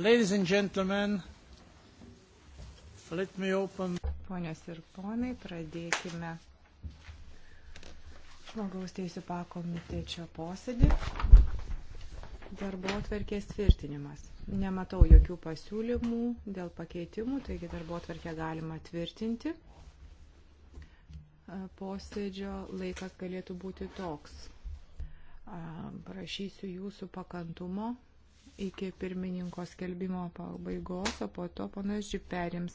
Ladies and gentlemen, let me open. Ponios ir ponai, pradėkime žmogaus teisų pakomitečio posėdį. Darbo atverkės tvirtinimas. Nematau jokių pasiūlymų dėl pakeitimų, taigi darbo atverkę galima tvirtinti. Posėdžio laikas galėtų būti toks. Prašysiu jūsų pakantumo iki pirmininko skelbimo pabaigos, o po to ponas Žip perims,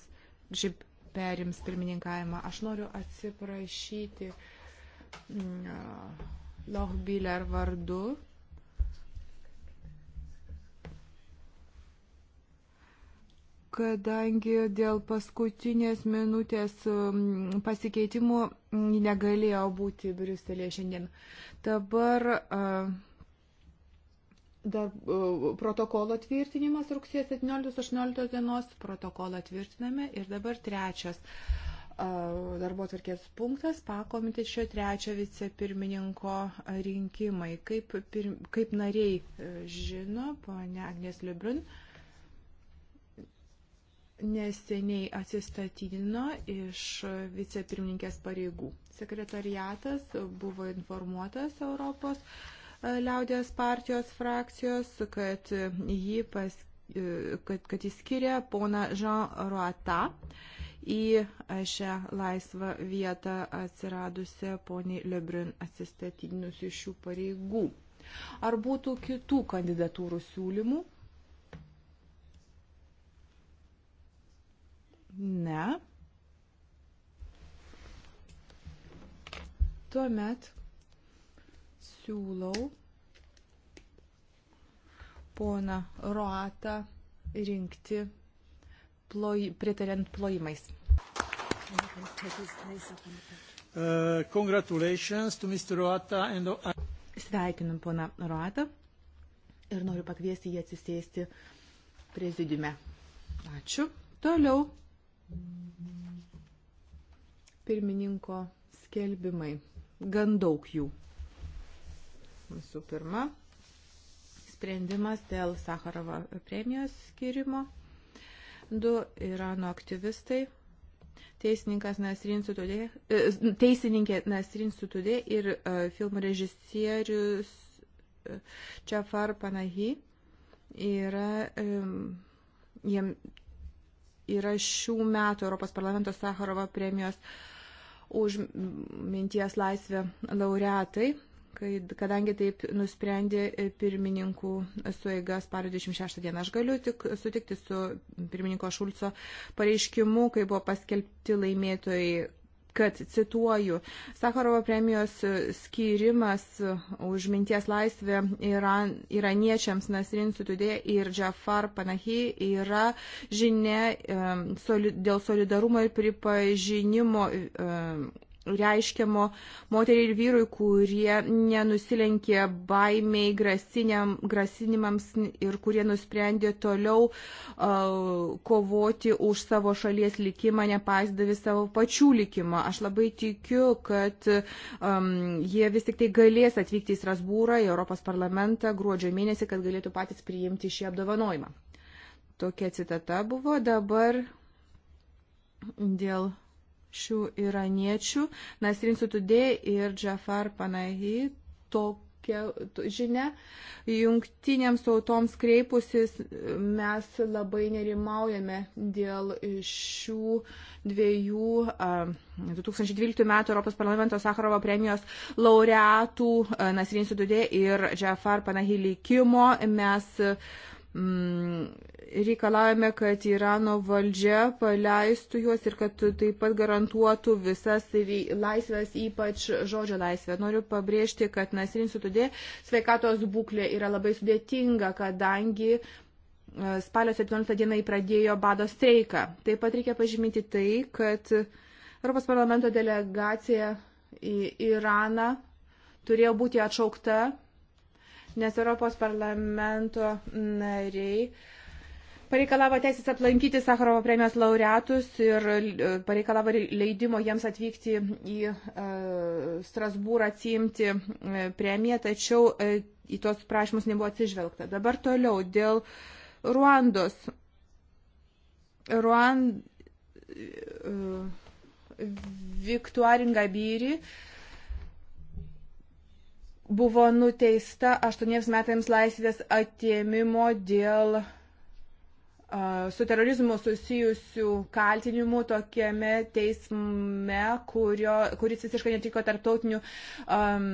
žip perims pirmininkavimą. Aš noriu atsiprašyti mm, Lochbiller vardu. kadangi dėl paskutinės minutės mm, pasikeitimų negalėjo būti Briuselėje šiandien. Dabar uh, Dar e, protokolo tvirtinimas rugsėjo 17-18 dienos, protokolą tvirtiname ir dabar trečias e, darbo tvarkės punktas, pakomitečio trečio vicepirmininko rinkimai. Kaip, pir, kaip nariai e, žino, ponia Agnes Liubrun neseniai atsistatydino iš vicepirmininkės pareigų. Sekretariatas buvo informuotas Europos liaudės partijos frakcijos, kad jį pas, kad, kad jis skiria pona Jean Roata į šią laisvą vietą atsiradusią poniai Lebrun atsistatydinus iš šių pareigų. Ar būtų kitų kandidatūrų siūlymų? Ne. Tuomet siūlau pona Roatą rinkti ploj, pritariant plojimais. Uh, congratulations to Mr. Roata and... Sveikinam pona Roatą ir noriu pakviesti jį atsisėsti prezidiume. Ačiū. Toliau. Pirmininko skelbimai. Gan daug jų. Visų pirma, sprendimas dėl Sakarovo premijos skirimo. Du Irano aktyvistai, Nasrin e, teisininkė Nasrin Sutudė ir e, filmų režisierius Čafar e, Panahi yra, jiem, yra šių metų Europos parlamento Sakarovo premijos už minties laisvę laureatai kadangi taip nusprendė pirmininkų sueiga spalio 26 dieną. Aš galiu tik sutikti su pirmininko Šulco pareiškimu, kai buvo paskelbti laimėtojai kad, cituoju, Sakarovo premijos skyrimas už minties laisvę Iran, iraniečiams Nasrin Sutudė ir Džafar Panahi yra žinia um, soli, dėl solidarumo ir pripažinimo um, reiškiamo moteriai ir vyrui, kurie nenusilenkė baimiai, grasinimams ir kurie nusprendė toliau uh, kovoti už savo šalies likimą, nepaisdavi savo pačių likimą. Aš labai tikiu, kad um, jie vis tik tai galės atvykti į Strasbūrą, į Europos parlamentą gruodžio mėnesį, kad galėtų patys priimti šį apdovanojimą. Tokia citata buvo dabar dėl šių iraniečių, Nasrin Sutudė ir Džafar Panahi, tokia žinia, jungtinėms tautoms kreipusis mes labai nerimaujame dėl šių dviejų 2012 m. Europos parlamento Sakarovo premijos laureatų Nasrin Sutudė ir Džafar Panahi likimo. Mes Mm, reikalavome, kad Irano valdžia paleistų juos ir kad taip pat garantuotų visas laisvės, ypač žodžio laisvę. Noriu pabrėžti, kad Nasrin Sutudė sveikatos būklė yra labai sudėtinga, kadangi e, spalio 17 dieną jį pradėjo bado streiką. Taip pat reikia pažymyti tai, kad Europos parlamento delegacija į Iraną turėjo būti atšaukta nes Europos parlamento nariai pareikalavo teisės aplankyti Sakarovo premijos laureatus ir e, pareikalavo leidimo jiems atvykti į e, Strasbūrą atsiimti e, premiją, tačiau į tos prašymus nebuvo atsižvelgta. Dabar toliau dėl Ruandos. Ruand... Viktuaringa Byri. Uh, buvo nuteista aštuoniems metams laisvės atėmimo dėl su terorizmu susijusių kaltinimų tokiame teisme, kurio, kuris visiškai netiko tarptautinių um,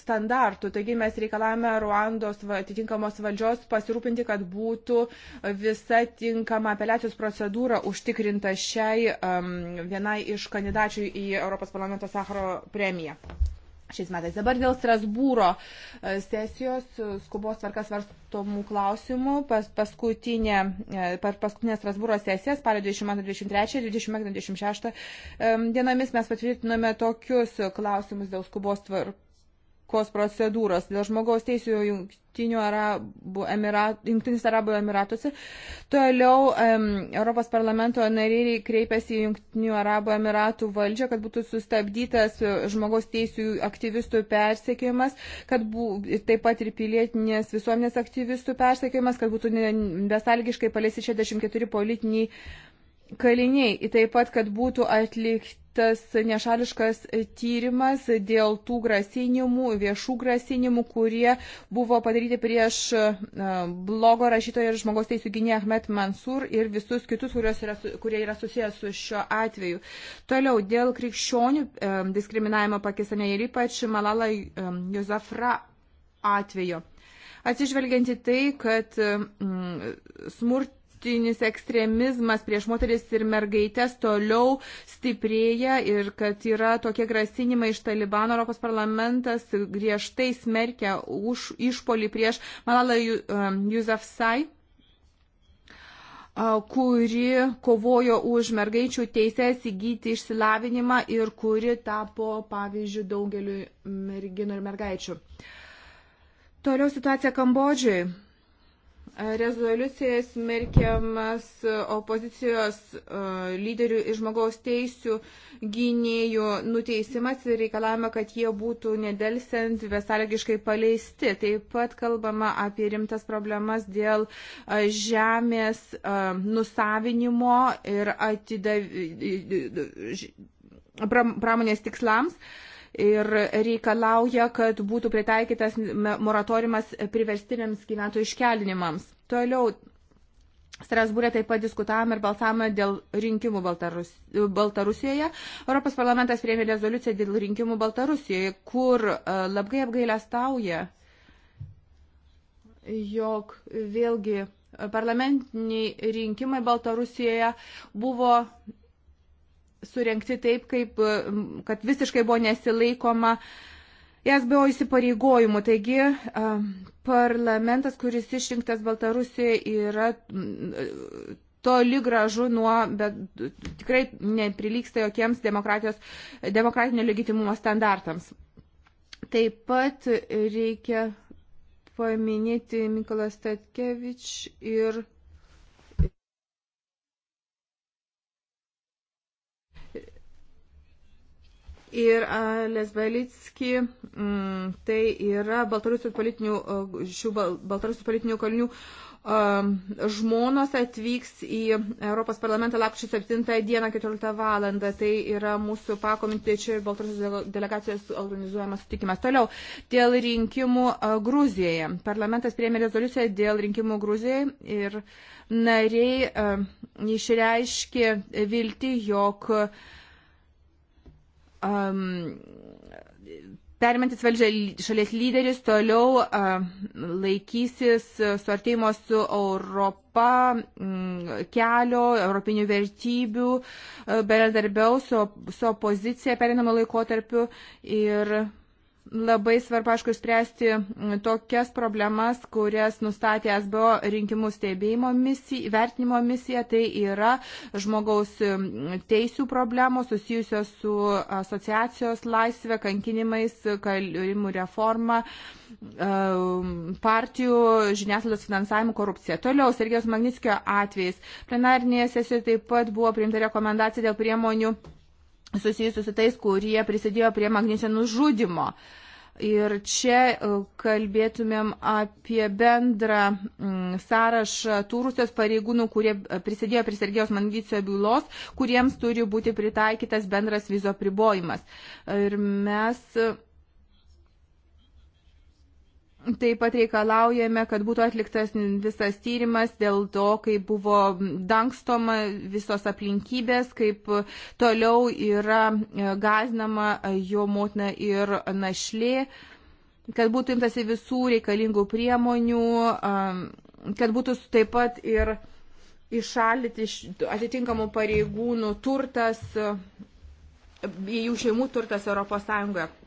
standartų. Taigi mes reikalavome Ruandos atitinkamos valdžios pasirūpinti, kad būtų visa tinkama apeliacijos procedūra užtikrinta šiai um, vienai iš kandidačių į Europos parlamento Sakaro premiją šiais metais. Dabar dėl Strasbūro e, sesijos e, skubos tvarkas varstomų klausimų pas, paskutinė, e, per paskutinę Strasbūro sesiją spalio 22-23 ir 25-26 dienomis mes patvirtinome tokius klausimus dėl skubos tvarkos taikos procedūros dėl žmogaus teisų Jungtinių Arabų Emiratų, Jungtinis Arabų Emiratuose. Toliau um, Europos parlamento nariai kreipėsi į Jungtinių Arabų Emiratų valdžią, kad būtų sustabdytas žmogaus teisų aktyvistų persekiojimas, kad bū, taip pat ir pilietinės visuomenės aktyvistų persekiojimas, kad būtų besalgiškai paleisti 64 politiniai kaliniai, taip pat, kad būtų atliktas nešališkas tyrimas dėl tų grasinimų, viešų grasinimų, kurie buvo padaryti prieš e, blogo rašytojo ir žmogaus teisų gynėją Ahmed Mansur ir visus kitus, yra, kurie yra susijęs su šiuo atveju. Toliau, dėl krikščionių e, diskriminavimo Pakistane ir ypač Malala Josafra e, atveju atsižvelgianti tai, kad mm, smurt, kraštutinis ekstremizmas prieš moteris ir mergaitės toliau stiprėja ir kad yra tokie grasinimai iš Talibano. Europos parlamentas griežtai smerkia už išpolį prieš Malalą Jusafsai um, uh, kuri kovojo už mergaičių teisės įgyti išsilavinimą ir kuri tapo pavyzdžių daugeliu merginų ir mergaičių. Toliau situacija Kambodžiai. Rezoliucija smerkiamas opozicijos e, lyderių ir žmogaus teisų gynėjų nuteisimas ir reikalavimą, kad jie būtų nedelsiant besąlygiškai paleisti. Taip pat kalbama apie rimtas problemas dėl e, žemės e, nusavinimo ir atidav... pramonės tikslams ir reikalauja, kad būtų pritaikytas moratoriumas priverstiniams gyventojų iškelinimams. Toliau Strasbūrė taip pat diskutavome ir balsavome dėl rinkimų Baltarus, Baltarusijoje. Europos parlamentas priėmė rezoliuciją dėl rinkimų Baltarusijoje, kur e, labai apgailę stauja, jog vėlgi parlamentiniai rinkimai Baltarusijoje buvo surenkti taip, kaip, kad visiškai buvo nesilaikoma SBO įsipareigojimų. Taigi parlamentas, kuris išrinktas Baltarusijoje, yra toli gražu nuo, bet tikrai neprilyksta jokiems demokratinio legitimumo standartams. Taip pat reikia paminėti Mikolas Statkevič ir Ir Lesbelicki, mm, tai yra Baltarusių politinių, šių Baltarusių politinių kalinių žmonos atvyks į Europos parlamentą lapkričio 7 dieną 14 valandą. Tai yra mūsų pakomitečio ir Baltarusijos delegacijos organizuojamas sutikimas. Toliau, dėl rinkimų Gruzijoje. Parlamentas priėmė rezoliuciją dėl rinkimų Gruzijoje ir nariai išreiškė vilti, jog uh, um, perimantis valdžią šalies lyderis toliau uh, laikysis suartėjimo su Europa mm, kelio, europinių vertybių, uh, bendradarbiaus su, su opozicija perinamą laikotarpiu ir Labai svarbu, aišku, spręsti mm, tokias problemas, kurias nustatė SBO rinkimų stebėjimo misija, vertinimo misija, tai yra žmogaus mm, teisų problemos susijusios su asociacijos laisvė, kankinimais, kalimų reforma, mm, partijų žiniasklaidos finansavimu, korupcija. Toliau, Sergijos Magnitskio atvejais. Plenarnėje sesijoje taip pat buvo priimta rekomendacija dėl priemonių susijusių su tais, kurie prisidėjo prie magničio nužudimo. Ir čia e, kalbėtumėm apie bendrą mm, sąrašą tų Rusijos pareigūnų, kurie e, prisidėjo prie Sergejos Mangicio bylos, kuriems turi būti pritaikytas bendras vizo pribojimas. Ir mes e, Taip pat reikalaujame, kad būtų atliktas visas tyrimas dėl to, kaip buvo dangstoma visos aplinkybės, kaip toliau yra e, gazinama e, jo motina ir našlė, kad būtų imtasi visų reikalingų priemonių, e, kad būtų taip pat ir išalyti atitinkamų pareigūnų turtas, jų šeimų turtas ES.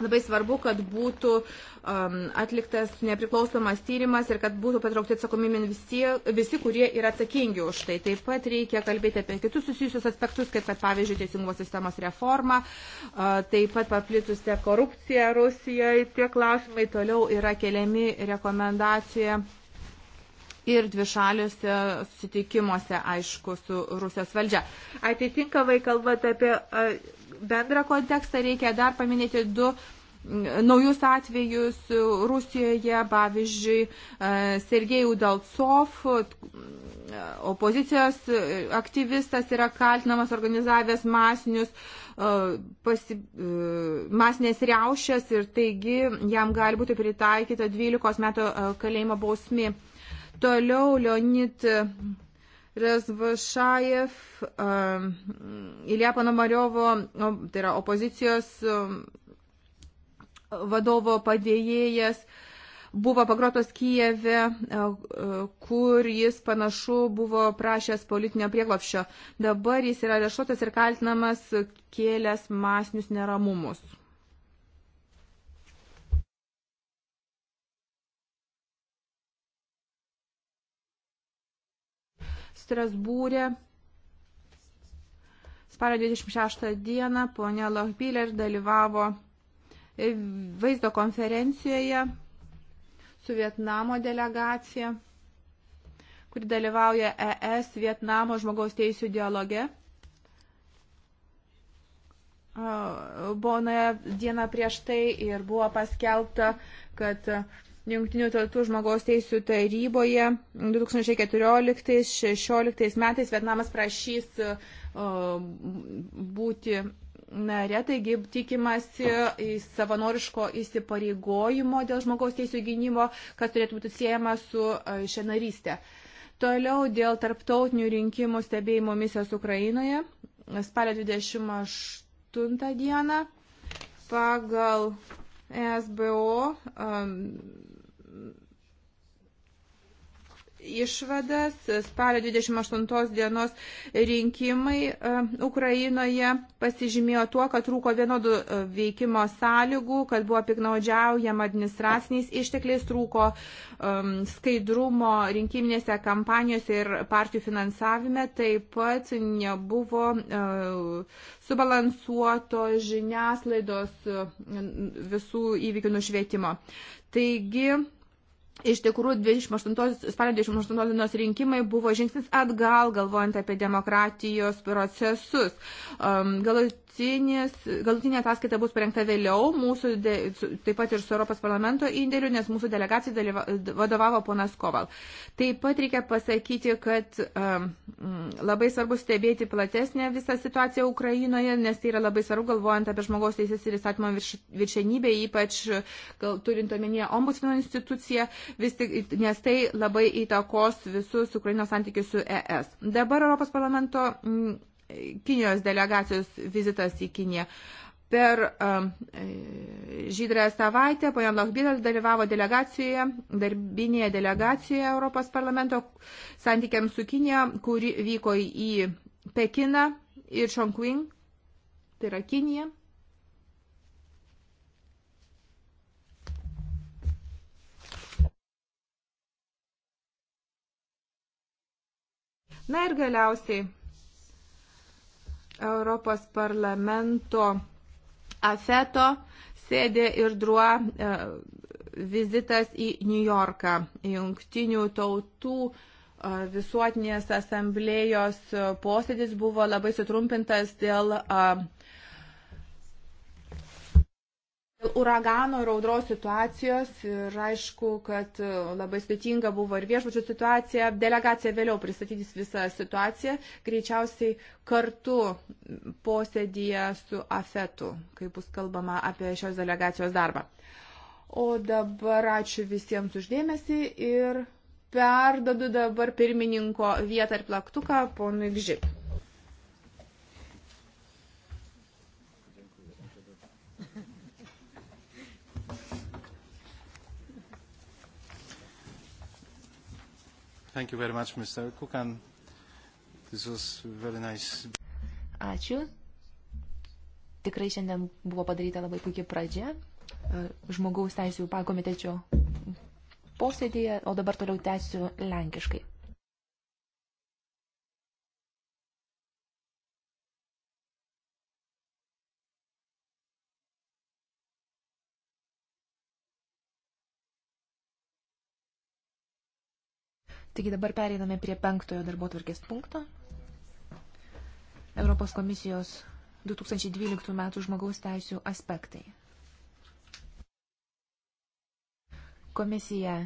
Labai svarbu, kad būtų um, atliktas nepriklausomas tyrimas ir kad būtų patraukti atsakomybė visi, visi, kurie yra atsakingi už tai. Taip pat reikia kalbėti apie kitus susijusius aspektus, kaip kad pavyzdžiui teisingumo sistemos reforma, uh, taip pat paplitusią korupciją Rusijoje. Tie klausimai toliau yra keliami rekomendacija. Ir dvišaliuose susitikimuose, aišku, su Rusijos valdžia. Atitinkamai kalbate apie uh, bendrą kontekstą reikia dar paminėti du mm, naujus atvejus Rusijoje, pavyzdžiui, e, Sergejų Dalcov, mm, opozicijos e, aktyvistas yra kaltinamas organizavęs masinius e, pasi, masinės riaušės ir taigi jam gali būti pritaikyta 12 metų kalėjimo bausmi. Toliau Leonid Rezvašajev, um, Ilja Panomariovo, tai yra opozicijos um, vadovo padėjėjas, buvo pagrotos Kijeve, e, e, kur jis panašu buvo prašęs politinio prieglopščio. Dabar jis yra rešuotas ir kaltinamas kėlęs masinius neramumus. Strasbūrė. Spalio 26 dieną ponia Lochbiller dalyvavo vaizdo konferencijoje su Vietnamo delegacija, kuri dalyvauja ES Vietnamo žmogaus teisų dialoge. Bonoje diena prieš tai ir buvo paskelbta, kad Junktinių tautų žmogaus teisų taryboje 2014-2016 metais Vietnamas prašys e, būti nare, taigi tikimasi savanoriško įsipareigojimo dėl žmogaus teisų gynimo, kas turėtų būti siejama su e, šia narystė. Toliau dėl tarptautinių rinkimų stebėjimo misijos Ukrainoje spalio 28 dieną pagal ESBO um, e, išvadas. Spalio 28 dienos rinkimai e, Ukrainoje pasižymėjo tuo, kad trūko vienodų e, veikimo sąlygų, kad buvo piknaudžiaujama administraciniais ištekliais, trūko um, skaidrumo rinkiminėse kampanijose ir partijų finansavime, taip pat nebuvo uh, subalansuoto žiniaslaidos visų įvykių nušvietimo. Taigi, Iš tikrųjų, 28, spalio 28 dienos rinkimai buvo žingsnis atgal, galvojant apie demokratijos procesus. Um, galut, galutinė ataskaita bus parengta vėliau, mūsų de, taip pat ir su Europos parlamento indėliu, nes mūsų delegacijai dalyva, vadovavo ponas Koval. Taip pat reikia pasakyti, kad um, labai svarbu stebėti platesnę visą situaciją Ukrainoje, nes tai yra labai svarbu galvojant apie žmogaus teisės ir įstatymo virš, viršenybę, ypač gal, turint omenyje ombudsmeno instituciją, tik, nes tai labai įtakos visus Ukrainos santykius su ES. Dabar Europos parlamento. Mm, Kinijos delegacijos vizitas į Kiniją. Per um, e, žydrę savaitę Pajon Lochbidel dalyvavo delegacijoje, darbinėje delegacijoje Europos parlamento santykiams su Kinija, kuri vyko į Pekiną ir Chongqing, tai yra Kinija. Na ir galiausiai Europos parlamento afeto sėdė ir druo e, vizitas į New Yorką, jungtinių tautų e, visuotinės asamblėjos posėdis buvo labai sutrumpintas dėl e, Dėl uragano ir audros situacijos ir aišku, kad e, labai sudėtinga buvo ir viešbučių situacija. Delegacija vėliau pristatys visą situaciją, greičiausiai kartu posėdėje su AFETu, kai bus kalbama apie šios delegacijos darbą. O dabar ačiū visiems uždėmesi ir perdodu dabar pirmininko vietą ir plaktuką ponui Gžip. Thank you very much, Mr. Kukan. This was very nice. Ačiū. Tikrai šiandien buvo padaryta labai puikia pradžia e, žmogaus teisų pakomitečio posėdėje, o dabar toliau tęsiu lenkiškai. Taigi dabar pereiname prie penktojo darbo tvarkės punkto. Europos komisijos 2012 metų žmogaus teisų aspektai. Komisija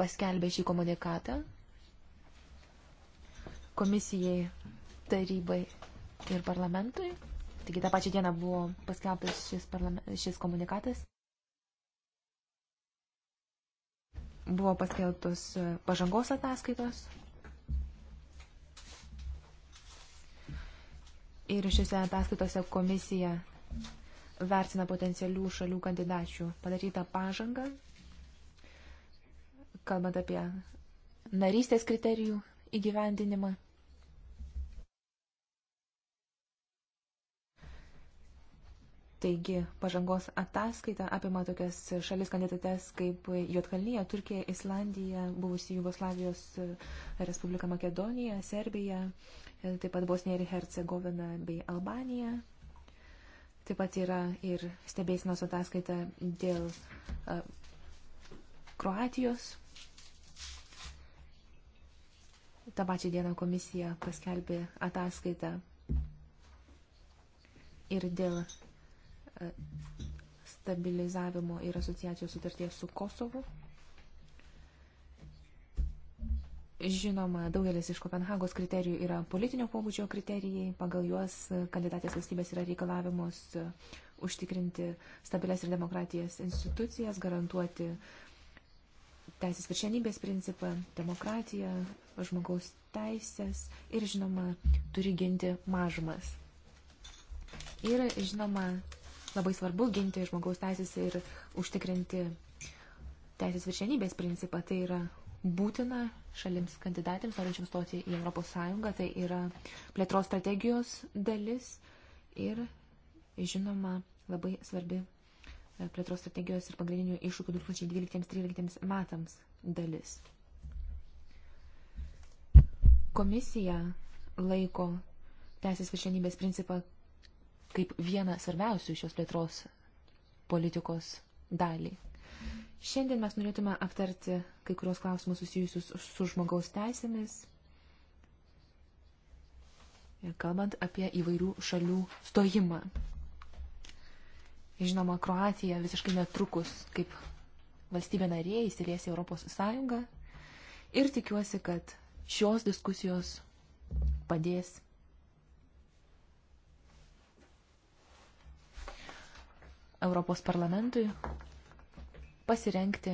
paskelbė šį komunikatą. Komisijai, tarybai ir parlamentui. Taigi tą pačią dieną buvo paskelbtas šis, šis komunikatas. Buvo paskelbtos e, pažangos ataskaitos. Ir šiuose ataskaitose komisija vertina potencialių šalių kandidačių padarytą pažangą, kalbant apie narystės kriterijų įgyvendinimą. Taigi pažangos ataskaita apima tokias šalis kandidates kaip Jotkalnyje, Turkija, Islandija, buvusi Jugoslavijos Respublika Makedonija, Serbija, taip pat Bosnija ir Hercegovina bei Albanija. Taip pat yra ir stebėsinos ataskaita dėl uh, Kroatijos. Ta pačia diena komisija paskelbė ataskaitą ir dėl stabilizavimo ir asociacijos sutarties su Kosovu. Žinoma, daugelis iš Kopenhagos kriterijų yra politinio pobūdžio kriterijai, pagal juos kandidatės valstybės yra reikalavimus užtikrinti stabilės ir demokratijas institucijas, garantuoti teisės viršenybės principą, demokratiją, žmogaus teisės ir, žinoma, turi ginti mažumas. Ir, žinoma, Labai svarbu ginti žmogaus teisės ir užtikrinti teisės viršenybės principą. Tai yra būtina šalims kandidatėms, norinčiams stoti į Europos Sąjungą. Tai yra plėtros strategijos dalis ir, žinoma, labai svarbi e, plėtros strategijos ir pagrindinių iššūkių 2012-2013 metams dalis. Komisija laiko teisės viršenybės principą kaip vieną svarbiausių šios plėtros politikos dalį. Šiandien mes norėtume aptarti kai kurios klausimus susijusius su žmogaus teisėmis ir kalbant apie įvairių šalių stojimą. Žinoma, Kroatija visiškai netrukus kaip valstybė narė įsilies į Europos Sąjungą ir tikiuosi, kad šios diskusijos padės Europos parlamentui pasirengti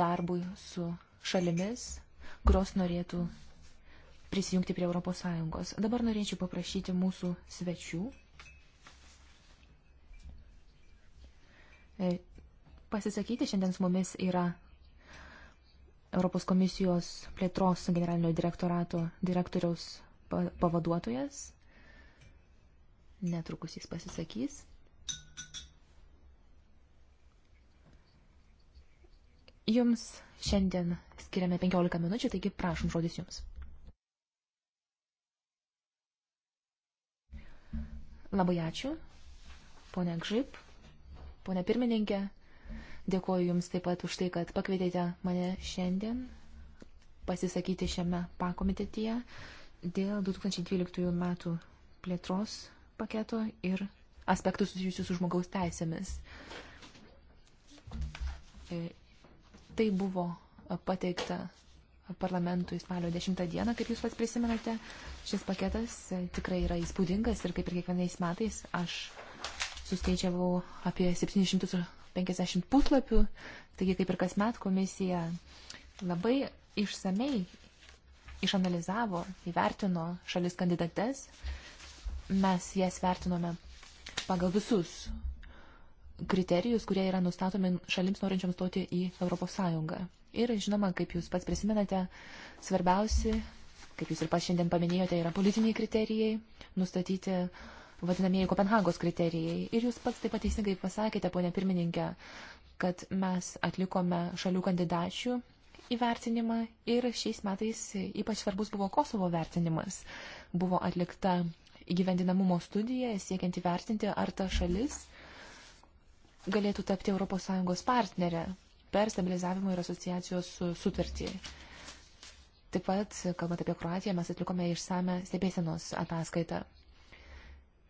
darbui su šalimis, kurios norėtų prisijungti prie Europos Sąjungos. Dabar norėčiau paprašyti mūsų svečių pasisakyti. Šiandien su mumis yra Europos komisijos plėtros generalinio direktorato direktoriaus pavaduotojas. Netrukus jis pasisakys. Jums šiandien skiriame 15 minučių, taigi prašom žodis Jums. Labai ačiū, ponia Gžip, ponia pirmininkė. Dėkuoju Jums taip pat už tai, kad pakvietėte mane šiandien pasisakyti šiame pakomitetyje dėl 2012 metų plėtros paketo ir aspektų susijusių su žmogaus teisėmis. E, tai buvo pateikta parlamentui spalio 10 dieną, kaip jūs pats prisimenate. Šis paketas tikrai yra įspūdingas ir kaip ir kiekvienais metais aš suskaičiavau apie 750 puslapių, taigi kaip ir kasmet komisija labai išsamei išanalizavo, įvertino šalis kandidates. Mes jas vertinome pagal visus kriterijus, kurie yra nustatomi šalims norinčiams stoti į ES. Ir žinoma, kaip jūs pats prisimenate, svarbiausi, kaip jūs ir pas šiandien paminėjote, yra politiniai kriterijai, nustatyti vadinamieji Kopenhagos kriterijai. Ir jūs pats taip pat teisingai pasakėte, ponė pirmininkė, kad mes atlikome šalių kandidačių įvertinimą ir šiais metais ypač svarbus buvo Kosovo vertinimas. Buvo atlikta įgyvendinamumo studija, siekiant įvertinti, ar ta šalis galėtų tapti ES partnerė per stabilizavimo ir asociacijos sutartį. Taip pat, kalbant apie Kroatiją, mes atlikome išsame stebėsenos ataskaitą.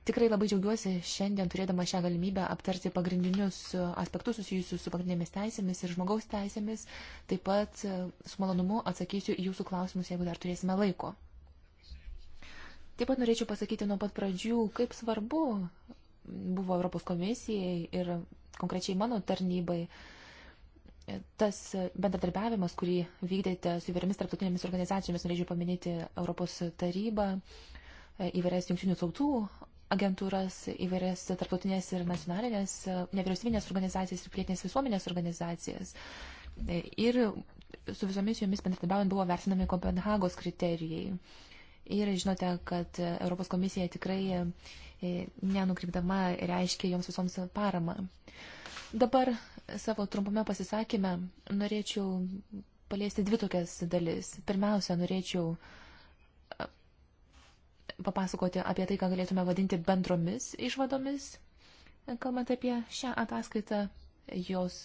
Tikrai labai džiaugiuosi šiandien turėdama šią galimybę aptarti pagrindinius aspektus susijusius su pagrindinėmis teisėmis ir žmogaus teisėmis. Taip pat su malonumu atsakysiu į jūsų klausimus, jeigu dar turėsime laiko. Taip pat norėčiau pasakyti nuo pat pradžių, kaip svarbu buvo Europos komisijai ir konkrečiai mano tarnybai, tas bendradarbiavimas, kurį vykdėte su įvairiamis tarptautinėmis organizacijomis, norėčiau paminėti Europos tarybą, įvairias jungtinių tautų agentūras, įvairias tarptautinės ir nacionalinės nevyriausybinės organizacijas ir pilietinės visuomenės organizacijas. Ir su visomis jomis bendradarbiaujant buvo vertinami Kopenhagos kriterijai. Ir žinote, kad Europos komisija tikrai E, nenukrypdama reiškia joms visoms paramą. Dabar savo trumpame pasisakymę norėčiau paliesti dvi tokias dalis. Pirmiausia, norėčiau e, papasakoti apie tai, ką galėtume vadinti bendromis išvadomis. Kalbant apie šią ataskaitą, jos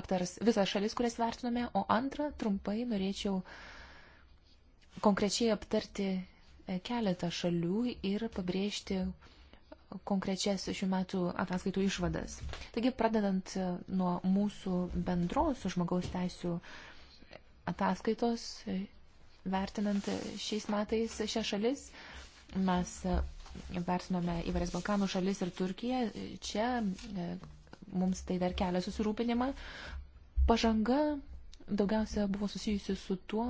aptars visas šalis, kurias vertiname, o antrą trumpai norėčiau konkrečiai aptarti keletą šalių ir pabrėžti, konkrečias šių metų ataskaitų išvadas. Taigi, pradedant e, nuo mūsų bendros žmogaus teisų ataskaitos, e, vertinant e, šiais metais šią šalis, mes vertinome įvairias Balkanų šalis ir Turkiją. Čia mums tai dar kelia susirūpinimą. Pažanga daugiausia buvo susijusi su tuo,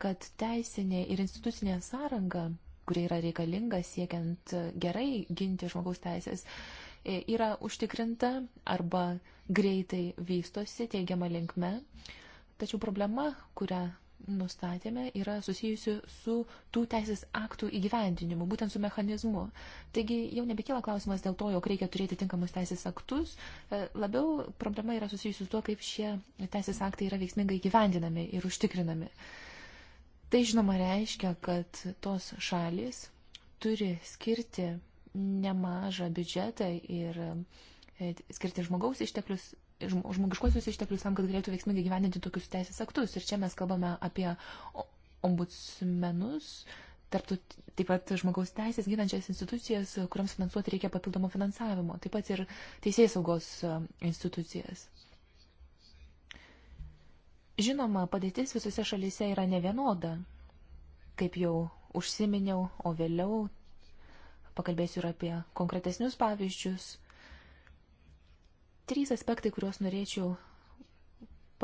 kad teisinė ir institucinė sąranga kuri yra reikalinga siekiant gerai ginti žmogaus teisės, e, yra užtikrinta arba greitai vystosi teigiama linkme. Tačiau problema, kurią nustatėme, yra susijusi su tų teisės aktų įgyvendinimu, būtent su mechanizmu. Taigi jau nebekyla klausimas dėl to, jog reikia turėti tinkamus teisės aktus, e, labiau problema yra susijusi su tuo, kaip šie teisės aktai yra veiksmingai įgyvendinami ir užtikrinami. Uh, Tai žinoma reiškia, kad tos šalis turi skirti nemažą biudžetą ir e, skirti žmogaus išteklius, žmogiškuosius išteklius tam, kad galėtų veiksmingai gyveninti tokius teisės aktus. Ir čia mes kalbame apie ombudsmenus, tarptų taip pat žmogaus teisės gyvenčias institucijas, kuriams finansuoti reikia papildomo finansavimo, taip pat ir teisėjai saugos e, institucijas. Žinoma, padėtis visose šalyse yra nevienoda, kaip jau užsiminiau, o vėliau pakalbėsiu ir apie konkretesnius pavyzdžius. Trys aspektai, kuriuos norėčiau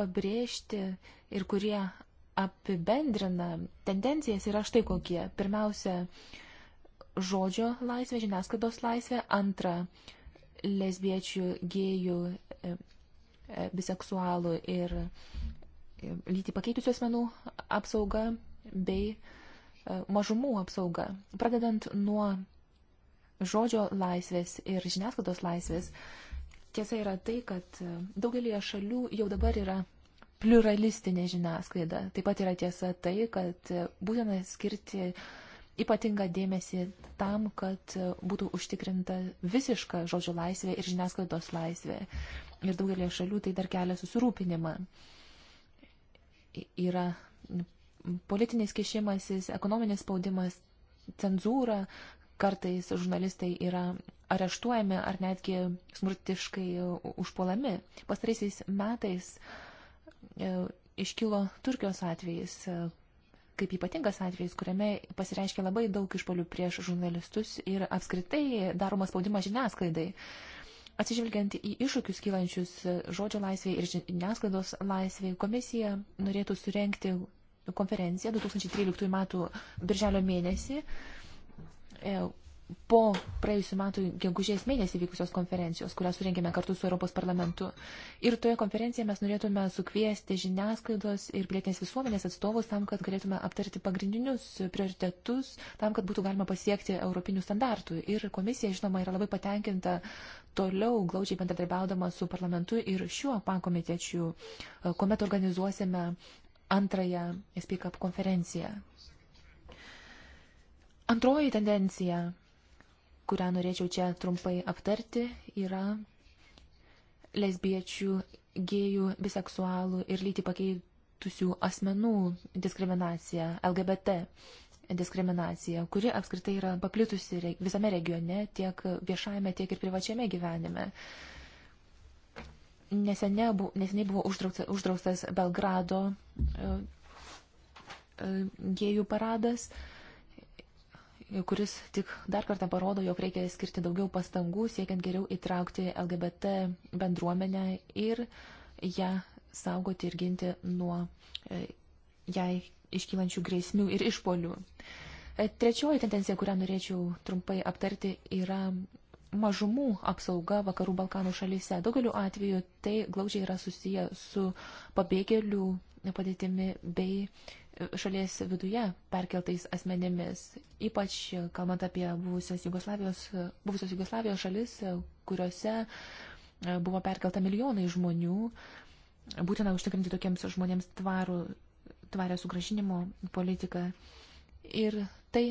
pabrėžti ir kurie apibendrina tendencijas yra štai kokie. Pirmiausia, žodžio laisvė, žiniasklaidos laisvė. Antra, lesbiečių, gėjų, e, e, biseksualų ir lytį pakeitusių asmenų apsauga bei e, mažumų apsauga. Pradedant nuo žodžio laisvės ir žiniasklaidos laisvės, tiesa yra tai, kad e, daugelie šalių jau dabar yra pluralistinė žiniasklaida. Taip pat yra tiesa tai, kad e, būtina skirti ypatingą dėmesį tam, kad būtų užtikrinta visiška žodžio laisvė ir žiniasklaidos laisvė. Ir daugelie šalių tai dar kelia susirūpinimą. Uh, yra nu, politinis kišimasis, ekonominis spaudimas, cenzūra, kartais žurnalistai yra areštuojami ar netgi smurtiškai užpuolami. Pastaraisiais metais e, iškilo Turkijos atvejais, e, kaip ypatingas atvejis, kuriame pasireiškia labai daug išpolių prieš žurnalistus ir apskritai daromas spaudimas žiniasklaidai. Atsižvelgiant į iššūkius kylančius e, žodžio laisvėje ir žiniasklaidos laisvėje, komisija norėtų surenkti konferenciją 2013 m. birželio mėnesį, e, po praėjusiu metu gegužės mėnesį vykusios konferencijos, kurią surengėme kartu su Europos parlamentu. Ir toje konferencijoje mes norėtume sukviesti žiniasklaidos ir plėtinės visuomenės atstovus tam, kad galėtume aptarti pagrindinius prioritetus, tam, kad būtų galima pasiekti europinių standartų. Ir komisija, žinoma, yra labai patenkinta toliau glaudžiai bendradarbiaudama su parlamentu ir šiuo pankomitečiu, e, kuomet organizuosime antrąją Speak Up konferenciją. Antroji tendencija kurią norėčiau čia trumpai aptarti, yra lesbiečių, gėjų, biseksualų ir lytį pakeitusių asmenų diskriminacija, LGBT diskriminacija, kuri apskritai yra paplitusi visame regione, tiek viešajame, tiek ir privačiame gyvenime. Neseniai buvo uždraustas, uždraustas Belgrado e, e, gėjų paradas. E, kuris tik dar kartą parodo, jog reikia skirti daugiau pastangų, siekiant geriau įtraukti LGBT bendruomenę ir ją saugoti ir ginti nuo e, jai iškylančių grėsmių ir išpolių. E, trečioji tendencija, kurią norėčiau trumpai aptarti, yra mažumų apsauga Vakarų Balkanų šalyse. Daugeliu atveju tai glaužiai yra susiję su pabėgėlių padėtimi bei šalies viduje perkeltais asmenėmis, ypač kalbant apie buvusios Jugoslavijos, buvusios Jugoslavijos šalis, kuriuose e, buvo perkelta milijonai žmonių. Būtina užtikrinti tokiems žmonėms tvarų, tvarę sugražinimo politiką. Ir tai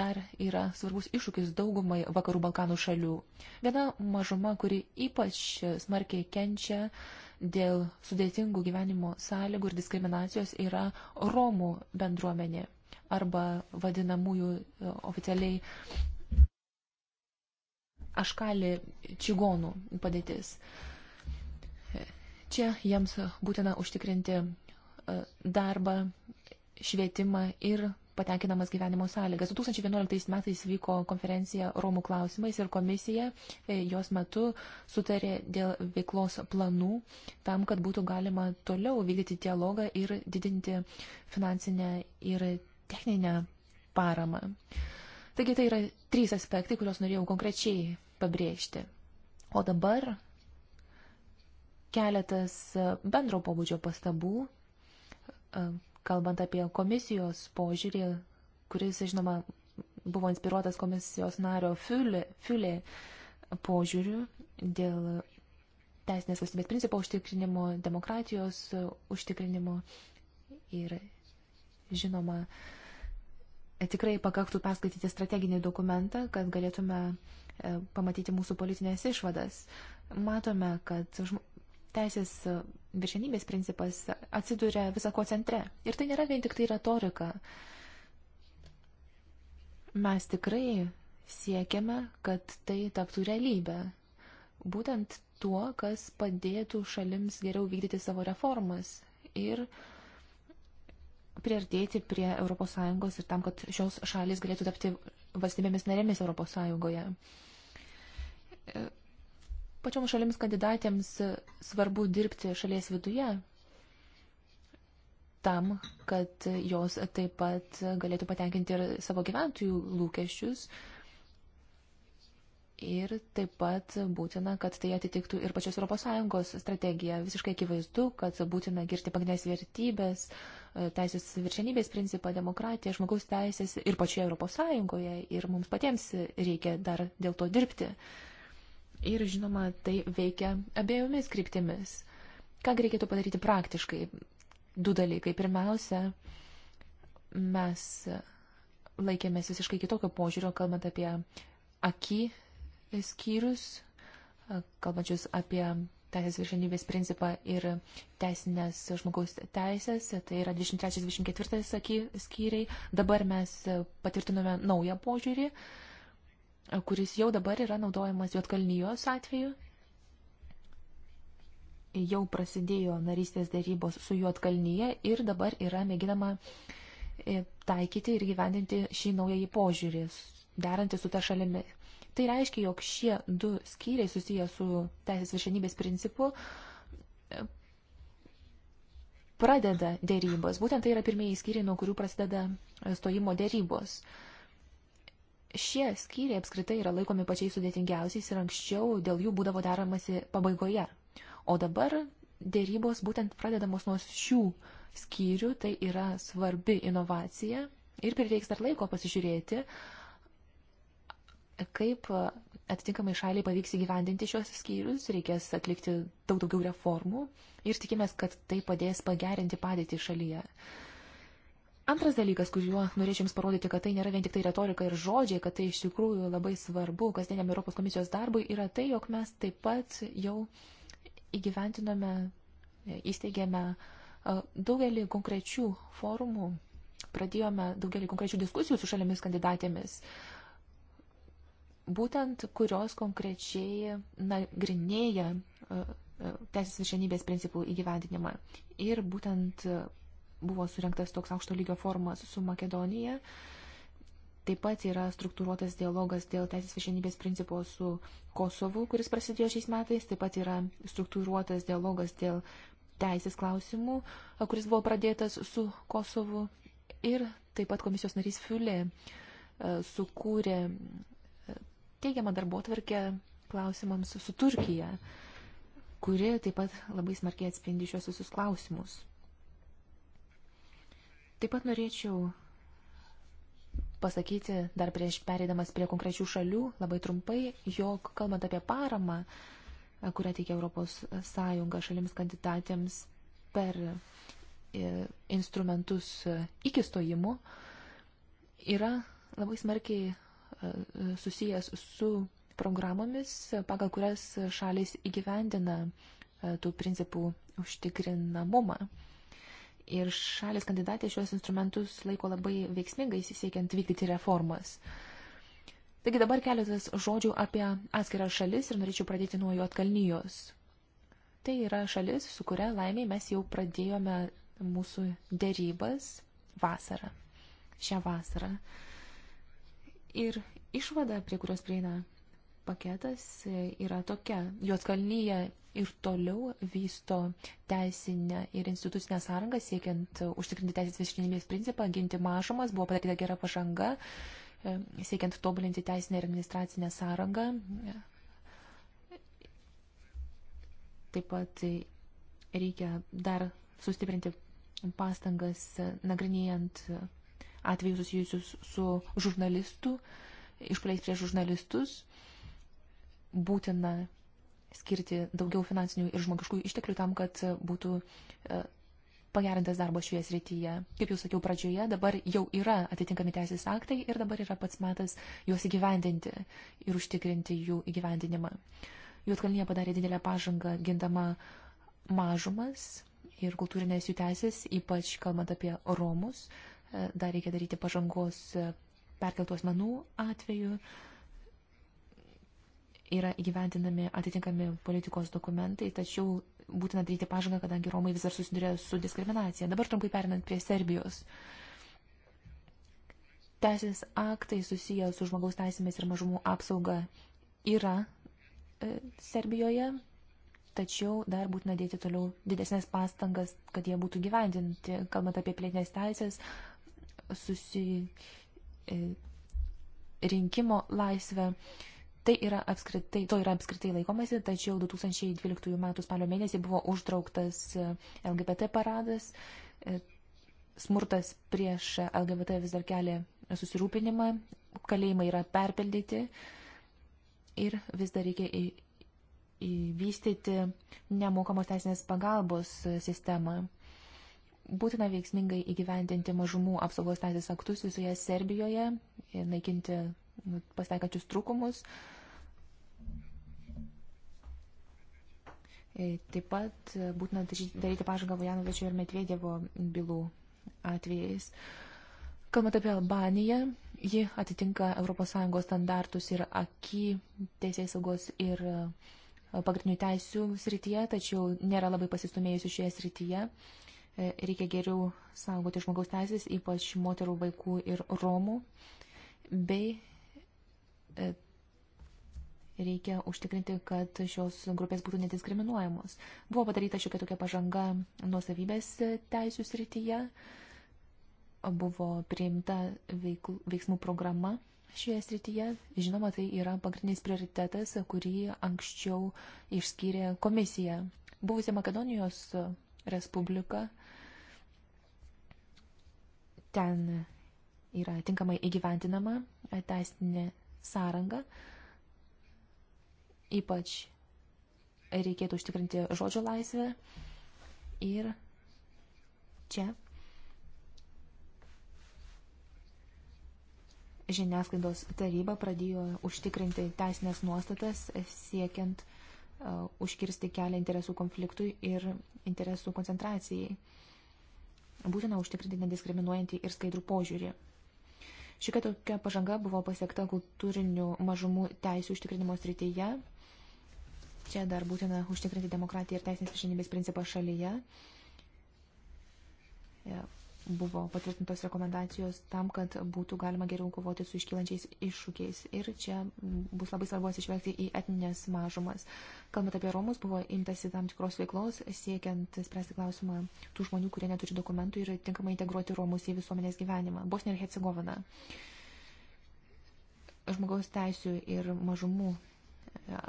dar yra svarbus iššūkis daugumai Vakarų Balkanų šalių. Viena mažuma, kuri ypač smarkiai kenčia, dėl sudėtingų gyvenimo sąlygų ir diskriminacijos yra Romų bendruomenė arba vadinamųjų e, oficialiai aškali čigonų padėtis. Čia jiems būtina užtikrinti e, darbą, švietimą ir patenkinamas gyvenimo sąlygas. 2011 metais vyko konferencija Romų klausimais ir komisija e, jos metu sutarė dėl veiklos planų tam, kad būtų galima toliau vykdyti dialogą ir didinti finansinę ir techninę paramą. Taigi tai yra trys aspektai, kuriuos norėjau konkrečiai pabrėžti. O dabar keletas bendro pobūdžio pastabų e, kalbant apie komisijos požiūrį, kuris, žinoma, buvo inspiruotas komisijos nario Fiulė, Fiulė požiūriu dėl teisinės valstybės principo užtikrinimo, demokratijos užtikrinimo ir, žinoma, tikrai pakaktų perskaityti strateginį dokumentą, kad galėtume e, pamatyti mūsų politinės išvadas. Matome, kad teisės e, viršenybės principas atsiduria visako centre. Ir tai nėra vien tik tai retorika. Mes tikrai siekiame, kad tai taptų realybę. Būtent tuo, kas padėtų šalims geriau vykdyti savo reformas ir priartėti prie ES ir tam, kad šios šalis galėtų tapti valstybėmis narėmis ES. Pačioms šalims kandidatėms svarbu dirbti šalies viduje tam, kad jos taip pat galėtų patenkinti ir savo gyventojų lūkesčius. Ir taip pat būtina, kad tai atitiktų ir pačios ES strategiją. Visiškai akivaizdu, kad būtina girti pagrindinės vertybės, teisės viršenybės principą, demokratiją, žmogaus teisės ir pačioje ES. Ir mums patiems reikia dar dėl to dirbti. Uh, Ir žinoma, tai veikia abiejomis kryptimis. Ką reikėtų padaryti praktiškai? Du dalykai. Pirmiausia, mes laikėmės visiškai kitokio požiūrio, kalbant apie aki skyrius, kalbančius apie teisės viršenybės principą ir teisinės žmogaus teisės, tai yra 23-24 skyriai. Dabar mes patvirtinome naują požiūrį, kuris jau dabar yra naudojamas Juotkalnyjos atveju. Jau prasidėjo narystės darybos su Juotkalnyje ir dabar yra mėginama e, taikyti ir gyvendinti šį naująjį požiūrį, derantį su ta šalimi. Tai reiškia, jog šie du skyriai susiję su teisės viršenybės principu e, pradeda dėrybas. Būtent tai yra pirmieji skyriai, nuo kurių prasideda e, stojimo dėrybos. Uh, Šie skyriai apskritai yra laikomi pačiais sudėtingiausiais ir anksčiau dėl jų būdavo deramasi pabaigoje. O dabar dėrybos būtent pradedamos nuo šių skyrių, tai yra svarbi inovacija ir prireiks dar laiko pasižiūrėti, kaip atitinkamai šaliai pavyks įgyvendinti šios skyrius, reikės atlikti daug daugiau reformų ir tikimės, kad tai padės pagerinti padėtį šalyje. Antras dalykas, kuriuo norėčiau Jums parodyti, kad tai nėra vien tik tai retorika ir žodžiai, kad tai iš tikrųjų labai svarbu kasdieniam Europos komisijos darbui, yra tai, jog mes taip pat jau įgyventinome, įsteigėme daugelį konkrečių forumų, pradėjome daugelį konkrečių diskusijų su šalimis kandidatėmis, būtent kurios konkrečiai nagrinėja teisės viršenybės principų įgyvendinimą. Ir būtent buvo surinktas toks aukšto lygio formas su Makedonija. Taip pat yra struktūruotas dialogas dėl teisės viršenybės principo su Kosovu, kuris prasidėjo šiais metais. Taip pat yra struktūruotas dialogas dėl teisės klausimų, kuris buvo pradėtas su Kosovu. Ir taip pat komisijos narys Fiulė sukūrė teigiamą darbo tvarkę klausimams su Turkija, kuri taip pat labai smarkiai atspindi šios visus klausimus. Taip pat norėčiau pasakyti, dar prieš pereidamas prie konkrečių šalių, labai trumpai, jog kalbant apie paramą, kurią teikia Europos Sąjunga šalims kandidatėms per e, instrumentus e, iki stojimo, yra labai smarkiai e, susijęs su programomis, pagal kurias šalis įgyvendina tų principų užtikrinamumą ir šalis kandidatė šios instrumentus laiko labai veiksmingai įsisiekiant vykdyti reformas. Taigi dabar keletas žodžių apie atskirą šalis ir norėčiau pradėti nuo Juotkalnyjos. Tai yra šalis, su kuria laimiai mes jau pradėjome mūsų dėrybas vasarą, šią vasarą. Ir išvada, prie kurios prieina paketas, yra tokia. Juotkalnyje ir toliau vysto teisinę ir institucinę sąrangą, siekiant e, užtikrinti teisės viršinybės principą, ginti mažumas, buvo padaryta gera pažanga, e, siekiant tobulinti teisinę ir administracinę sąrangą. Taip pat reikia dar sustiprinti pastangas e, nagrinėjant atvejus susijusius su žurnalistų, išpoliais prieš žurnalistus. Būtina skirti daugiau finansinių ir žmogiškųjų išteklių tam, kad būtų e, pagerintas darbas šioje srityje. Kaip jau sakiau pradžioje, dabar jau yra atitinkami teisės aktai ir dabar yra pats metas juos įgyvendinti ir užtikrinti jų įgyvendinimą. Juotkalnyje padarė didelę pažangą gindama mažumas ir kultūrinės jų teisės, ypač kalbant apie Romus. E, dar reikia daryti pažangos e, perkeltų asmenų atveju yra įgyventinami atitinkami politikos dokumentai, tačiau būtina daryti pažangą, kadangi Romai vis dar susiduria su diskriminacija. Dabar trumpai perinant prie Serbijos. Teisės aktai susiję su žmogaus teisėmis ir mažumų apsauga yra e, Serbijoje, tačiau dar būtina dėti toliau didesnės pastangas, kad jie būtų gyvendinti, kalbant apie plėtinės teisės, susirinkimo e, laisvę. E, Tai yra apskritai, to yra apskritai laikomasi, tačiau 2012 m. spalio mėnesį buvo uždrauktas e, LGBT paradas. E, smurtas prieš LGBT vis dar kelia susirūpinimą, kalėjimai yra perpildyti ir vis dar reikia į, įvystyti nemokamos teisinės pagalbos sistemą. Būtina veiksmingai įgyvendinti mažumų apsaugos teisės aktus visoje Serbijoje, naikinti Nu, pasveikančius trūkumus. E, taip pat e, būtina daryti pažangą Vojanovičio ir Medvedevo bylų atvejais. Kalbant apie Albaniją, ji atitinka ES standartus ir akį teisės saugos ir e, pagrindinių teisių srityje, tačiau nėra labai pasistumėjusi šioje srityje. Reikia geriau saugoti žmogaus teisės, ypač moterų, vaikų ir romų, bei E, reikia užtikrinti, kad šios grupės būtų nediskriminuojamos. Buvo padaryta šiokia tokia pažanga nuosavybės teisų srityje, buvo priimta veikl, veiksmų programa šioje srityje. Žinoma, tai yra pagrindinis prioritetas, kurį anksčiau išskyrė komisija. Buvusi Makedonijos Respublika ten yra tinkamai įgyventinama teisinė sąrangą. Ypač reikėtų užtikrinti žodžio laisvę. Ir čia žiniasklaidos taryba pradėjo užtikrinti teisinės nuostatas siekiant uh, užkirsti kelią interesų konfliktui ir interesų koncentracijai. Būtina užtikrinti nediskriminuojantį ir skaidrų požiūrį. Šiokia tokia pažanga buvo pasiekta kultūrinių mažumų teisų užtikrinimo srityje. Čia dar būtina užtikrinti demokratiją ir teisinės viršinybės principą šalyje buvo patvirtintos rekomendacijos tam, kad būtų galima geriau kovoti su iškylančiais iššūkiais. Ir čia bus labai svarbu atsižvelgti į etninės mažumas. Kalbant apie Romus, buvo imtasi tam tikros veiklos, siekiant spręsti klausimą tų žmonių, kurie neturi dokumentų ir tinkamai integruoti Romus į visuomenės gyvenimą. Bosnija ir Hercegovina. Žmogaus teisų ir mažumų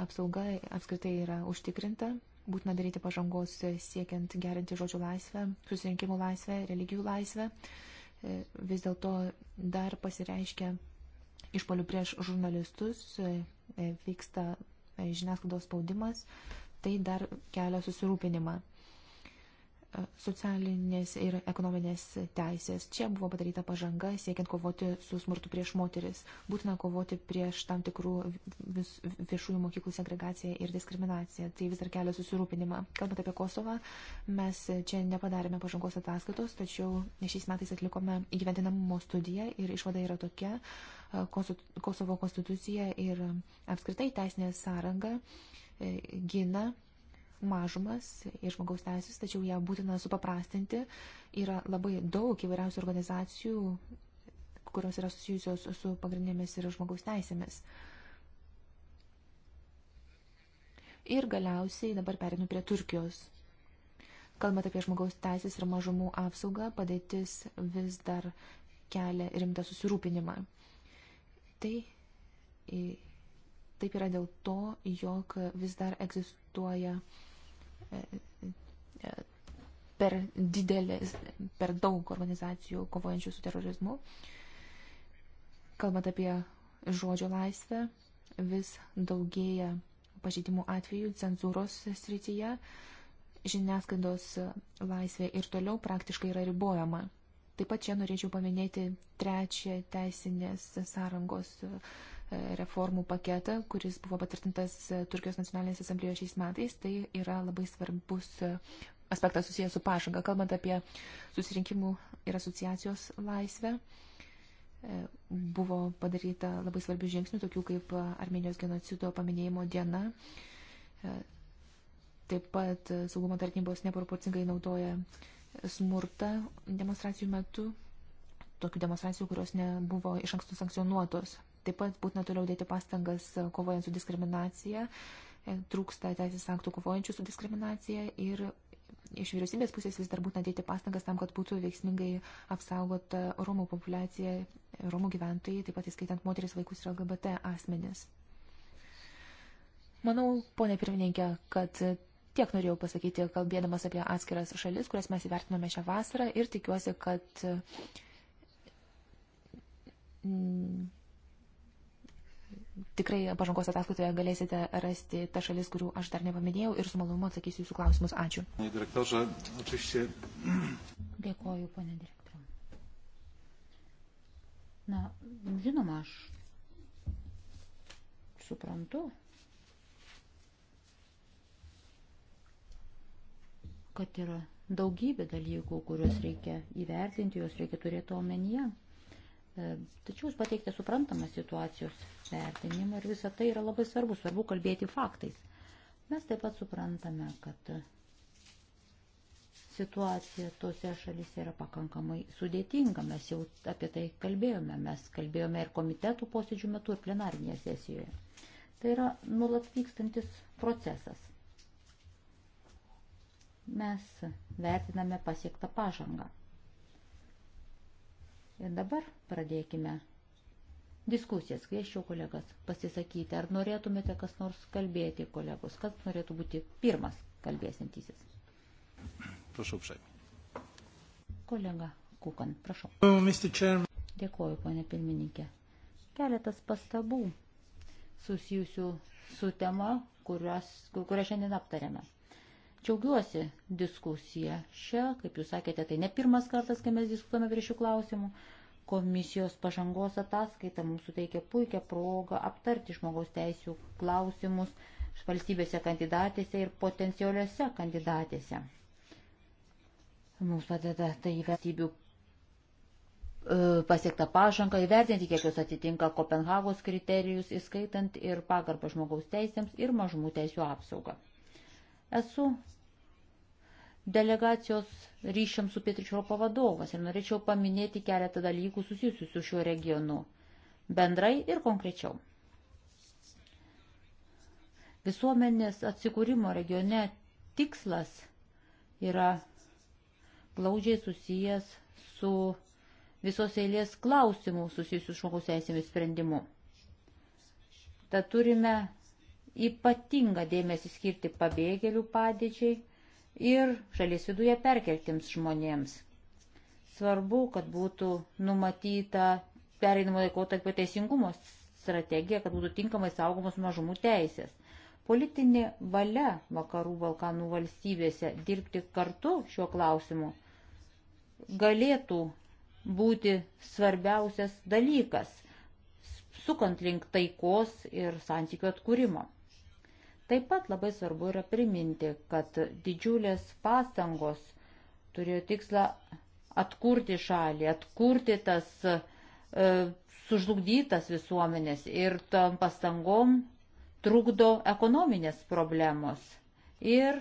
apsauga apskritai yra užtikrinta būtina daryti pažangos siekiant gerinti žodžių laisvę, susirinkimų laisvę, religijų laisvę. E, vis dėlto dar pasireiškia išpolių prieš žurnalistus, e, e, vyksta žiniasklaidos spaudimas, tai dar kelia susirūpinimą socialinės ir ekonominės teisės. Čia buvo padaryta pažanga, siekiant kovoti su smurtu prieš moteris. Būtina kovoti prieš tam tikrų vis, viešųjų mokyklų segregaciją ir diskriminaciją. Tai vis dar kelia susirūpinimą. Kalbant apie Kosovą, mes čia nepadarėme pažangos ataskaitos, tačiau šiais metais atlikome įgyventinamumo studiją ir išvada yra tokia. Kosovo konstitucija ir apskritai teisinė sąranga e, gina mažumas ir žmogaus teisės, tačiau ją būtina supaprastinti. Yra labai daug įvairiausių organizacijų, kurios yra susijusios su pagrindinėmis ir žmogaus teisėmis. Ir galiausiai dabar perinu prie Turkijos. Kalbant apie žmogaus teisės ir mažumų apsaugą, padėtis vis dar kelia rimtą susirūpinimą. Tai taip yra dėl to, jog vis dar egzistuoja per didelis, per daug organizacijų kovojančių su terorizmu. Kalbant apie žodžio laisvę, vis daugėja pažeidimų atvejų cenzūros srityje. Žiniasklaidos laisvė ir toliau praktiškai yra ribojama. Taip pat čia norėčiau paminėti trečią teisinės sąrangos reformų paketą, kuris buvo patvirtintas Turkijos nacionalinės asamblėje šiais metais. Tai yra labai svarbus aspektas susijęs su pažanga. Kalbant apie susirinkimų ir asociacijos laisvę, e, buvo padaryta labai svarbių žingsnių, tokių kaip Armenijos genocido paminėjimo diena. E, taip pat saugumo tarnybos neproporcingai naudoja smurtą demonstracijų metu, tokių demonstracijų, kurios nebuvo iš anksto sankcionuotos. Taip pat būtina toliau dėti pastangas e, kovojant su diskriminacija, e, trūksta teisės aktų kovojančių su diskriminacija ir iš vyriausybės pusės vis dar būtina dėti pastangas tam, kad būtų veiksmingai apsaugota Romų populiacija, Romų gyventojai, taip pat įskaitant moteris, vaikus ir LGBT asmenis. Manau, ponė pirmininkė, kad tiek norėjau pasakyti, kalbėdamas apie atskiras šalis, kurias mes įvertinome šią vasarą ir tikiuosi, kad mm, tikrai pažangos ataskaitoje galėsite rasti tą šalis, kurių aš dar nepaminėjau ir su malonumu atsakysiu jūsų klausimus. Ačiū. Direktorze, oczywiście. Dėkoju, ponė direktorė. Na, žinoma, aš suprantu, kad yra daugybė dalykų, kuriuos reikia įvertinti, juos reikia turėti omenyje. E, tačiau jūs pateikite suprantamą situacijos vertinimą ir visą tai yra labai svarbu, svarbu kalbėti faktais. Mes taip pat suprantame, kad situacija tose šalyse yra pakankamai sudėtinga. Mes jau apie tai kalbėjome. Mes kalbėjome ir komitetų posėdžių metu, ir plenarinėje sesijoje. Tai yra nulat vykstantis procesas. Mes vertiname pasiektą pažangą. Ir dabar pradėkime diskusijas. Kvieščiau kolegas pasisakyti, ar norėtumėte kas nors kalbėti, kolegos, kas norėtų būti pirmas kalbėsintysis. Prašau, šaip. Kolega Kukan, prašau. Dėkuoju, ponė pirmininkė. Keletas pastabų susijusių su tema, kurias, kurią šiandien aptarėme. Džiaugiuosi diskusiją šią, kaip jūs sakėte, tai ne pirmas kartas, kai mes diskutuojame prie šių klausimų. Komisijos pažangos ataskaita mums suteikia puikią progą aptarti žmogaus teisų klausimus valstybėse kandidatėse ir potencialiuose kandidatėse. Mums padeda tai valstybių e, pasiektą pažangą, įvertinti, kiek jos atitinka Kopenhagos kriterijus, įskaitant ir pagarbą žmogaus teisėms ir mažumų teisų apsaugą. Esu delegacijos ryšiam su Pietričio Europo vadovas ir norėčiau paminėti keletą dalykų susijusių su šiuo regionu, bendrai ir konkrečiau. Visuomenės atsikūrimo regione tikslas yra glaudžiai susijęs su visos eilės klausimų susijusių žmogaus teisėmis sprendimu. Tad turime ypatingą dėmesį skirti pabėgėlių padėčiai ir šalies viduje perkeltiems žmonėms. Svarbu, kad būtų numatyta pereinamo laikotarpio teisingumo strategija, kad būtų tinkamai saugomos mažumų teisės. Politinė valia vakarų Balkanų valstybėse dirbti kartu šiuo klausimu galėtų būti svarbiausias dalykas, sukant link taikos ir santykių atkūrimo. Taip pat labai svarbu yra priminti, kad didžiulės pastangos turėjo tikslą atkurti šalį, atkurti tas e, sužlugdytas visuomenės ir tom pastangom trukdo ekonominės problemos ir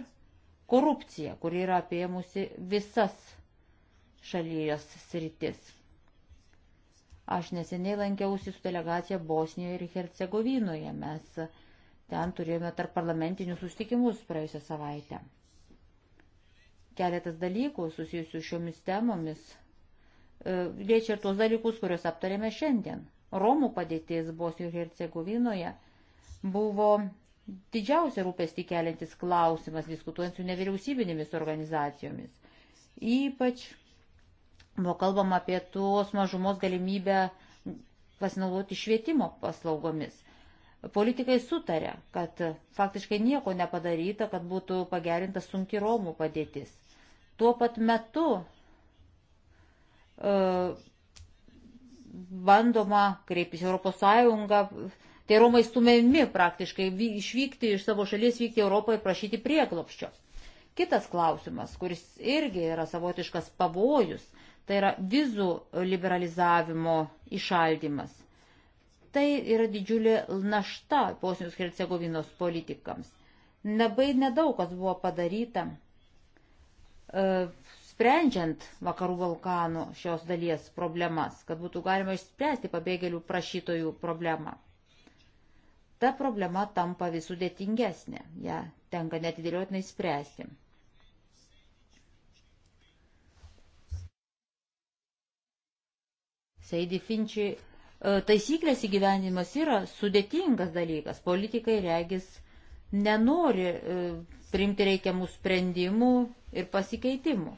korupcija, kuri yra apėmusi visas šalies sritis. Aš neseniai lankiausi su delegacija Bosnijoje ir Hercegovinoje. Mes Ten turėjome tarp parlamentinius sustikimus praėjusią savaitę. Keletas dalykų susijusių šiomis temomis e, liečia ir tuos dalykus, kuriuos aptarėme šiandien. Romų padėtis Bosnijoje ir Hercegovinoje buvo didžiausia rūpestį keliantis klausimas diskutuojant su nevyriausybinėmis organizacijomis. Ypač buvo kalbama apie tuos mažumos galimybę pasinaudoti švietimo paslaugomis. Politikai sutarė, kad faktiškai nieko nepadaryta, kad būtų pagerinta sunki Romų padėtis. Tuo pat metu e, bandoma kreiptis Europos Sąjungą, tai Romai stumiami praktiškai išvykti iš savo šalies, vykti Europoje ir prašyti prieglopščio. Kitas klausimas, kuris irgi yra savotiškas pavojus, tai yra vizų liberalizavimo išaldymas tai yra didžiulė našta Bosnijos Hercegovinos politikams. Labai nedaug kas buvo padaryta e, sprendžiant vakarų Balkanų šios dalies problemas, kad būtų galima išspręsti pabėgėlių prašytojų problemą. Ta problema tampa vis sudėtingesnė, ją ja, tenka netidėliotinai spręsti. Seidi Finčiai E, taisyklės įgyvendinimas yra sudėtingas dalykas. Politikai regis nenori e, priimti reikiamų sprendimų ir pasikeitimų.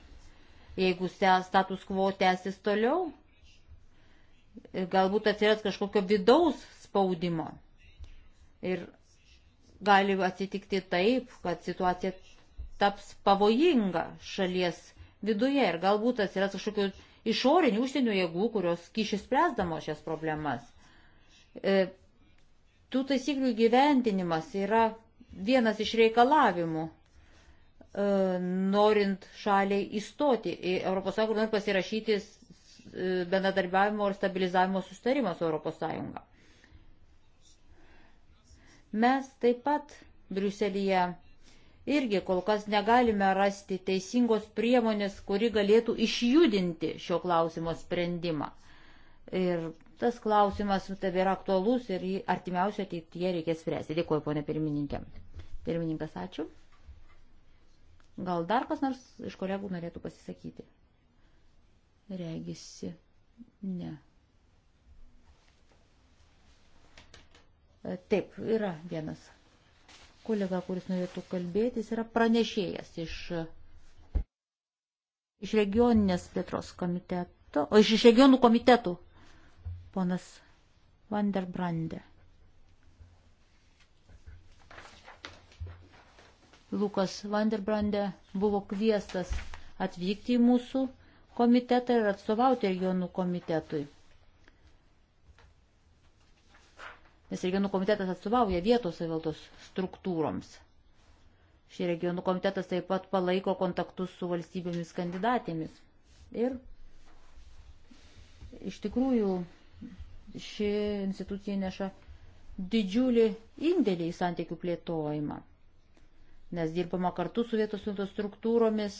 Jeigu status quo tęsis toliau, e, galbūt atsiras kažkokio vidaus spaudimo. Ir gali atsitikti taip, kad situacija taps pavojinga šalies viduje ir galbūt atsiras kažkokio išorinių užsienio jėgų, kurios kišis spręsdamo šias problemas. E, tų taisyklių gyventinimas yra vienas iš reikalavimų, e, norint šaliai įstoti į ES, norint pasirašyti e, bendradarbiavimo ir stabilizavimo sustarimą su ES. Mes taip pat Briuselyje irgi kol kas negalime rasti teisingos priemonės, kuri galėtų išjudinti šio klausimo sprendimą. Ir tas klausimas tebėra aktualus ir jį artimiausio ateityje reikės spręsti. Dėkuoju, ponė pirmininkė. Pirmininkas, ačiū. Gal dar kas nors iš kolegų norėtų pasisakyti? Regisi. Ne. Taip, yra vienas Kolega, kuris norėtų kalbėti, jis yra pranešėjas iš, iš regioninės plėtros komiteto, o iš, iš regionų komitetų, ponas Vanderbrande. Lukas Vanderbrande buvo kviestas atvykti į mūsų komitetą ir atstovauti regionų komitetui. nes regionų komitetas atstovauja vietos savivaldos struktūroms. Šį regionų komitetas taip pat palaiko kontaktus su valstybėmis kandidatėmis. Ir iš tikrųjų ši institucija neša didžiulį indėlį į santykių plėtojimą, nes dirbama kartu su vietos struktūromis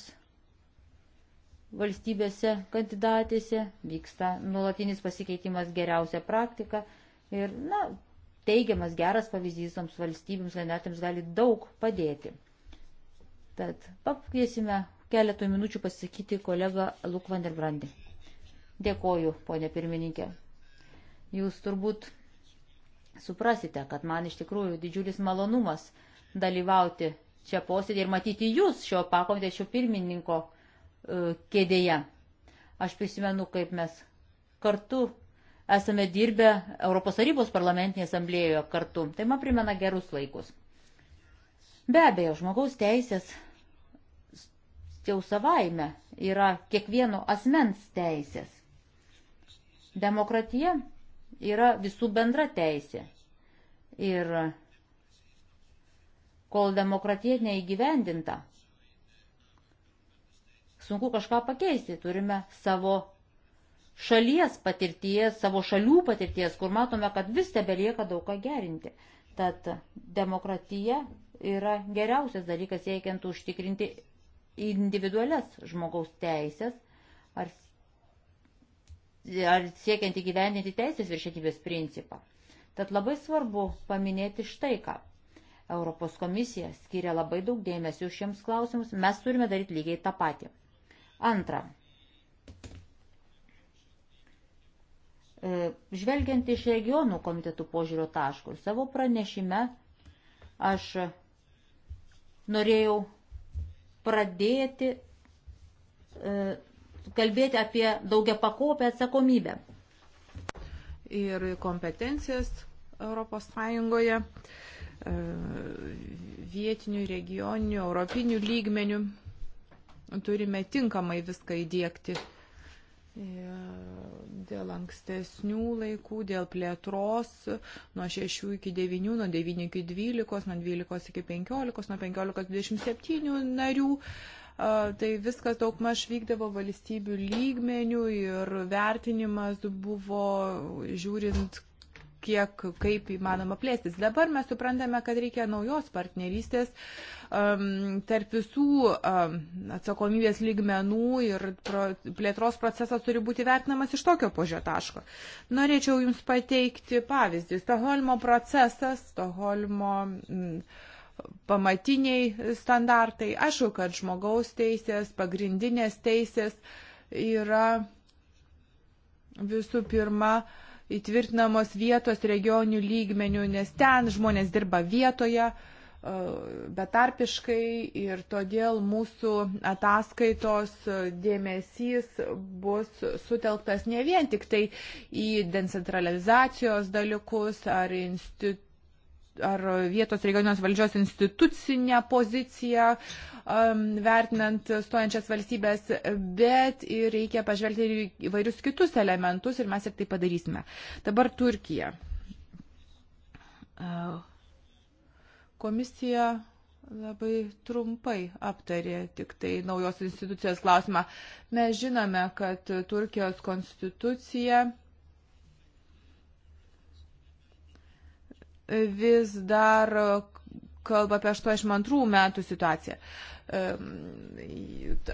valstybėse kandidatėse, vyksta nuolatinis pasikeitimas geriausia praktika ir, na, teigiamas geras pavyzdys toms valstybėms ganėtėms gali daug padėti. Tad pakviesime keletą minučių pasakyti kolegą Luk van der Brandi. Dėkoju, ponė pirmininkė. Jūs turbūt suprasite, kad man iš tikrųjų didžiulis malonumas dalyvauti čia posėdį ir matyti jūs šio pakomitečio pirmininko e, kėdėje. Aš prisimenu, kaip mes kartu esame dirbę Europos tarybos parlamentinėje asamblėjoje kartu. Tai man primena gerus laikus. Be abejo, žmogaus teisės jau savaime yra kiekvieno asmens teisės. Demokratija yra visų bendra teisė. Ir kol demokratija neįgyvendinta, sunku kažką pakeisti. Turime savo šalies patirties, savo šalių patirties, kur matome, kad vis tebelieka daug ką gerinti. Tad demokratija yra geriausias dalykas siekiant užtikrinti individualias žmogaus teisės ar, ar siekiant įgyvendinti teisės viršėtybės principą. Tad labai svarbu paminėti štai ką. Europos komisija skiria labai daug dėmesio šiems klausimus, mes turime daryti lygiai tą patį. Antra, E, žvelgiant iš regionų komitetų požiūrio taškų, savo pranešime aš norėjau pradėti e, kalbėti apie daugia pakopę atsakomybę. Ir kompetencijas Europos Sąjungoje e, vietinių, regioninių, europinių lygmenių turime tinkamai viską įdėkti. E, dėl ankstesnių laikų, dėl plėtros nuo 6 iki 9, nuo 9 iki 12, nuo 12 iki 15, nuo 15 iki 27 narių. E, tai viskas daug maž vykdavo valstybių lygmenių ir vertinimas buvo žiūrint, kiek, kaip įmanoma plėstis. Dabar mes suprantame, kad reikia naujos partnerystės um, tarp visų um, atsakomybės lygmenų ir pro, plėtros procesas turi būti vertinamas iš tokio požio taško. Norėčiau Jums pateikti pavyzdį. Stoholmo procesas, Stoholmo. Mm, pamatiniai standartai. Aišku, kad žmogaus teisės, pagrindinės teisės yra visų pirma uh, įtvirtinamos vietos regionių lygmenių, nes ten žmonės dirba vietoje e, betarpiškai ir todėl mūsų ataskaitos dėmesys bus sutelktas ne vien tik tai į decentralizacijos dalykus ar institucijų ar vietos regionios valdžios institucinę poziciją um, vertinant stojančias valstybės, bet ir reikia pažvelgti ir įvairius kitus elementus ir mes ir tai padarysime. Dabar Turkija. Uh, komisija labai trumpai aptarė tik tai naujos institucijos klausimą. Mes žinome, kad Turkijos konstitucija vis dar kalba apie 82 metų situaciją.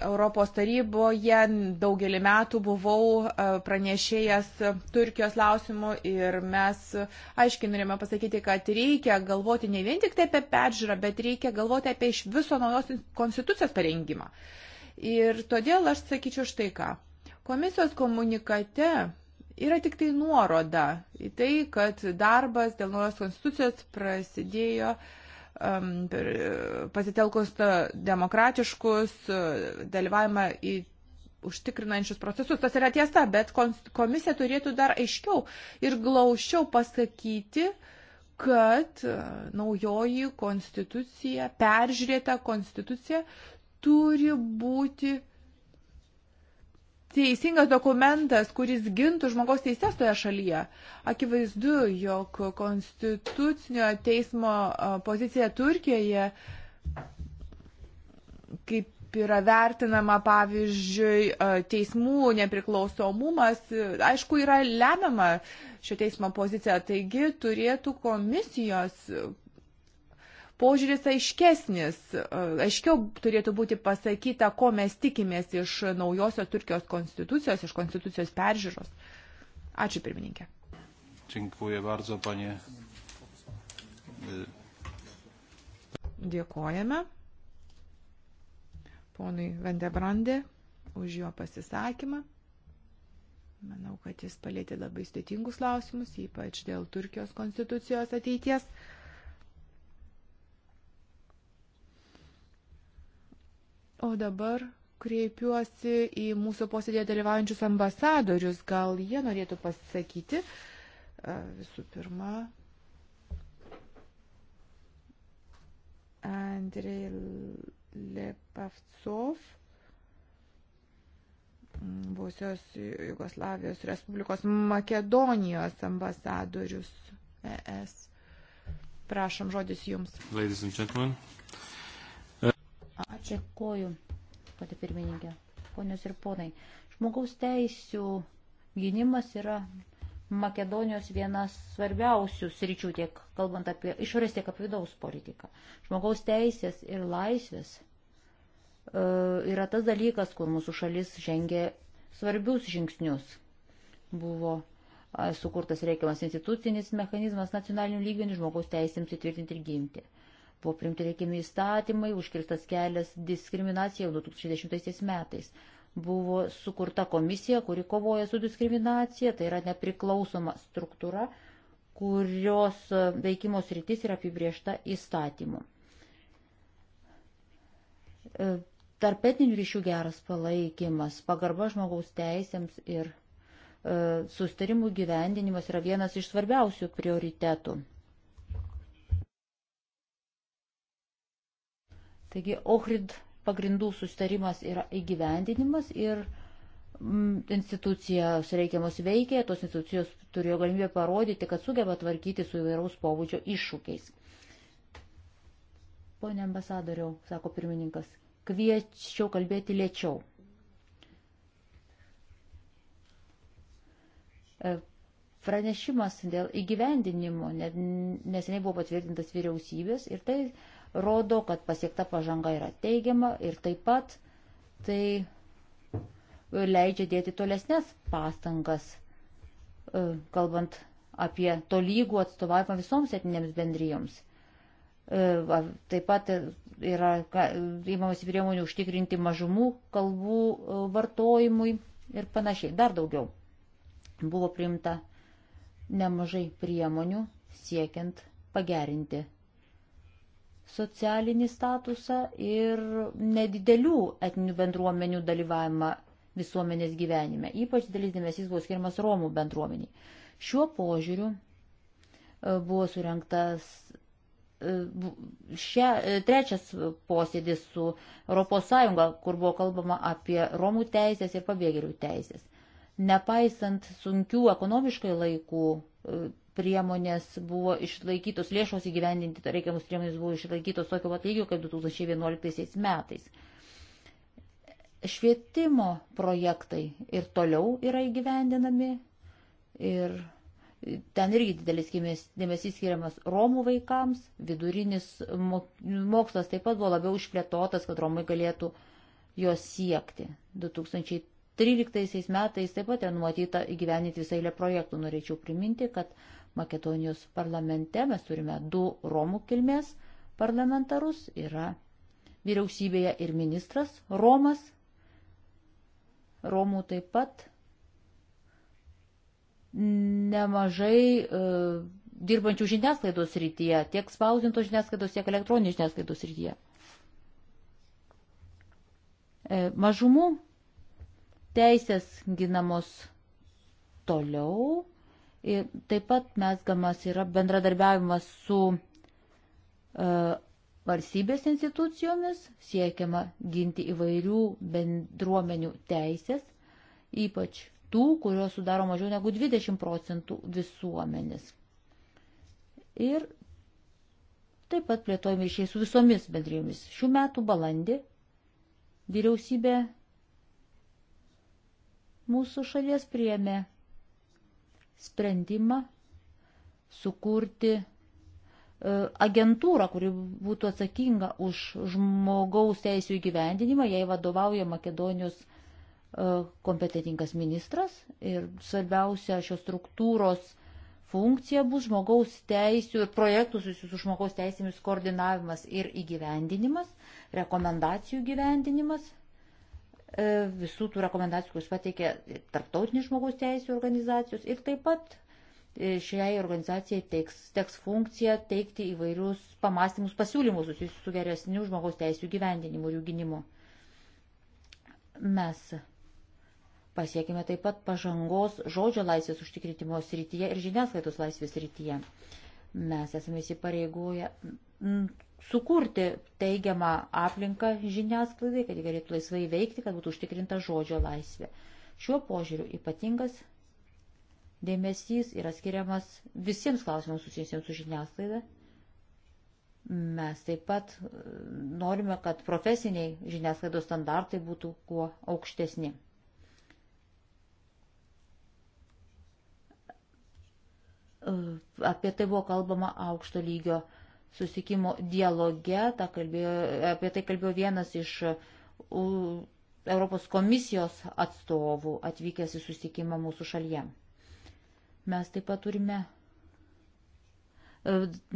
Europos taryboje daugelį metų buvau e, pranešėjęs Turkijos klausimų ir mes aiškiai norėjome pasakyti, kad reikia galvoti ne vien tik tai apie peržiūrą, bet reikia galvoti apie iš viso naujos konstitucijos parengimą. Ir todėl aš sakyčiau štai ką. Komisijos komunikate yra tik tai nuoroda į tai, kad darbas dėl naujos konstitucijos prasidėjo um, pasitelkus demokratiškus dalyvavimą į užtikrinančius procesus. Tas yra tiesa, bet komisija turėtų dar aiškiau ir glaušiau pasakyti, kad uh, naujoji konstitucija, peržiūrėta konstitucija turi būti teisingas dokumentas, kuris gintų žmogaus teises toje šalyje. Akivaizdu, jog konstitucinio teismo pozicija Turkijoje, kaip yra vertinama, pavyzdžiui, teismų nepriklausomumas, aišku, yra lemiama šio teismo pozicija. Taigi turėtų komisijos požiūris aiškesnis, e, aiškiau turėtų būti pasakyta, ko mes tikimės iš naujosios Turkijos konstitucijos, iš konstitucijos peržiūros. Ačiū pirmininkė. Dziękuję bardzo, panie. Dėkojame ponui Vendebrandė už jo pasisakymą. Manau, kad jis palėtė labai sudėtingus klausimus, ypač dėl Turkijos konstitucijos ateities. O dabar kreipiuosi į mūsų posėdėje dalyvaujančius ambasadorius. Gal jie norėtų pasisakyti visų pirma. Andrei Lepavcov, buvusios Jugoslavijos Respublikos Makedonijos ambasadorius ES. Prašom žodis jums. Ladies and gentlemen, Dėkoju, pati pirmininkė, ponios ir ponai. Žmogaus teisų gynimas yra Makedonijos vienas svarbiausių sričių, tiek kalbant apie išorės, tiek apie vidaus politiką. Žmogaus teisės ir laisvės e, yra tas dalykas, kur mūsų šalis žengė svarbius žingsnius. Buvo e, sukurtas reikiamas institucinis mechanizmas nacionalinių lygmenių žmogaus teisėms įtvirtinti ir ginti. Buvo priimti reikiami įstatymai, užkirstas kelias diskriminacija jau 2010 metais. Buvo sukurta komisija, kuri kovoja su diskriminacija, tai yra nepriklausoma struktūra, kurios e, veikimos rytis yra apibriešta įstatymu. E, tarp etninių ryšių geras palaikymas, pagarba žmogaus teisėms ir e, sustarimų gyvendinimas yra vienas iš svarbiausių prioritetų. Taigi OHRID pagrindų sustarimas yra įgyvendinimas ir m, mm, institucijos reikiamos veikia, tos institucijos turėjo galimybę parodyti, kad sugeba tvarkyti su įvairaus pobūdžio iššūkiais. Pone ambasadoriau, sako pirmininkas, kviečiau kalbėti lėčiau. E, pranešimas dėl įgyvendinimo neseniai buvo patvirtintas vyriausybės ir tai rodo, kad pasiekta pažanga yra teigiama ir taip pat tai leidžia dėti tolesnės pastangas, e, kalbant apie tolygų atstovavimą visoms etinėms bendrijoms. E, taip pat yra įmamas priemonių užtikrinti mažumų kalbų e, vartojimui ir panašiai. Dar daugiau buvo priimta nemažai priemonių siekiant pagerinti socialinį statusą ir nedidelių etninių bendruomenių dalyvavimą visuomenės gyvenime. Ypač didelis dėmesys buvo skiriamas Romų bendruomeniai. Šiuo požiūriu e, buvo surinktas e, šia, e, trečias posėdis su ES, kur buvo kalbama apie Romų teisės ir pabėgėlių teisės. Nepaisant sunkių ekonomiškai laikų, priemonės buvo išlaikytos, lėšos įgyvendinti reikiamus priemonės buvo išlaikytos tokio pat lygio kaip 2011 metais. Švietimo projektai ir toliau yra įgyvendinami ir ten irgi didelis dėmesys skiriamas Romų vaikams, vidurinis mokslas taip pat buvo labiau išplėtotas, kad Romai galėtų jos siekti. 2013 metais taip pat ten numatyta įgyveninti visą eilę projektų. Norėčiau priminti, kad Makedonijos parlamente mes turime du Romų kilmės parlamentarus, yra vyriausybėje ir ministras Romas, Romų taip pat nemažai e, dirbančių žiniasklaidos rytyje, tiek spausdintos žiniasklaidos, tiek elektroninės žiniasklaidos rytyje. E, mažumų teisės ginamos toliau, Ir taip pat mesgamas yra bendradarbiavimas su e, valstybės institucijomis, siekiama ginti įvairių bendruomenių teisės, ypač tų, kurios sudaro mažiau negu 20 procentų visuomenės. Ir taip pat plėtojami ryšiai su visomis bendrijomis. Šių metų balandį vyriausybė mūsų šalies priėmė sprendimą sukurti e, agentūrą, kuri būtų atsakinga už žmogaus teisų įgyvendinimą, jai vadovauja Makedonijos e, kompetitingas ministras ir svarbiausia šios struktūros funkcija bus žmogaus teisų ir projektų susijusių su žmogaus teisėmis koordinavimas ir įgyvendinimas, rekomendacijų įgyvendinimas. E, visų tų rekomendacijų, kurias pateikė tarptautinės žmogaus teisų organizacijos ir taip pat e, šiai organizacijai teiks, teks funkcija teikti įvairius pamastymus, pasiūlymus susijusius su geresniu žmogaus teisų gyvendinimu ir jų gynimu. Mes pasiekime taip pat pažangos žodžio laisvės užtikrinimo srityje ir žiniasklaidos laisvės srityje. Mes esame įsipareigoję sukurti teigiamą aplinką žiniasklaidai, kad jie galėtų laisvai veikti, kad būtų užtikrinta žodžio laisvė. Šiuo požiūriu ypatingas dėmesys yra skiriamas visiems klausimams susijusiems su žiniasklaida. Mes taip pat e, norime, kad profesiniai žiniasklaidos standartai būtų kuo aukštesni. E, apie tai buvo kalbama aukšto lygio uh, susikimo dialoge, ta kalbėjo, apie tai kalbėjo vienas iš Europos komisijos atstovų atvykęs į susikimą mūsų šalyje. Mes taip pat turime e,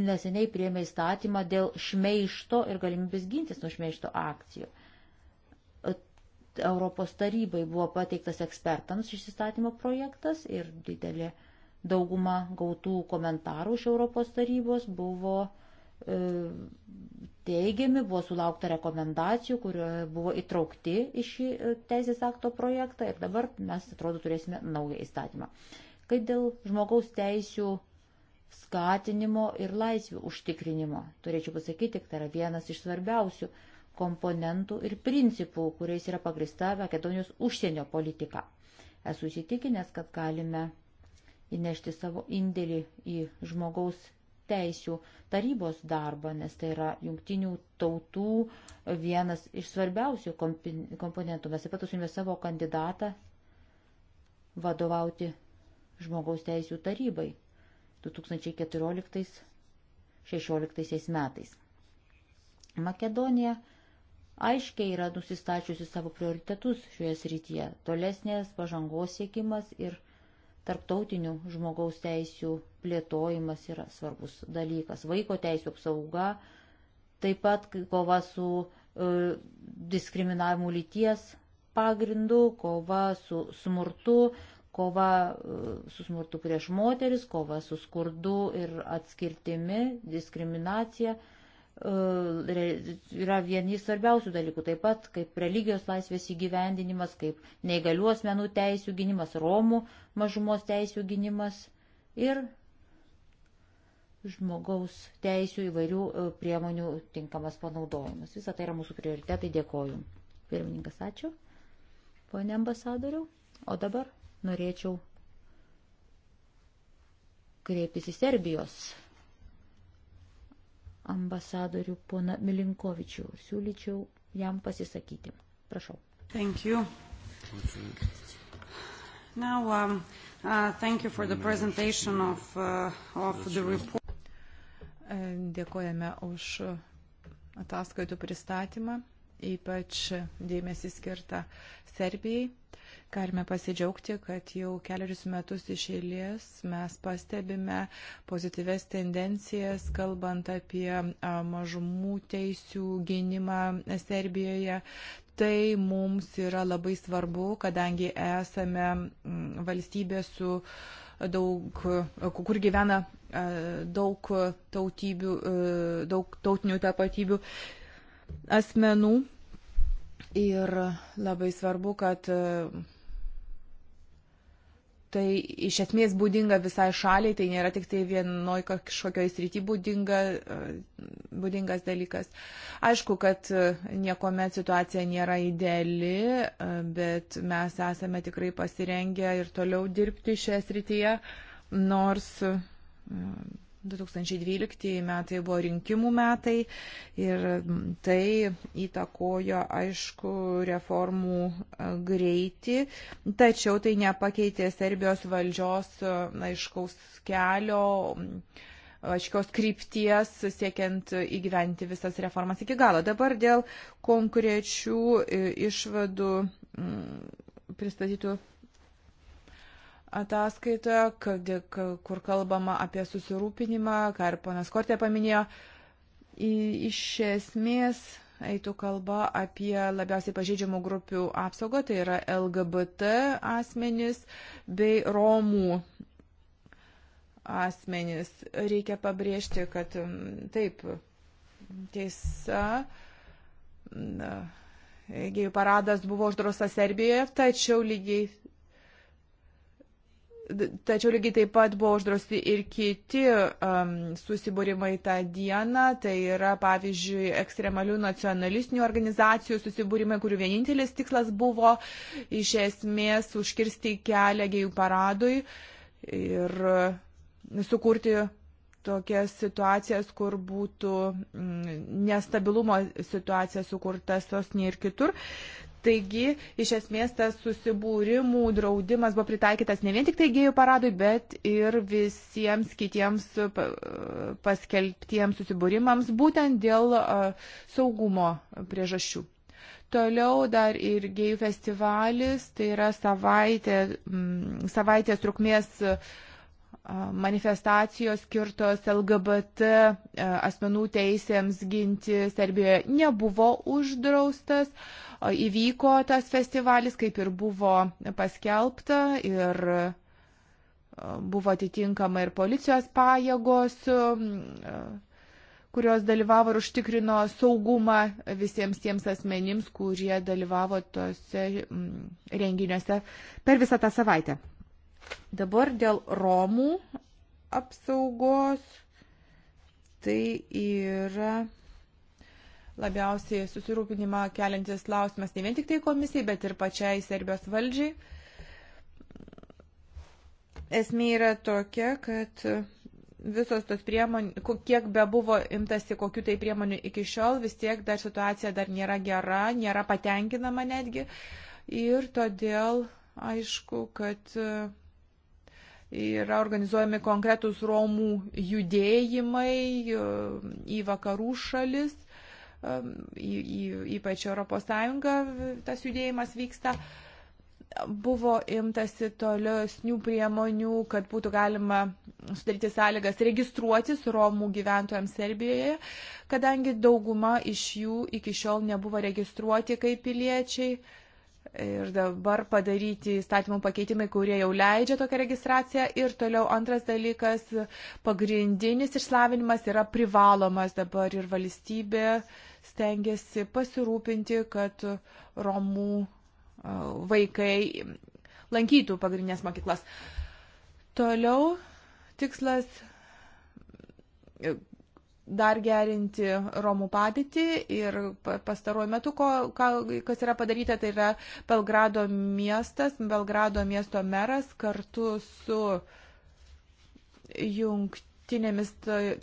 neseniai priėmė įstatymą dėl šmeišto ir galimybės gintis nuo šmeišto akcijų. E, Europos tarybai buvo pateiktas ekspertams šis įstatymo projektas ir didelė dauguma gautų komentarų iš Europos tarybos buvo uh, E, teigiami, buvo sulaukta rekomendacijų, kurio buvo įtraukti į šį e, teisės akto projektą ir dabar mes, atrodo, turėsime naują įstatymą. Kai dėl žmogaus teisių skatinimo ir laisvių užtikrinimo, turėčiau pasakyti, tai yra vienas iš svarbiausių komponentų ir principų, kuriais yra pagrista Makedonijos užsienio politika. Esu įsitikinęs, kad galime įnešti savo indėlį į žmogaus teisių tarybos darbą, nes tai yra jungtinių tautų vienas iš svarbiausių komponentų. Mes taip pat užsiminėme savo kandidatą vadovauti žmogaus teisų tarybai 2014-2016 metais. Makedonija aiškiai yra nusistačiusi savo prioritetus šioje srityje - tolesnės pažangos siekimas ir tarptautinių žmogaus teisių plėtojimas yra svarbus dalykas. Vaiko teisų apsauga, taip pat kova su e, diskriminavimu lyties pagrindu, kova su smurtu, kova e, su smurtu prieš moteris, kova su skurdu ir atskirtimi, diskriminacija. E, E, yra vieni svarbiausių dalykų, taip pat kaip religijos laisvės įgyvendinimas, kaip neįgalių asmenų teisų gynimas, Romų mažumos teisų gynimas ir žmogaus teisų įvairių e, priemonių tinkamas panaudojimas. Visą tai yra mūsų prioritetai, dėkoju. Pirmininkas, ačiū. Pone ambasadoriu, o dabar norėčiau kreiptis į Serbijos ambasadorių pona Milinkovičių. Siūlyčiau jam pasisakyti. Prašau. Thank you. Now, um, uh, thank you for the presentation of, uh, of the report. Dėkojame už ataskaitų pristatymą ypač dėmesį skirtą Serbijai. Galime pasidžiaugti, kad jau keliarius metus iš eilės mes pastebime pozityves tendencijas, kalbant apie mažumų teisių gynimą Serbijoje. Tai mums yra labai svarbu, kadangi esame valstybė su daug, kur gyvena daug tautybių, daug tautinių tapatybių asmenų. Ir labai svarbu, kad e, tai iš esmės būdinga visai šaliai, tai nėra tik tai vienoj kažkokioj srity būdinga, e, būdingas dalykas. Aišku, kad e, niekuomet situacija nėra ideali, bet mes esame tikrai pasirengę ir toliau dirbti šioje srityje, nors 2012 metai buvo rinkimų metai ir tai įtakojo, aišku, reformų e, greitį, tačiau tai nepakeitė Serbijos valdžios e, aiškaus kelio, aiškios krypties, siekiant įgyventi visas reformas iki galo. Dabar dėl konkrečių e, išvadų pristatytų ataskaitoje, kad, kur kalbama apie susirūpinimą, ką ir ponas Kortė paminėjo, iš esmės eitų kalba apie labiausiai pažeidžiamų grupių apsaugą, tai yra LGBT asmenys bei Romų asmenys. Reikia pabrėžti, kad taip, tiesa. Na, gėjų paradas buvo uždraustas Serbijoje, tačiau lygiai Tačiau lygiai taip pat buvo uždrausti ir kiti um, susibūrimai tą dieną, tai yra pavyzdžiui ekstremalių nacionalistinių organizacijų susibūrimai, kurių vienintelis tikslas buvo iš esmės užkirsti kelią gėjų paradui ir mm, sukurti tokias situacijas, kur būtų mm, nestabilumo situacija sukurta sosnė ir kitur. Uh, Taigi, iš esmės, tas susibūrimų draudimas buvo pritaikytas ne vien tik tai gėjų paradui, bet ir visiems kitiems e, paskelbtiems susibūrimams, būtent dėl e, saugumo priežasčių. Toliau dar ir gėjų festivalis, tai yra savaitė, savaitės trukmės uh, manifestacijos skirtos LGBT e, asmenų teisėms ginti Serbijoje nebuvo uždraustas. Įvyko tas festivalis, kaip ir buvo paskelbta, ir e, buvo atitinkama ir policijos pajėgos e, kurios dalyvavo ir užtikrino saugumą visiems tiems asmenims, kurie dalyvavo tose renginiuose per visą tą savaitę. Dabar dėl Romų apsaugos tai yra labiausiai susirūpinimą keliantis klausimas ne vien tik tai komisijai, bet ir pačiai Serbijos valdžiai. Esmė yra tokia, kad visos tos priemonių, kiek be buvo imtasi kokių tai priemonių iki šiol, vis tiek dar situacija dar nėra gera, nėra patenkinama netgi. Ir todėl aišku, kad yra organizuojami konkretūs Romų judėjimai e, į vakarų šalis, e, į, į, ypač Europos Sąjunga tas judėjimas vyksta. Buvo imtasi tolesnių priemonių, kad būtų galima sudaryti sąlygas registruotis Romų gyventojams Serbijoje, kadangi dauguma iš jų iki šiol nebuvo registruoti kaip piliečiai ir dabar padaryti įstatymų pakeitimai, kurie jau leidžia tokią registraciją. Ir toliau antras dalykas, pagrindinis išslavinimas yra privalomas dabar ir valstybė stengiasi pasirūpinti, kad Romų vaikai lankytų pagrindinės mokyklas. Toliau tikslas dar gerinti Romų padėtį ir pastaruoju metu, ko, ka, kas yra padaryta, tai yra Belgrado miestas, Belgrado miesto meras kartu su jungtinėmis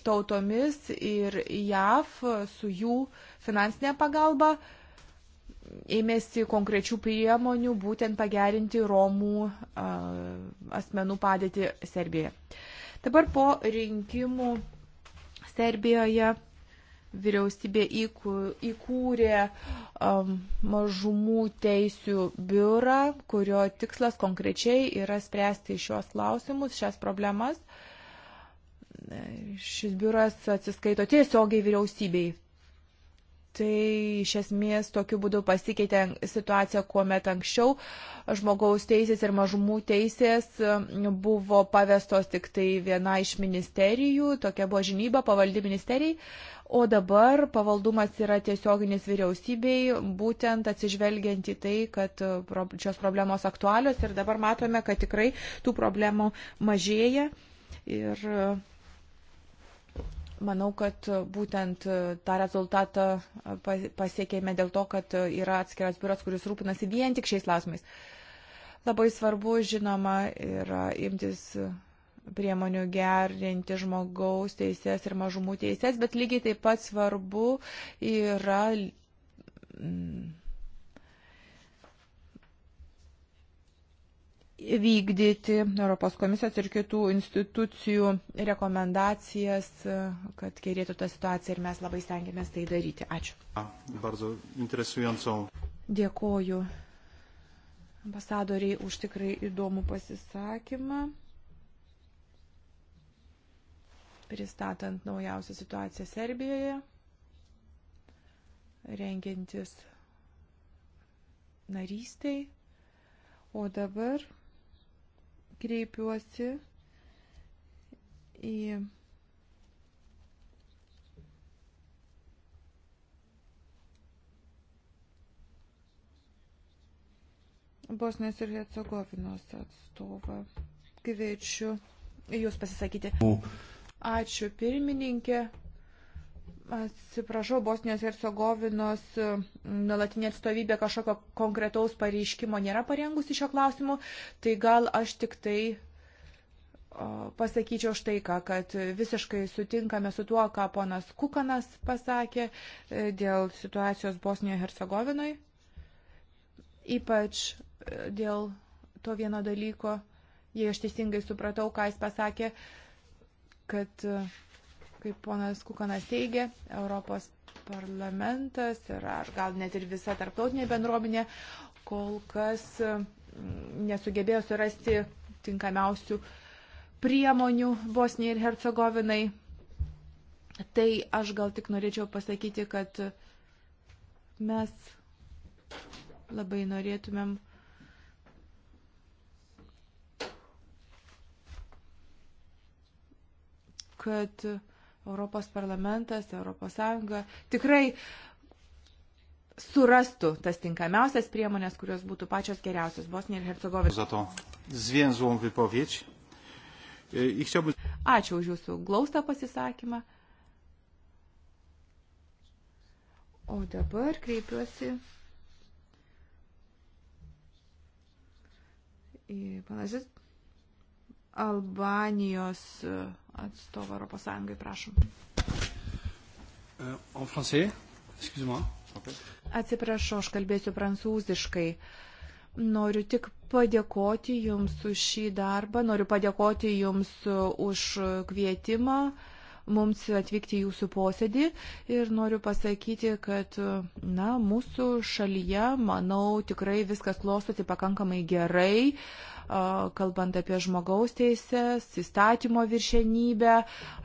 tautomis ir JAV su jų finansinė pagalba ėmėsi konkrečių priemonių būtent pagerinti Romų a, asmenų padėtį Serbijoje. Dabar po rinkimų Serbijoje vyriausybė įkūrė um, mažumų teisių biurą, kurio tikslas konkrečiai yra spręsti šios klausimus, šias problemas. Šis biuras atsiskaito tiesiogiai vyriausybei tai iš esmės tokiu būdu pasikeitė situacija, kuomet anksčiau žmogaus teisės ir mažumų teisės buvo pavestos tik tai viena iš ministerijų, tokia buvo žinyba pavaldi ministerijai, o dabar pavaldumas yra tiesioginis vyriausybei, būtent atsižvelgiant į tai, kad e, šios problemos aktualios ir dabar matome, kad tikrai tų problemų mažėja. Ir Manau, kad būtent tą rezultatą pasiekėme dėl to, kad yra atskiras biuras, kuris rūpinasi vien tik šiais klausimais. Labai svarbu, žinoma, yra imtis priemonių gerinti žmogaus teises ir mažumų teises, bet lygiai taip pat svarbu yra vykdyti Europos komisijos ir kitų institucijų rekomendacijas, kad gerėtų ta situacija ir mes labai stengiamės tai daryti. Ačiū. Dėkoju ambasadoriai už tikrai įdomų pasisakymą, pristatant naujausią situaciją Serbijoje, rengiantis narystiai. O dabar kreipiuosi į Bosnijos ir Hercegovinos atstovą. Kviečiu jūs pasisakyti. Ačiū pirmininkė. Atsiprašau, Bosnijos ir Sogovinos e, nalatinė atstovybė kažkokio konkretaus pareiškimo nėra parengusi šio klausimu, tai gal aš tik tai pasakyčiau štai ką, kad visiškai sutinkame su tuo, ką ponas Kukanas pasakė e, dėl situacijos Bosnijoje Hercegovinoje, ypač e, dėl to vieno dalyko, jei aš teisingai supratau, ką jis pasakė, kad uh, Kaip ponas Kukanas teigia, Europos parlamentas ir ar gal net ir visa tarptautinė bendruomenė kol kas nesugebėjo surasti tinkamiausių priemonių Bosnijai ir Hercegovinai. Tai aš gal tik norėčiau pasakyti, kad mes labai norėtumėm kad Europos parlamentas, Europos Sąjunga tikrai surastų tas tinkamiausias priemonės, kurios būtų pačios geriausios Bosnija ir Hercegovina. E, Ačiū už jūsų glaustą pasisakymą. O dabar kreipiuosi į panašius Albanijos e, atstovą Europos Sąjungai, prašom. E, en français, excuse-moi. Okay. Atsiprašau, aš kalbėsiu prancūziškai. Noriu tik padėkoti Jums už šį darbą, noriu padėkoti Jums už kvietimą. Uh, mums atvykti į jūsų posėdį ir noriu pasakyti, kad na, mūsų šalyje, manau, tikrai viskas klostosi pakankamai gerai, kalbant apie žmogaus teisės, įstatymo viršenybę.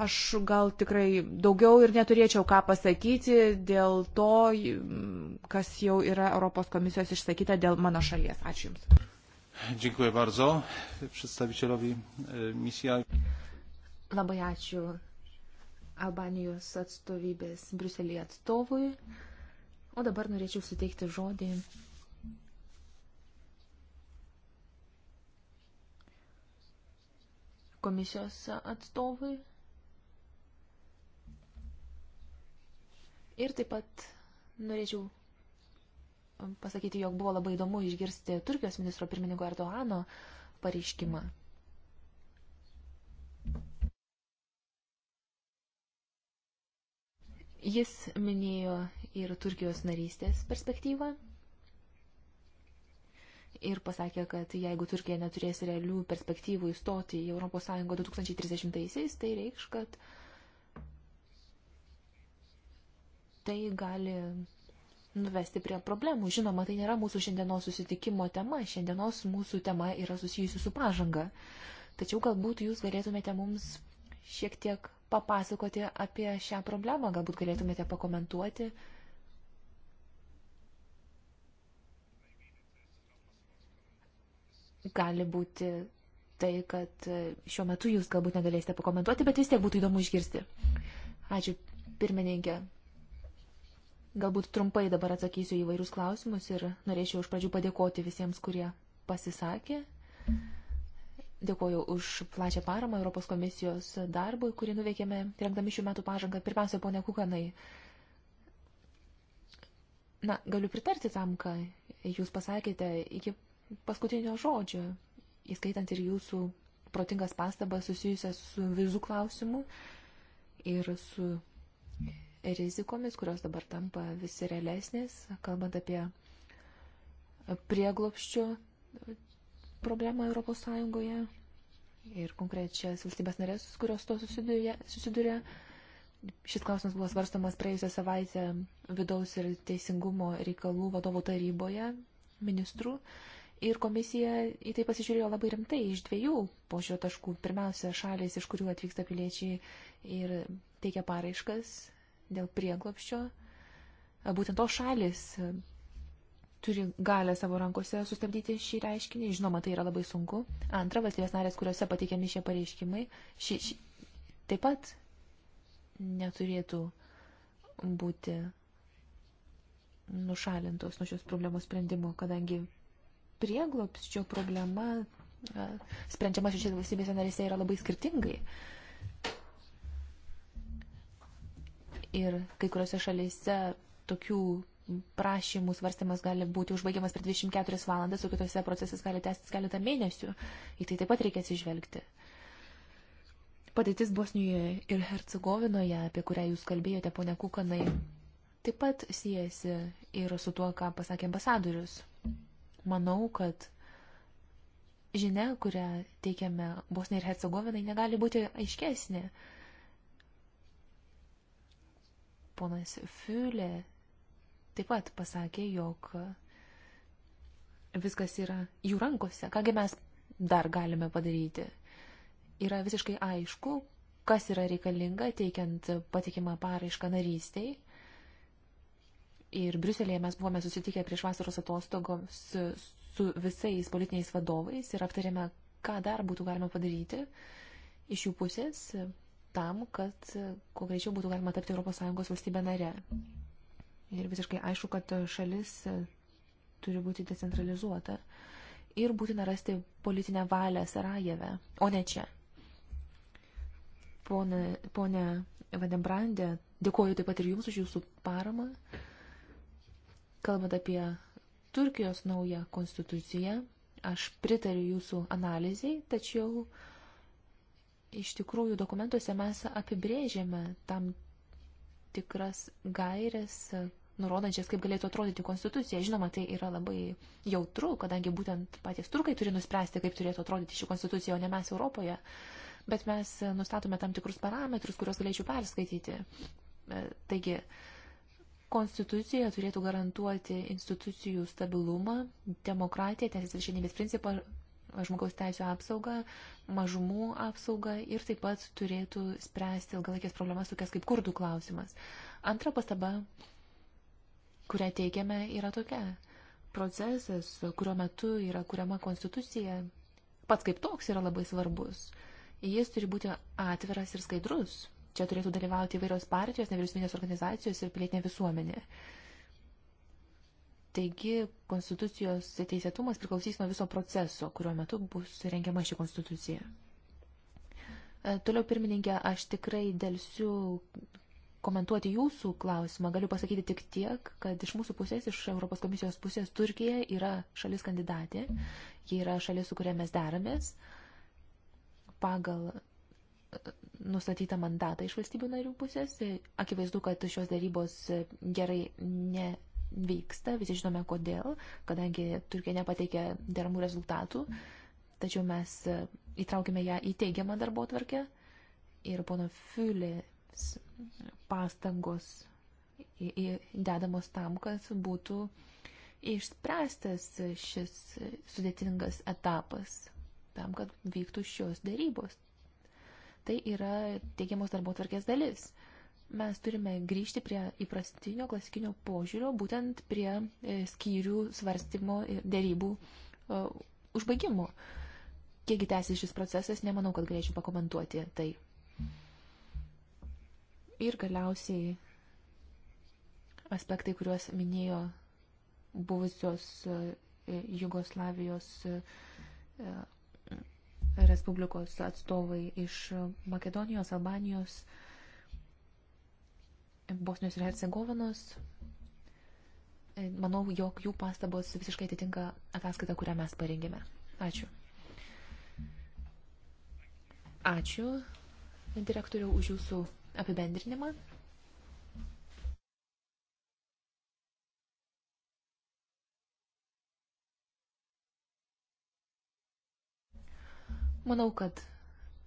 Aš gal tikrai daugiau ir neturėčiau ką pasakyti dėl to, kas jau yra Europos komisijos išsakyta dėl mano šalies. Ačiū Jums. Dziękuję bardzo przedstawicielowi e, misji. Labai ačiū Albanijos atstovybės Bruselėje atstovui. O dabar norėčiau suteikti žodį komisijos atstovui. Ir taip pat norėčiau pasakyti, jog buvo labai įdomu išgirsti Turkijos ministro pirmininko Erdoano pareiškimą. Mm. Jis minėjo ir Turkijos narystės perspektyvą ir pasakė, kad jeigu Turkija neturės realių perspektyvų įstoti į ES 2030-aisiais, tai reikš, kad tai gali nuvesti prie problemų. Žinoma, tai nėra mūsų šiandienos susitikimo tema, šiandienos mūsų tema yra susijusi su pažanga. Tačiau galbūt jūs galėtumėte mums šiek tiek papasakoti apie šią problemą, galbūt galėtumėte pakomentuoti. Gali būti tai, kad šiuo metu jūs galbūt negalėsite pakomentuoti, bet vis tiek būtų įdomu išgirsti. Ačiū, pirmininkė. Galbūt trumpai dabar atsakysiu į vairius klausimus ir norėčiau iš pradžių padėkoti visiems, kurie pasisakė. Mm. Dėkuoju už plačią paramą Europos komisijos darbui, kurį nuveikėme rengdami šių metų pažangą. Pirmiausia, ponia Kukanai, na, galiu pritarti tam, ką jūs pasakėte iki paskutinio žodžio, įskaitant ir jūsų protingas pastabas susijusias su vizų klausimu ir su rizikomis, kurios dabar tampa vis realesnės, kalbant apie prieglopščių problemą ES ir konkrečias valstybės narės, kurios to susiduria. susiduria. Šis klausimas buvo svarstamas praėjusią savaitę vidaus ir teisingumo reikalų vadovų taryboje ministrų. Ir komisija į tai pasižiūrėjo labai rimtai iš dviejų požiūrio taškų. Pirmiausia, šalis, iš kurių atvyksta piliečiai ir teikia paraiškas dėl prieglopščio. Būtent tos šalis turi galę savo rankose sustabdyti šį reiškinį. Žinoma, tai yra labai sunku. Antra, valstybės narės, kuriuose pateikiami šie pareiškimai, ši, ši, taip pat neturėtų būti nušalintos nuo šios problemos sprendimo, kadangi prieglopsčio problema sprendžiama šiose valstybėse narėse yra labai skirtingai. Ir kai kuriuose šalyse tokių prašymų svarstymas gali būti užbaigiamas per 24 valandas, o kitose procesas gali tęstis keletą mėnesių. Į tai taip pat reikia atsižvelgti. Padėtis Bosnijoje ir Hercegovinoje, apie kurią jūs kalbėjote, ponia Kukanai, taip pat siejasi ir su tuo, ką pasakė ambasadorius. Manau, kad žinia, kurią teikiame Bosnijai ir Hercegovinai, negali būti aiškesnė. Ponas Fiulė taip pat pasakė, jog viskas yra jų rankose. Kągi mes dar galime padaryti? Yra visiškai aišku, kas yra reikalinga teikiant patikimą paraišką narystiai. Ir Briuselėje mes buvome susitikę prieš vasaros atostogoms su, su visais politiniais vadovais ir aptarėme, ką dar būtų galima padaryti iš jų pusės tam, kad kuo greičiau būtų galima tapti ES valstybę narę. Ir visiškai aišku, kad šalis e, turi būti decentralizuota. Ir būtina rasti politinę valią Sarajeve, o ne čia. Pone, pone Vadembrandė, dėkoju taip pat ir Jums už Jūsų paramą. Kalbant apie Turkijos naują konstituciją, aš pritariu Jūsų analizai, tačiau iš tikrųjų dokumentuose mes apibrėžėme tam tikras gairės, nurodančiais, kaip galėtų atrodyti konstitucija. Žinoma, tai yra labai jautru, kadangi būtent patys turkai turi nuspręsti, kaip turėtų atrodyti ši konstitucija, o ne mes Europoje. Bet mes e, nustatome tam tikrus parametrus, kuriuos galėčiau perskaityti. E, taigi, konstitucija turėtų garantuoti institucijų stabilumą, demokratiją, teisės viršenybės principą, žmogaus teisų apsaugą, mažumų apsaugą ir taip pat turėtų spręsti ilgalaikės problemas, tokias kaip kurdų klausimas. Antra pastaba kurią teikiame, yra tokia. Procesas, kurio metu yra kuriama konstitucija, pats kaip toks yra labai svarbus. Jis turi būti atviras ir skaidrus. Čia turėtų dalyvauti įvairios partijos, nevyriausybinės organizacijos ir pilietinė visuomenė. Taigi, konstitucijos teisėtumas priklausys nuo viso proceso, kurio metu bus rengiama ši konstitucija. E, toliau, pirmininkė, aš tikrai dėlsiu komentuoti jūsų klausimą, galiu pasakyti tik tiek, kad iš mūsų pusės, iš Europos komisijos pusės, Turkija yra šalis kandidatė, ji yra šalis, su kuria mes deramės pagal e, nustatytą mandatą iš valstybių narių pusės. Akivaizdu, kad šios darybos gerai nevyksta, visi žinome kodėl, kadangi Turkija nepateikė deramų rezultatų, tačiau mes e, įtraukime ją į teigiamą darbo tvarkę ir pono Fiulį pastangos dedamos tam, kad būtų išspręstas šis sudėtingas etapas, tam, kad vyktų šios darybos. Tai yra teigiamos darbo tvarkės dalis mes turime grįžti prie įprastinio klasikinio požiūrio, būtent prie e, skyrių svarstymo ir dėrybų uh, e, užbaigimo. Kiekgi tęsis šis procesas, nemanau, kad galėčiau pakomentuoti tai. Ir galiausiai aspektai, kuriuos minėjo buvusios e, Jugoslavijos e, e, Respublikos atstovai iš Makedonijos, Albanijos, Bosnijos ir Hercegovinos. Manau, jog jų pastabos visiškai atitinka ataskaitą, kurią mes parengėme. Ačiū. Ačiū direktoriau už jūsų apibendrinimą. Manau, kad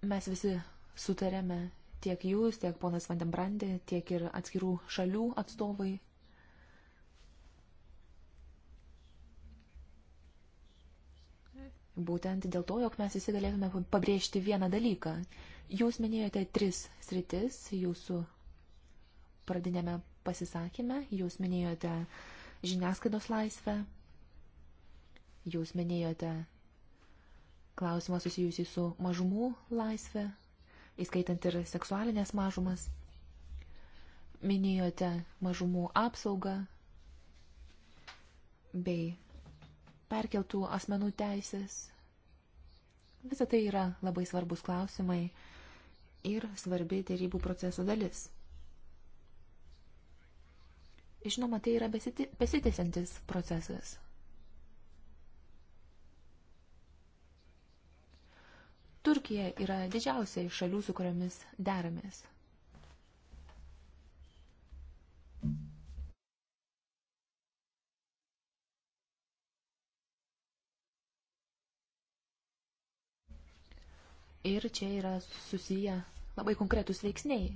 mes visi sutarėme tiek jūs, tiek ponas Vandembrandė, tiek ir atskirų šalių atstovai. Būtent dėl to, jog mes visi galėtume pabrėžti vieną dalyką Jūs minėjote tris sritis jūsų pradinėme pasisakymę. Jūs minėjote žiniasklaidos laisvę. Jūs minėjote klausimą susijusį su mažumų laisvė, įskaitant ir seksualinės mažumas. Minėjote mažumų apsaugą bei perkeltų asmenų teisės. Visą tai yra labai svarbus klausimai ir svarbi dėrybų proceso dalis. Žinoma, tai yra besitėsiantis procesas. Turkija yra didžiausia iš šalių, su kuriomis deramės. Ir čia yra susiję labai konkretus veiksniai.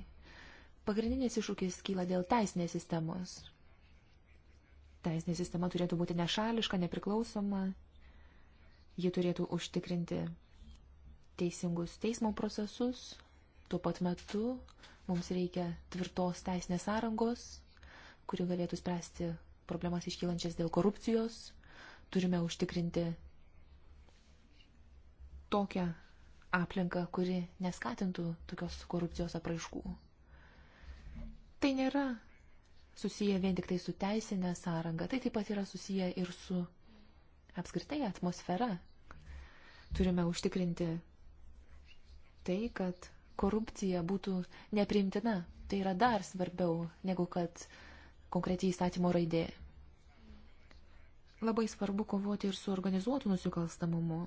Pagrindinis iššūkis kyla dėl teisinės sistemos. Teisinė sistema turėtų būti nešališka, nepriklausoma. Ji turėtų užtikrinti teisingus teismo procesus. Tuo pat metu mums reikia tvirtos teisinės sąrangos, kuri galėtų spręsti problemas iškylančias dėl korupcijos. Turime užtikrinti tokią aplinką, kuri neskatintų tokios korupcijos apraiškų. Tai nėra susiję vien tik tai su teisinė sąranga, tai taip pat yra susiję ir su apskritai atmosfera. Turime užtikrinti tai, kad korupcija būtų neprimtina. Tai yra dar svarbiau negu kad konkretiai įstatymo raidė. Labai svarbu kovoti ir su organizuotu nusikalstamumu.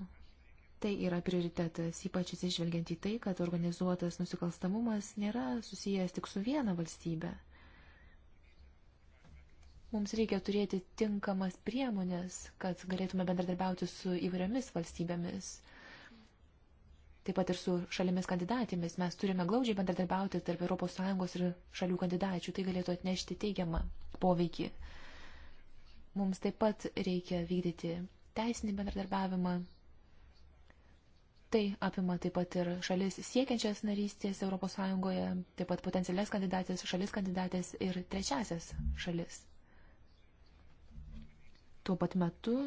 Tai yra prioritetas, ypač atsižvelgiant į tai, kad organizuotas nusikalstamumas nėra susijęs tik su viena valstybe. Mums reikia turėti tinkamas priemonės, kad galėtume bendradarbiauti su įvairiomis valstybėmis. Taip pat ir su šalimis kandidatėmis mes turime glaudžiai bendradarbiauti tarp ES ir šalių kandidačių. Tai galėtų atnešti teigiamą poveikį. Mums taip pat reikia vykdyti teisinį bendradarbiavimą, Tai apima taip pat ir šalis siekiančias narystės ES, taip pat potencialias kandidatės, šalis kandidatės ir trečiasias šalis. Tuo pat metu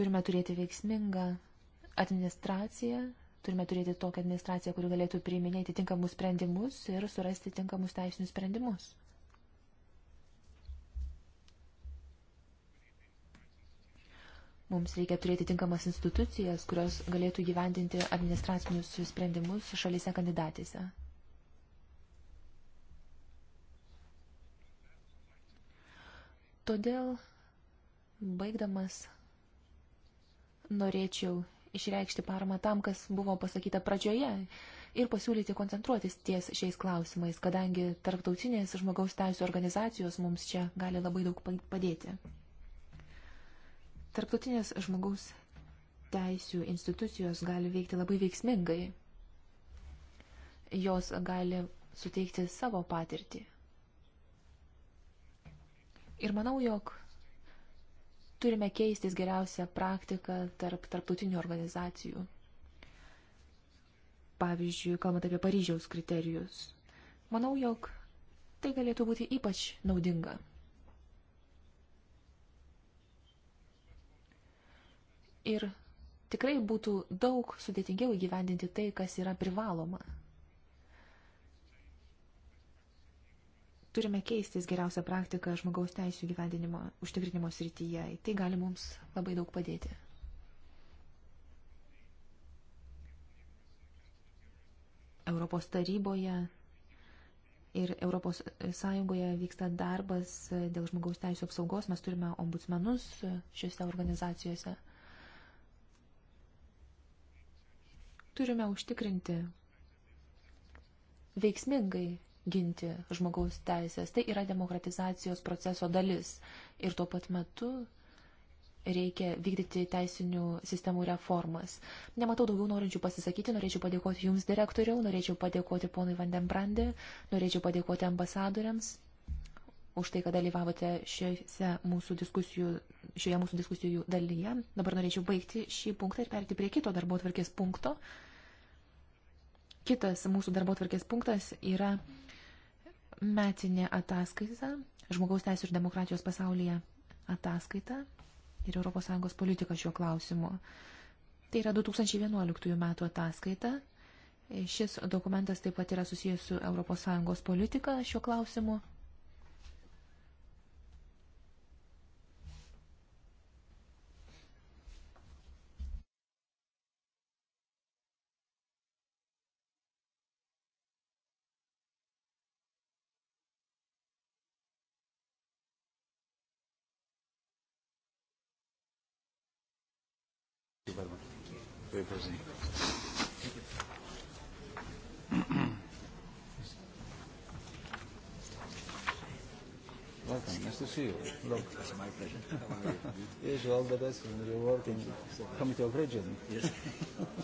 turime turėti veiksmingą administraciją, turime turėti tokią administraciją, kuri galėtų priiminėti tinkamus sprendimus ir surasti tinkamus teisinius sprendimus. Mums reikia turėti tinkamas institucijas, kurios galėtų gyvendinti administracinius sprendimus šalyse kandidatėse. Todėl, baigdamas, norėčiau išreikšti paramą tam, kas buvo pasakyta pradžioje ir pasiūlyti koncentruotis ties šiais klausimais, kadangi tarptautinės žmogaus teisų organizacijos mums čia gali labai daug padėti. Tarptautinės žmogaus teisių institucijos gali veikti labai veiksmingai. Jos gali suteikti savo patirtį. Ir manau, jog turime keistis geriausią praktiką tarp tarptautinių organizacijų. Pavyzdžiui, kalbant apie Paryžiaus kriterijus. Manau, jog tai galėtų būti ypač naudinga. ir tikrai būtų daug sudėtingiau įgyvendinti tai, kas yra privaloma. Turime keistis geriausią praktiką žmogaus teisų gyvendinimo užtikrinimo srityje. Tai gali mums labai daug padėti. Europos taryboje ir Europos Sąjungoje vyksta darbas dėl žmogaus teisų apsaugos. Mes turime ombudsmenus šiuose organizacijose. turime užtikrinti veiksmingai ginti žmogaus teisės. Tai yra demokratizacijos proceso dalis. Ir tuo pat metu reikia vykdyti teisinių sistemų reformas. Nematau daugiau norinčių pasisakyti, norėčiau padėkoti Jums direktoriau, norėčiau padėkoti ponui Vandenbrandė, norėčiau padėkoti ambasadoriams už tai, kad dalyvavote šiose mūsų diskusijų, šioje mūsų diskusijų dalyje. Dabar norėčiau baigti šį punktą ir perėti prie kito darbo tvarkės punkto. Kitas mūsų darbo tvarkės punktas yra metinė ataskaita, žmogaus teisų ir demokratijos pasaulyje ataskaita ir ES politika šiuo klausimu. Tai yra 2011 metų ataskaita. Šis dokumentas taip pat yra susijęs su ES politika šiuo klausimu. President. Welcome. Nice to see you. Look. It's my pleasure. How are you? Yes, all the best when you work in the Committee of Region. Yes.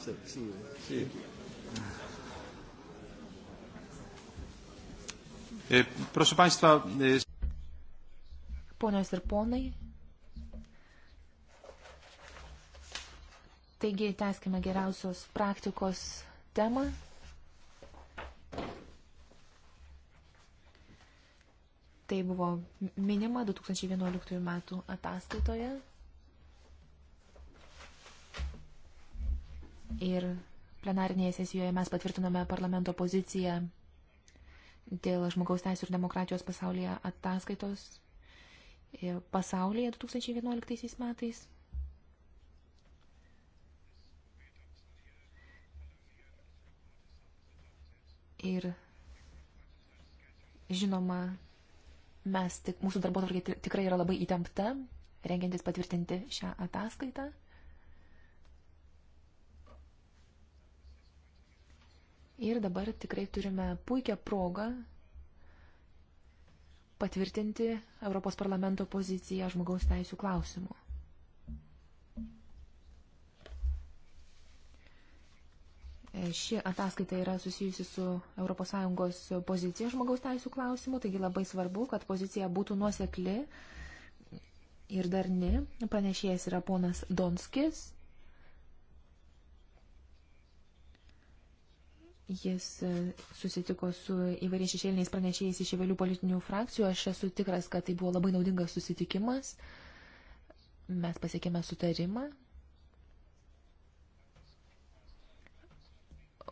so, see you. See you. Eh, proszę Państwa. Eh, Ponios ir ponai, Taigi, teskime geriausios praktikos temą. Tai buvo minima 2011 metų ataskaitoje. Ir plenarinėje sesijoje mes patvirtinome parlamento poziciją dėl žmogaus teisų ir demokratijos pasaulyje ataskaitos e, pasaulyje 2011 metais. Ir žinoma, mes tik, mūsų darbo tvarkė tikrai yra labai įtempta, rengiantis patvirtinti šią ataskaitą. Ir dabar tikrai turime puikią progą patvirtinti Europos parlamento poziciją žmogaus teisų klausimu. Ši ataskaita yra susijusi su ES pozicija žmogaus teisų klausimų, taigi labai svarbu, kad pozicija būtų nuosekli ir darni. Panešėjas yra ponas Donskis. Jis e, susitiko su įvairiais šešėliniais pranešėjais iš įvairių politinių frakcijų. Aš esu tikras, kad tai buvo labai naudingas susitikimas. Mes pasiekėme sutarimą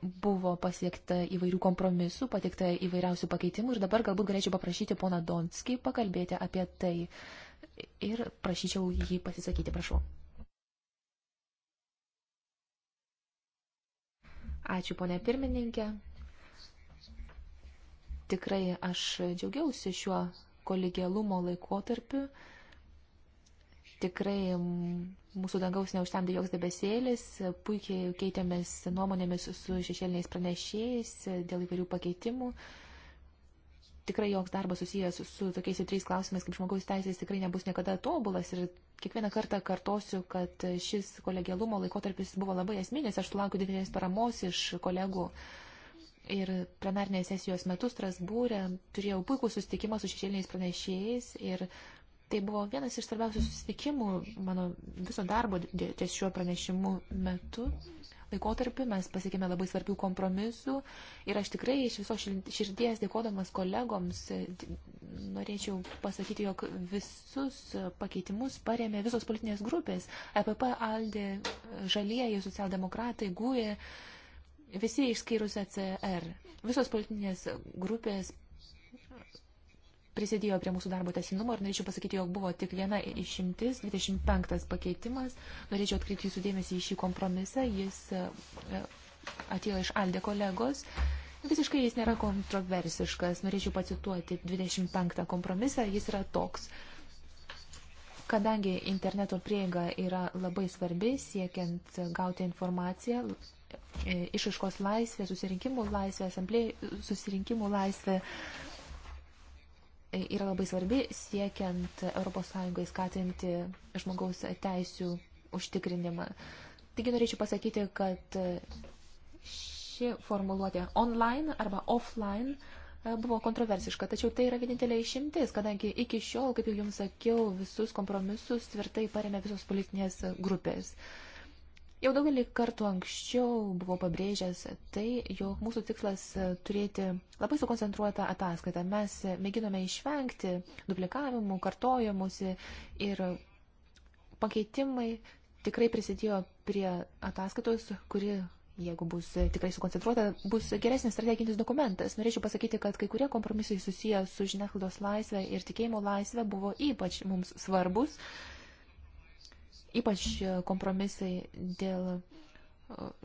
buvo pasiekta įvairių kompromisų, pateikta įvairiausių pakeitimų ir dabar galbūt galėčiau paprašyti poną Donskį pakalbėti apie tai ir prašyčiau jį pasisakyti, prašau. Ačiū, ponė pirmininkė. Tikrai aš džiaugiausi šiuo kolegialumo laikotarpiu. Tikrai mūsų dangaus neužtemdė joks debesėlis, puikiai keitėmės nuomonėmis su šešėliniais pranešėjais dėl įvairių pakeitimų. Tikrai joks darbas susijęs su tokiais jautriais klausimais kaip žmogaus teisės tikrai nebus niekada tobulas ir kiekvieną kartą kartosiu, kad šis kolegialumo laikotarpis buvo labai esminis, aš sulaukiu didelės paramos iš kolegų. Ir plenarnės sesijos metu Strasbūrė turėjau puikų susitikimą su šešėliniais pranešėjais ir Tai buvo vienas iš svarbiausių susitikimų mano viso darbo ties šiuo pranešimu metu. Laikotarpiu mes pasiekėme labai svarbių kompromisų ir aš tikrai iš viso širdies dėkodamas kolegoms e, norėčiau pasakyti, jog visus pakeitimus paremė visos politinės grupės - EPP, ALDE, Žalieji, Socialdemokratai, GUE, visi išskyrus ECR. Visos politinės grupės prisidėjo prie mūsų darbo tesinumo ir norėčiau pasakyti, jog buvo tik viena išimtis, 25 pakeitimas. Norėčiau atkreipti jūsų dėmesį į šį kompromisą. Jis e, atėjo iš Aldė kolegos. Visiškai jis nėra kontroversiškas. Norėčiau pacituoti 25 kompromisą. Jis yra toks. Kadangi interneto prieiga yra labai svarbi, siekiant gauti informaciją, e, išaiškos laisvė, susirinkimų laisvė, asamblėjų susirinkimų laisvė, yra labai svarbi siekiant ES skatinti žmogaus teisių užtikrinimą. Taigi norėčiau pasakyti, kad ši formuluotė online arba offline e, buvo kontroversiška, tačiau tai yra vienintelė išimtis, kadangi iki šiol, kaip jau jums sakiau, visus kompromisus tvirtai paremė visos politinės grupės. Uh, Jau daugelį kartų anksčiau buvau pabrėžęs tai, jog mūsų tikslas e, turėti labai sukoncentruotą ataskaitą. Mes e, mėginome išvengti duplikavimų, kartojimusi ir pakeitimai tikrai prisidėjo prie ataskaitos, kuri jeigu bus tikrai sukoncentruota, bus geresnis strateginis dokumentas. Norėčiau pasakyti, kad kai kurie kompromisai susiję su žiniasklaidos laisvė ir tikėjimo laisvė buvo ypač mums svarbus ypač kompromisai dėl e,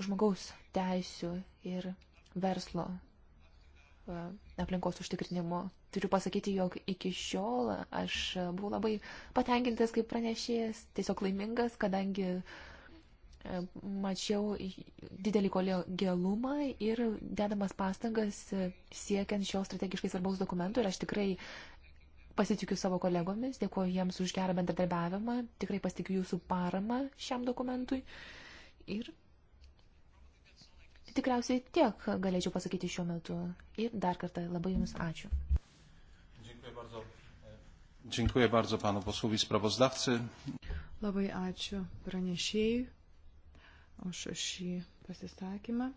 žmogaus teisių ir verslo e, aplinkos užtikrinimu. Turiu pasakyti, jog iki šiol aš buvau labai patenkintas kaip pranešėjas, tiesiog laimingas, kadangi e, mačiau didelį kolegialumą ir dedamas pastangas siekiant šio strategiškai svarbaus dokumento ir aš tikrai Pasitikiu savo kolegomis, dėkuoju jiems už gerą bendradarbiavimą, tikrai pasitikiu jūsų paramą šiam dokumentui. Ir tikriausiai tiek galėčiau pasakyti šiuo metu. Ir dar kartą labai Jums ačiū. Dziękuję bardzo. Dziękuję bardzo panu posłowi sprawozdawcy. Labai ačiū pranešėjui už šį pasisakymą.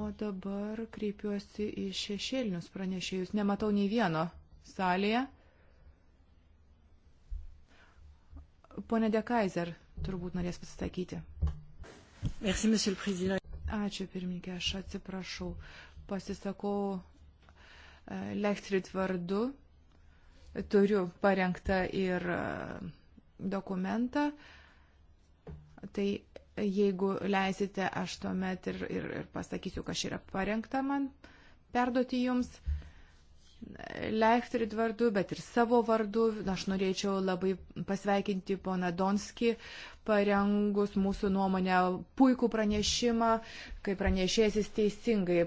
O dabar kreipiuosi į šešėlinius pranešėjus. Nematau nei vieno salėje. Pone Dekaiser turbūt norės pasisakyti. Merci, monsieur le président. Ačiū, pirmininkė, aš atsiprašau. Pasisakau e, Lechtrit vardu. Turiu parengtą ir e, dokumentą. Tai jeigu leisite, aš tuomet ir, ir, ir pasakysiu, kas yra parengta man perduoti jums. Uh, Leichtrid vardu, bet ir savo vardu. Aš norėčiau labai pasveikinti poną Donskį, parengus mūsų nuomonę puikų pranešimą, kai pranešėjas teisingai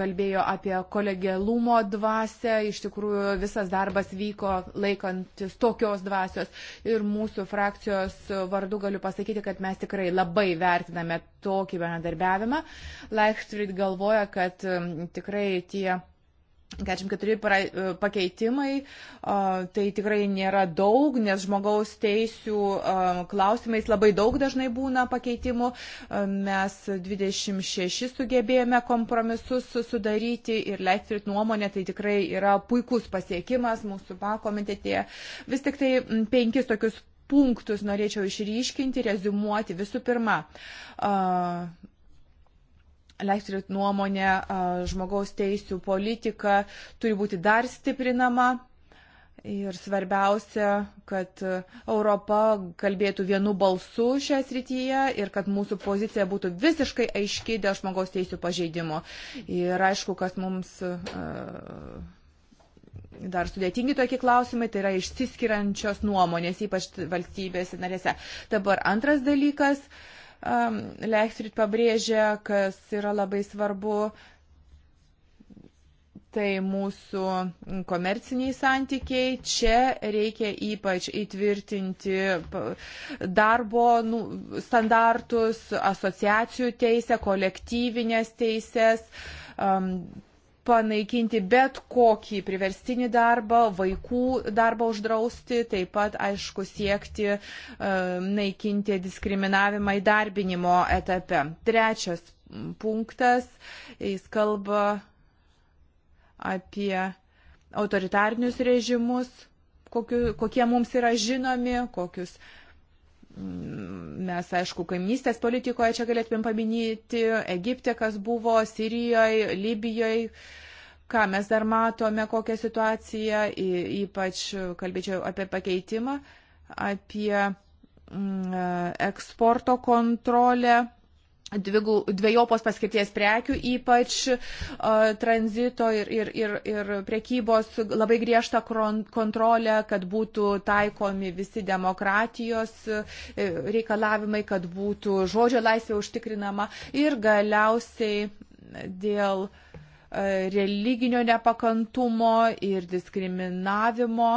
kalbėjo apie kolegialumo dvasę. Iš tikrųjų, visas darbas vyko laikantis tokios dvasios. Ir mūsų frakcijos vardu galiu pasakyti, kad mes tikrai labai vertiname tokį bendradarbiavimą. Leichtrid galvoja, kad tikrai tie 44 pakeitimai, tai tikrai nėra daug, nes žmogaus teisų klausimais labai daug dažnai būna pakeitimų. Mes 26 sugebėjome kompromisus sudaryti ir Leitfried nuomonė tai tikrai yra puikus pasiekimas mūsų pakomitetėje. Vis tik tai penkis tokius punktus norėčiau išryškinti, rezumuoti. Visų pirma, Leichtrit nuomonė, žmogaus teisų politika turi būti dar stiprinama. Ir svarbiausia, kad Europa kalbėtų vienu balsu šią srityje ir kad mūsų pozicija būtų visiškai aiški dėl žmogaus teisų pažeidimo. Ir aišku, kas mums dar sudėtingi tokie klausimai, tai yra išsiskiriančios nuomonės, ypač valstybės narėse. Dabar antras dalykas. Uh, um, Leichtrit pabrėžia, kas yra labai svarbu, tai mūsų komerciniai santykiai. Čia reikia ypač įtvirtinti darbo nu, standartus, asociacijų teisę, kolektyvinės teisės. Um, panaikinti bet kokį priverstinį darbą, vaikų darbą uždrausti, taip pat, aišku, siekti e, naikinti diskriminavimą įdarbinimo etape. Trečias punktas, jis kalba apie autoritarnius režimus, kokiu, kokie mums yra žinomi, kokius Mes, aišku, kaimynystės politikoje čia galėtumėm paminėti Egipte, kas buvo, Sirijoje, Libijoje, ką mes dar matome, kokią situaciją, ypač kalbėčiau apie pakeitimą, apie mm, eksporto kontrolę dvigų, dviejopos paskirties prekių, ypač uh, tranzito ir, ir, ir, ir prekybos labai griežtą kontrolę, kad būtų taikomi visi demokratijos e, reikalavimai, kad būtų žodžio laisvė užtikrinama ir galiausiai dėl uh, religinio nepakantumo ir diskriminavimo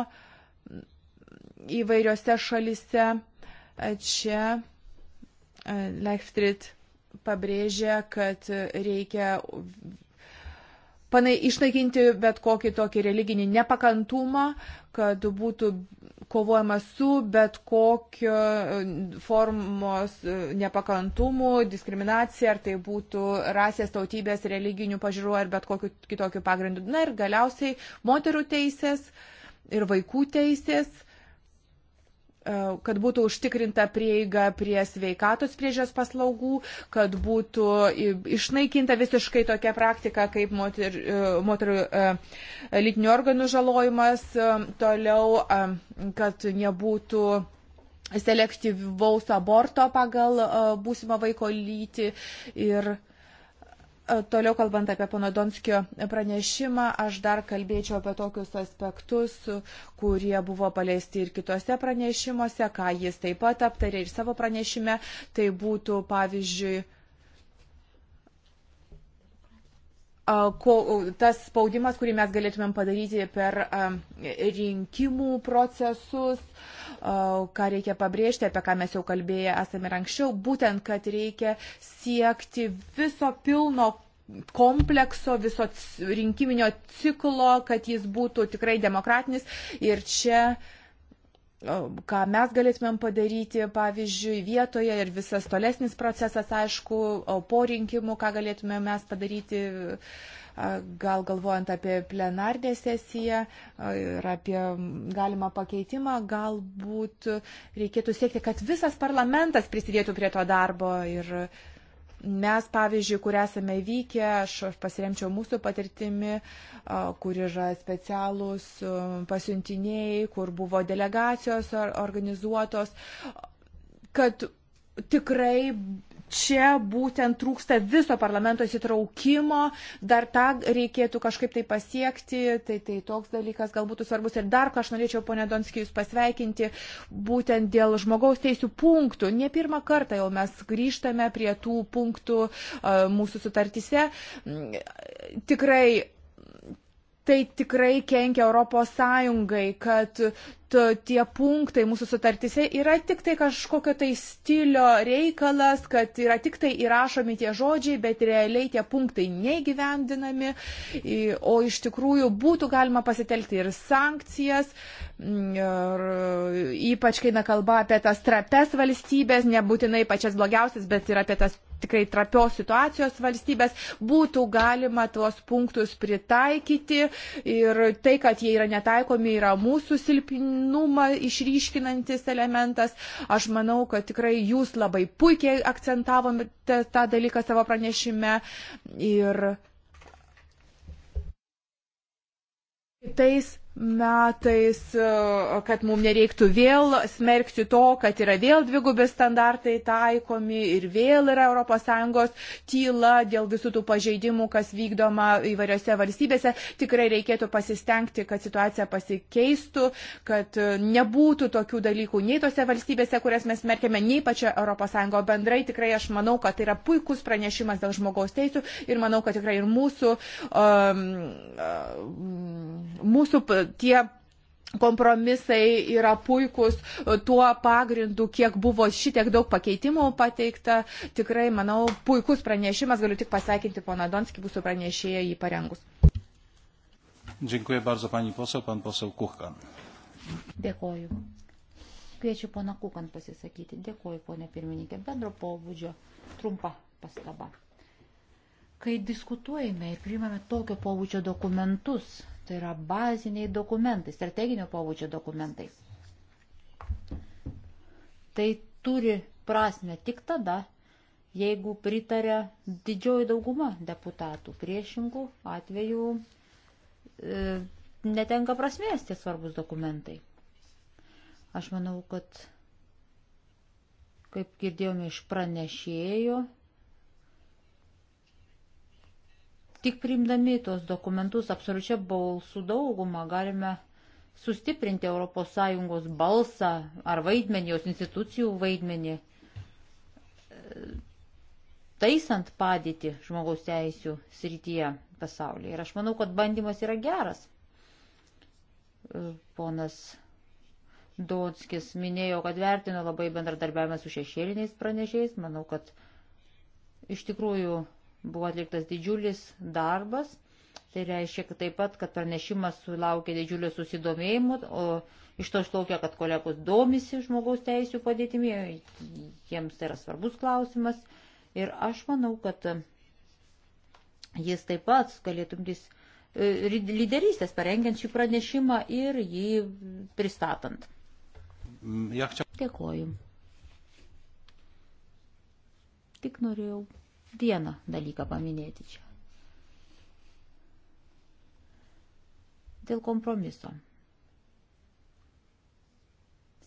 įvairiose šalise. Čia e, Leifstrit pabrėžia, kad reikia panai, išnaikinti bet kokį tokį religinį nepakantumą, kad būtų kovojama su bet kokio e, formos e, nepakantumu, diskriminacija, ar tai būtų rasės, tautybės, religinių pažiūrų ar bet kokiu kitokiu pagrindu. Na ir galiausiai moterų teisės ir vaikų teisės E, kad būtų užtikrinta prieiga prie sveikatos priežios paslaugų, kad būtų išnaikinta visiškai tokia praktika kaip moter, e, moterų e, lytinių organų žalojimas, toliau, kad nebūtų selektyvaus aborto pagal būsimą vaiko lytį ir uh, E, toliau kalbant apie pono Donskio pranešimą, aš dar kalbėčiau apie tokius aspektus, kurie buvo paleisti ir kitose pranešimuose, ką jis taip pat aptarė ir savo pranešime. Tai būtų, pavyzdžiui, e, tas spaudimas, kurį mes galėtumėm padaryti per e, rinkimų procesus ką reikia pabrėžti, apie ką mes jau kalbėję esame ir anksčiau, būtent, kad reikia siekti viso pilno komplekso, viso rinkiminio ciklo, kad jis būtų tikrai demokratinis. Ir čia ką mes galėtumėm padaryti, pavyzdžiui, vietoje ir visas tolesnis procesas, aišku, po rinkimų, ką galėtumėm mes padaryti. Uh, gal galvojant apie plenarnę sesiją ir apie galimą pakeitimą, galbūt reikėtų siekti, kad visas parlamentas prisidėtų prie to darbo ir mes, pavyzdžiui, kur esame vykę, aš pasiremčiau mūsų patirtimi, kur yra specialūs pasiuntiniai, kur buvo delegacijos organizuotos, kad tikrai čia būtent trūksta viso parlamento įsitraukimo, dar tą reikėtų kažkaip tai pasiekti, tai, tai toks dalykas gal būtų svarbus. Ir dar ką aš norėčiau, ponė Donskį, jūs pasveikinti būtent dėl žmogaus teisų punktų. Ne pirmą kartą jau mes grįžtame prie tų punktų mūsų sutartise. Tikrai tai tikrai kenkia Europos Sąjungai, kad tie punktai mūsų sutartise yra tik tai kažkokio tai stilio reikalas, kad yra tik tai įrašomi tie žodžiai, bet realiai tie punktai neįgyvendinami, o iš tikrųjų būtų galima pasitelkti ir sankcijas, mm, ir ypač kai na kalba apie tas trapes valstybės, nebūtinai pačias blogiausias, bet ir apie tas tikrai trapios situacijos valstybės, būtų galima tuos punktus pritaikyti ir tai, kad jie yra netaikomi, yra mūsų silpnumą išryškinantis elementas. Aš manau, kad tikrai jūs labai puikiai akcentavote tą dalyką savo pranešime ir kitais metais, e, kad mums nereiktų vėl smerkti to, kad yra vėl dvigubi standartai taikomi ir vėl yra ES tyla dėl visų tų pažeidimų, kas vykdoma įvairiose valstybėse. Tikrai reikėtų pasistengti, kad situacija pasikeistų, kad e, nebūtų tokių dalykų nei tose valstybėse, kurias mes smerkėme, nei pačia ES bendrai. Tikrai aš manau, kad tai yra puikus pranešimas dėl žmogaus teisų ir manau, kad tikrai ir mūsų, um, e, mūsų tie kompromisai yra puikūs tuo pagrindu, kiek buvo šitiek daug pakeitimų pateikta. Tikrai, manau, puikus pranešimas. Galiu tik pasveikinti poną Donskį, būsiu pranešėję jį parengus. Dziękuję bardzo pani poseł, pan poseł Kuchkan. Dėkoju. Kviečiu poną Kukan pasisakyti. Dėkoju, ponė pirmininkė. Bendro pobūdžio trumpa pastaba. Kai diskutuojame ir priimame tokio pobūdžio dokumentus, Tai yra baziniai dokumentai, strateginio pobūdžio dokumentai. Tai turi prasme tik tada, jeigu pritarė didžioji dauguma deputatų. Priešingų atveju e, netenka prasmės tie svarbus dokumentai. Aš manau, kad, kaip girdėjome iš pranešėjo, Tik primdami tuos dokumentus absoliučia balsų daugumą galime sustiprinti ES balsą ar vaidmenį, jos institucijų vaidmenį, taisant padėti žmogaus teisų srityje pasaulyje. Ir aš manau, kad bandymas yra geras. Ponas Donskis minėjo, kad vertino labai bendradarbiavimą su šešėliniais pranešėjais. Manau, kad iš tikrųjų Buvo atliktas didžiulis darbas. Tai reiškia taip pat, kad pranešimas sulaukė didžiulio susidomėjimo, o iš to išplaukia, kad kolegos domisi žmogaus teisų padėtimi, jiems tai yra svarbus klausimas. Ir aš manau, kad jis taip pat galėtų imtis e, lyderystės parengiant šį pranešimą ir jį pristatant. Mm, Dėkoju. Tik norėjau vieną dalyką paminėti čia. Dėl kompromiso.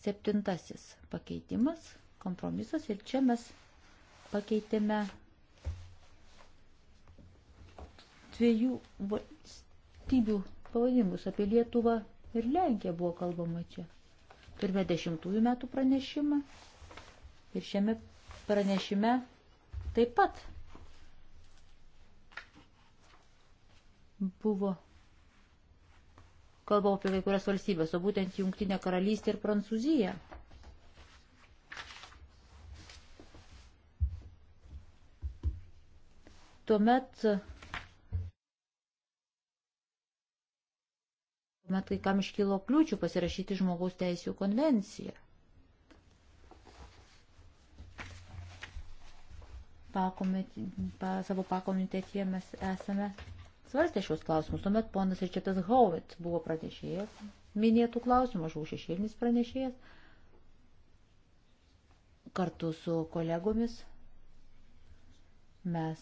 Septintasis pakeitimas, kompromisas ir čia mes pakeitėme dviejų valstybių pavadinimus. Apie Lietuvą ir Lenkiją buvo kalbama čia. Turime dešimtųjų metų pranešimą ir šiame pranešime taip pat buvo kalbama apie kai kurias valstybės, o būtent Jungtinę karalystę ir Prancūziją. Tuomet, tuomet kai kam iškilo kliūčių pasirašyti žmogaus teisų konvenciją. Pakomet, pa, savo pakomitetyje mes esame svarstė šios klausimus, tuomet ponas Ričetas Hovet buvo pranešėjas, minėtų klausimų, aš buvau šešėlinis pranešėjas, kartu su kolegomis mes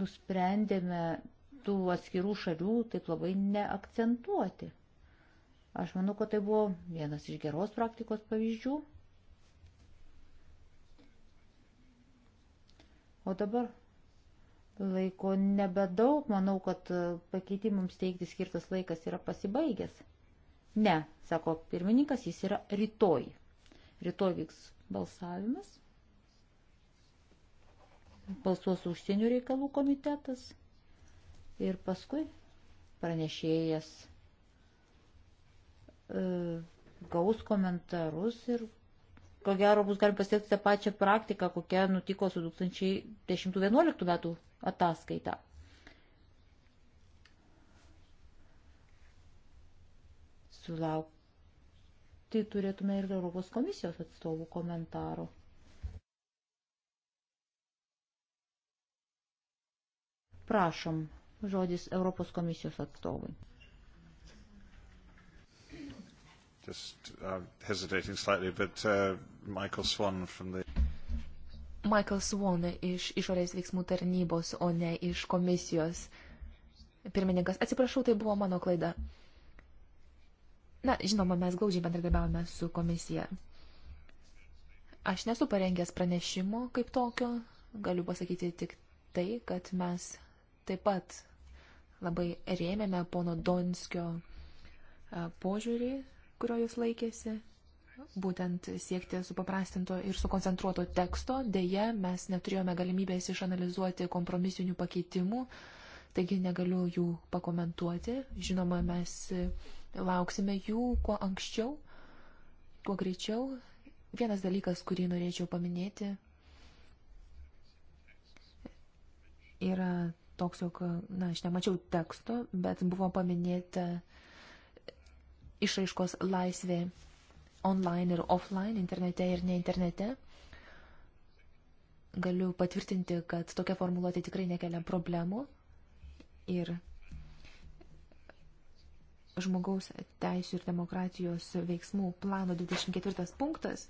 nusprendėme tų atskirų šalių taip labai neakcentuoti. Aš manau, kad tai buvo vienas iš geros praktikos pavyzdžių. O dabar laiko nebedaug, manau, kad pakeitimams teikti skirtas laikas yra pasibaigęs. Ne, sako pirmininkas, jis yra rytoj. Rytoj vyks balsavimas. Balsuos užsienio reikalų komitetas. Ir paskui pranešėjas e, gaus komentarus ir ko gero bus galima pasiekti tą pačią praktiką, kokia nutiko su 2010-2011 metų ataskaita. Sulaukti turėtume ir Europos komisijos atstovų komentarų. Prašom, žodis Europos komisijos atstovui. Just, um, hesitating slightly, but uh, Michael Swan from the. Michael Swan iš išorės veiksmų tarnybos, o ne iš komisijos. Pirmininkas, atsiprašau, tai buvo mano klaida. Na, žinoma, mes glaudžiai bendradarbiavome su komisija. Aš nesu parengęs pranešimo kaip tokio, galiu pasakyti tik tai, kad mes taip pat labai rėmėme pono Donskio e, požiūrį, kurio jis laikėsi būtent siekti supaprastinto ir sukoncentruoto teksto. Deja, mes neturėjome galimybės išanalizuoti kompromisinių pakeitimų, taigi negaliu jų pakomentuoti. Žinoma, mes lauksime jų kuo anksčiau, kuo greičiau. Vienas dalykas, kurį norėčiau paminėti, yra toks, jog, na, aš nemačiau teksto, bet buvo paminėta išraiškos laisvė online ir offline, internete ir ne internete. Galiu patvirtinti, kad tokia formuluotė tikrai nekelia problemų ir žmogaus teisų ir demokratijos veiksmų plano 24 punktas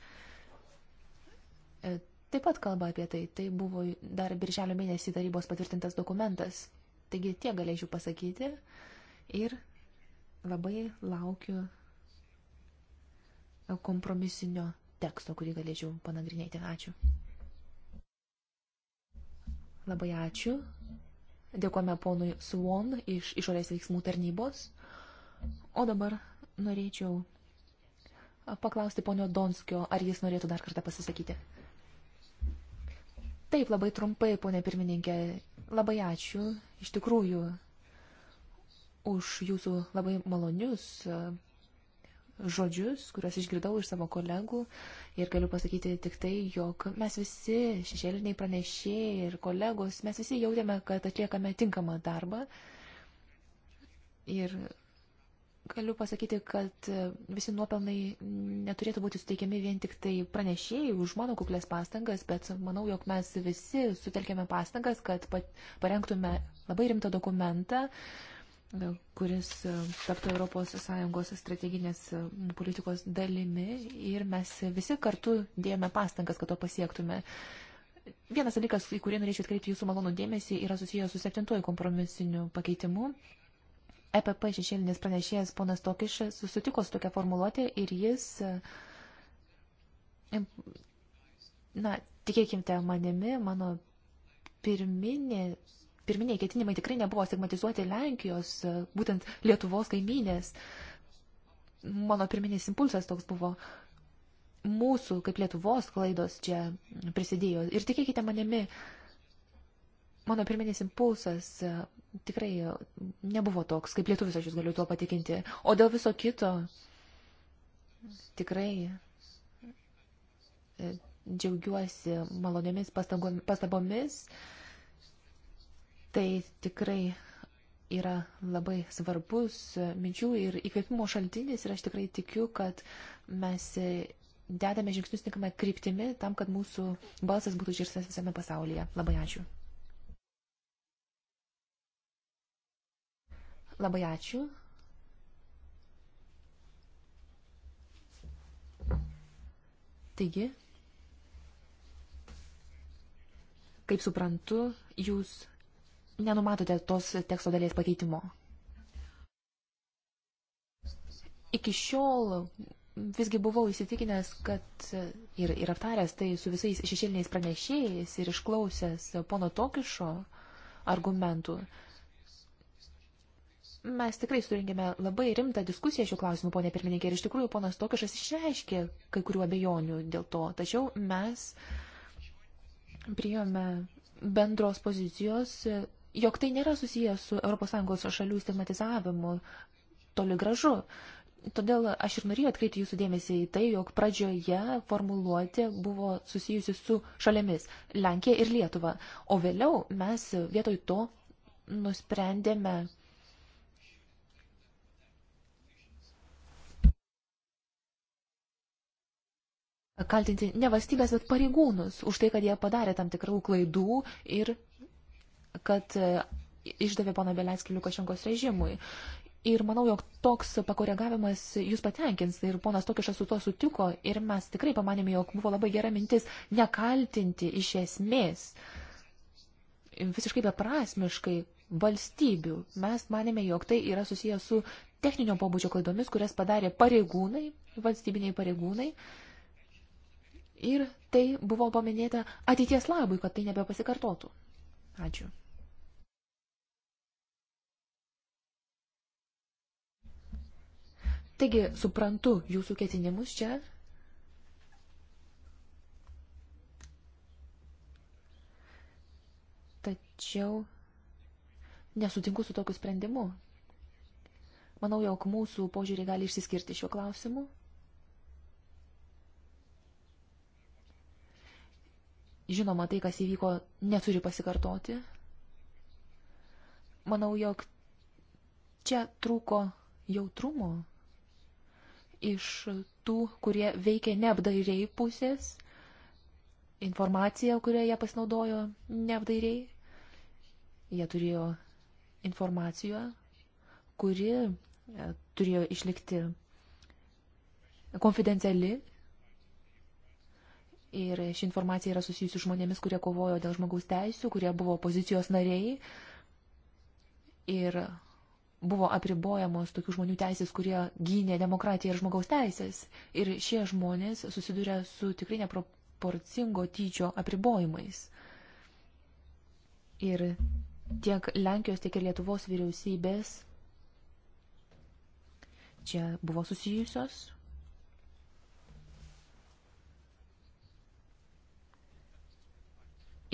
e, taip pat kalba apie tai. Tai buvo dar birželio mėnesį tarybos patvirtintas dokumentas. Taigi tie galėčiau pasakyti ir labai laukiu kompromisinio teksto, kurį galėčiau panagrinėti. Ačiū. Labai ačiū. Dėkojame ponui Suon iš išorės veiksmų tarnybos. O dabar norėčiau paklausti ponio Donskio, ar jis norėtų dar kartą pasisakyti. Taip, labai trumpai, ponė pirmininkė, labai ačiū iš tikrųjų už jūsų labai malonius žodžius, kuriuos išgirdau iš savo kolegų ir galiu pasakyti tik tai, jog mes visi, šešėliniai pranešėjai ir kolegos, mes visi jautėme, kad atliekame tinkamą darbą. Ir galiu pasakyti, kad visi nuopelnai neturėtų būti suteikiami vien tik tai pranešėjai už mano kuklės pastangas, bet manau, jog mes visi sutelkėme pastangas, kad parengtume labai rimtą dokumentą, kuris e, taptų ES strateginės e, politikos dalimi ir mes visi kartu dėjome pastangas, kad to pasiektume. Vienas dalykas, į kurį norėčiau atkreipti jūsų malonų dėmesį, yra susijęs su septintuoju kompromisiniu pakeitimu. EPP šešėlinis pranešėjas ponas Tokišas susitiko su tokia formuluotė ir jis, e, na, tikėkimte manimi, mano pirminė pirminiai ketinimai tikrai nebuvo stigmatizuoti Lenkijos, e, būtent Lietuvos kaimynės. Mano pirminis impulsas toks buvo. Mūsų, kaip Lietuvos klaidos čia prisidėjo. Ir tikėkite manimi, mano pirminis impulsas e, tikrai e, nebuvo toks, kaip lietuvis aš jūs galiu tuo patikinti. O dėl viso kito, tikrai džiaugiuosi maloniomis pastabomis Tai tikrai yra labai svarbus minčių ir įkvėpimo šaltinis ir aš tikrai tikiu, kad mes dedame žingsnius tinkamą kryptimi tam, kad mūsų balsas būtų išgirstas visame pasaulyje. Labai ačiū. Labai ačiū. Taigi, kaip suprantu, jūs nenumatote tos teksto dalies pakeitimo. Iki šiol visgi buvau įsitikinęs, kad ir, ir aptaręs tai su visais šešėliniais pranešėjais ir išklausęs pono Tokišo argumentų, mes tikrai surinkime labai rimtą diskusiją šiuo klausimu, ponė pirmininkė, ir iš tikrųjų ponas Tokišas išreiškė kai kurių abejonių dėl to, tačiau mes priėmėme bendros pozicijos jog tai nėra susijęs su ES šalių stigmatizavimu toli gražu. Todėl aš ir norėjau atkreipti jūsų dėmesį į tai, jog pradžioje formuluoti buvo susijusi su šalėmis - Lenkija ir Lietuva. O vėliau mes vietoj to nusprendėme kaltinti ne valstybės, bet pareigūnus už tai, kad jie padarė tam tikrų klaidų ir kad e, išdavė poną Belenskį Liukašenkos režimui. Ir manau, jog toks pakoregavimas jūs patenkins. Ir ponas Tokišas su to sutiko. Ir mes tikrai pamanėme, jog buvo labai gera mintis nekaltinti iš esmės visiškai beprasmiškai valstybių. Mes manėme, jog tai yra susijęs su techninio pobūdžio klaidomis, kurias padarė pareigūnai, valstybiniai pareigūnai. Ir tai buvo paminėta ateities labui, kad tai nebepasikartotų. Ačiū. Taigi, suprantu jūsų ketinimus čia. Tačiau nesutinku su tokiu sprendimu. Manau, jog mūsų požiūrį gali išsiskirti šiuo klausimu. Žinoma, tai, kas įvyko, neturi pasikartoti. Manau, jog čia trūko jautrumo iš tų, kurie veikė neapdairiai pusės, informacija, kurią jie pasinaudojo neapdairiai. Jie turėjo informaciją, kuri e, turėjo išlikti konfidenciali. Ir ši informacija yra susijusi žmonėmis, kurie kovojo dėl žmogaus teisų, kurie buvo pozicijos nariai. Ir buvo apribojamos tokių žmonių teisės, kurie gynė demokratiją ir žmogaus teisės. Ir šie žmonės susiduria su tikrai neproporcingo tyčio apribojimais. Ir tiek Lenkijos, tiek ir Lietuvos vyriausybės čia buvo susijusios.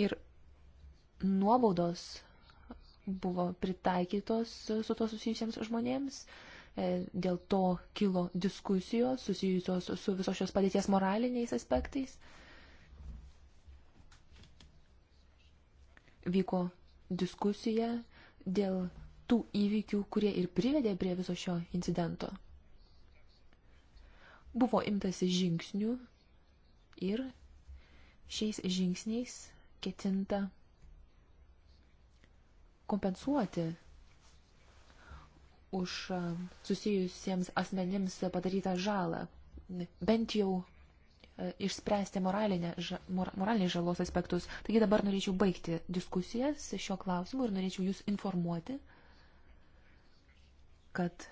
Ir nuobaudos buvo pritaikytos su to susijusiems žmonėms. E, dėl to kilo diskusijos susijusios su visos šios padėties moraliniais aspektais. Vyko diskusija dėl tų įvykių, kurie ir privedė prie viso šio incidento. Buvo imtasi žingsnių ir šiais žingsniais ketinta kompensuoti už e, susijusiems asmenims padarytą žalą, bent jau e, išspręsti moralinę, moralinės žalos aspektus. Taigi dabar norėčiau baigti diskusijas šio klausimu ir norėčiau jūs informuoti, kad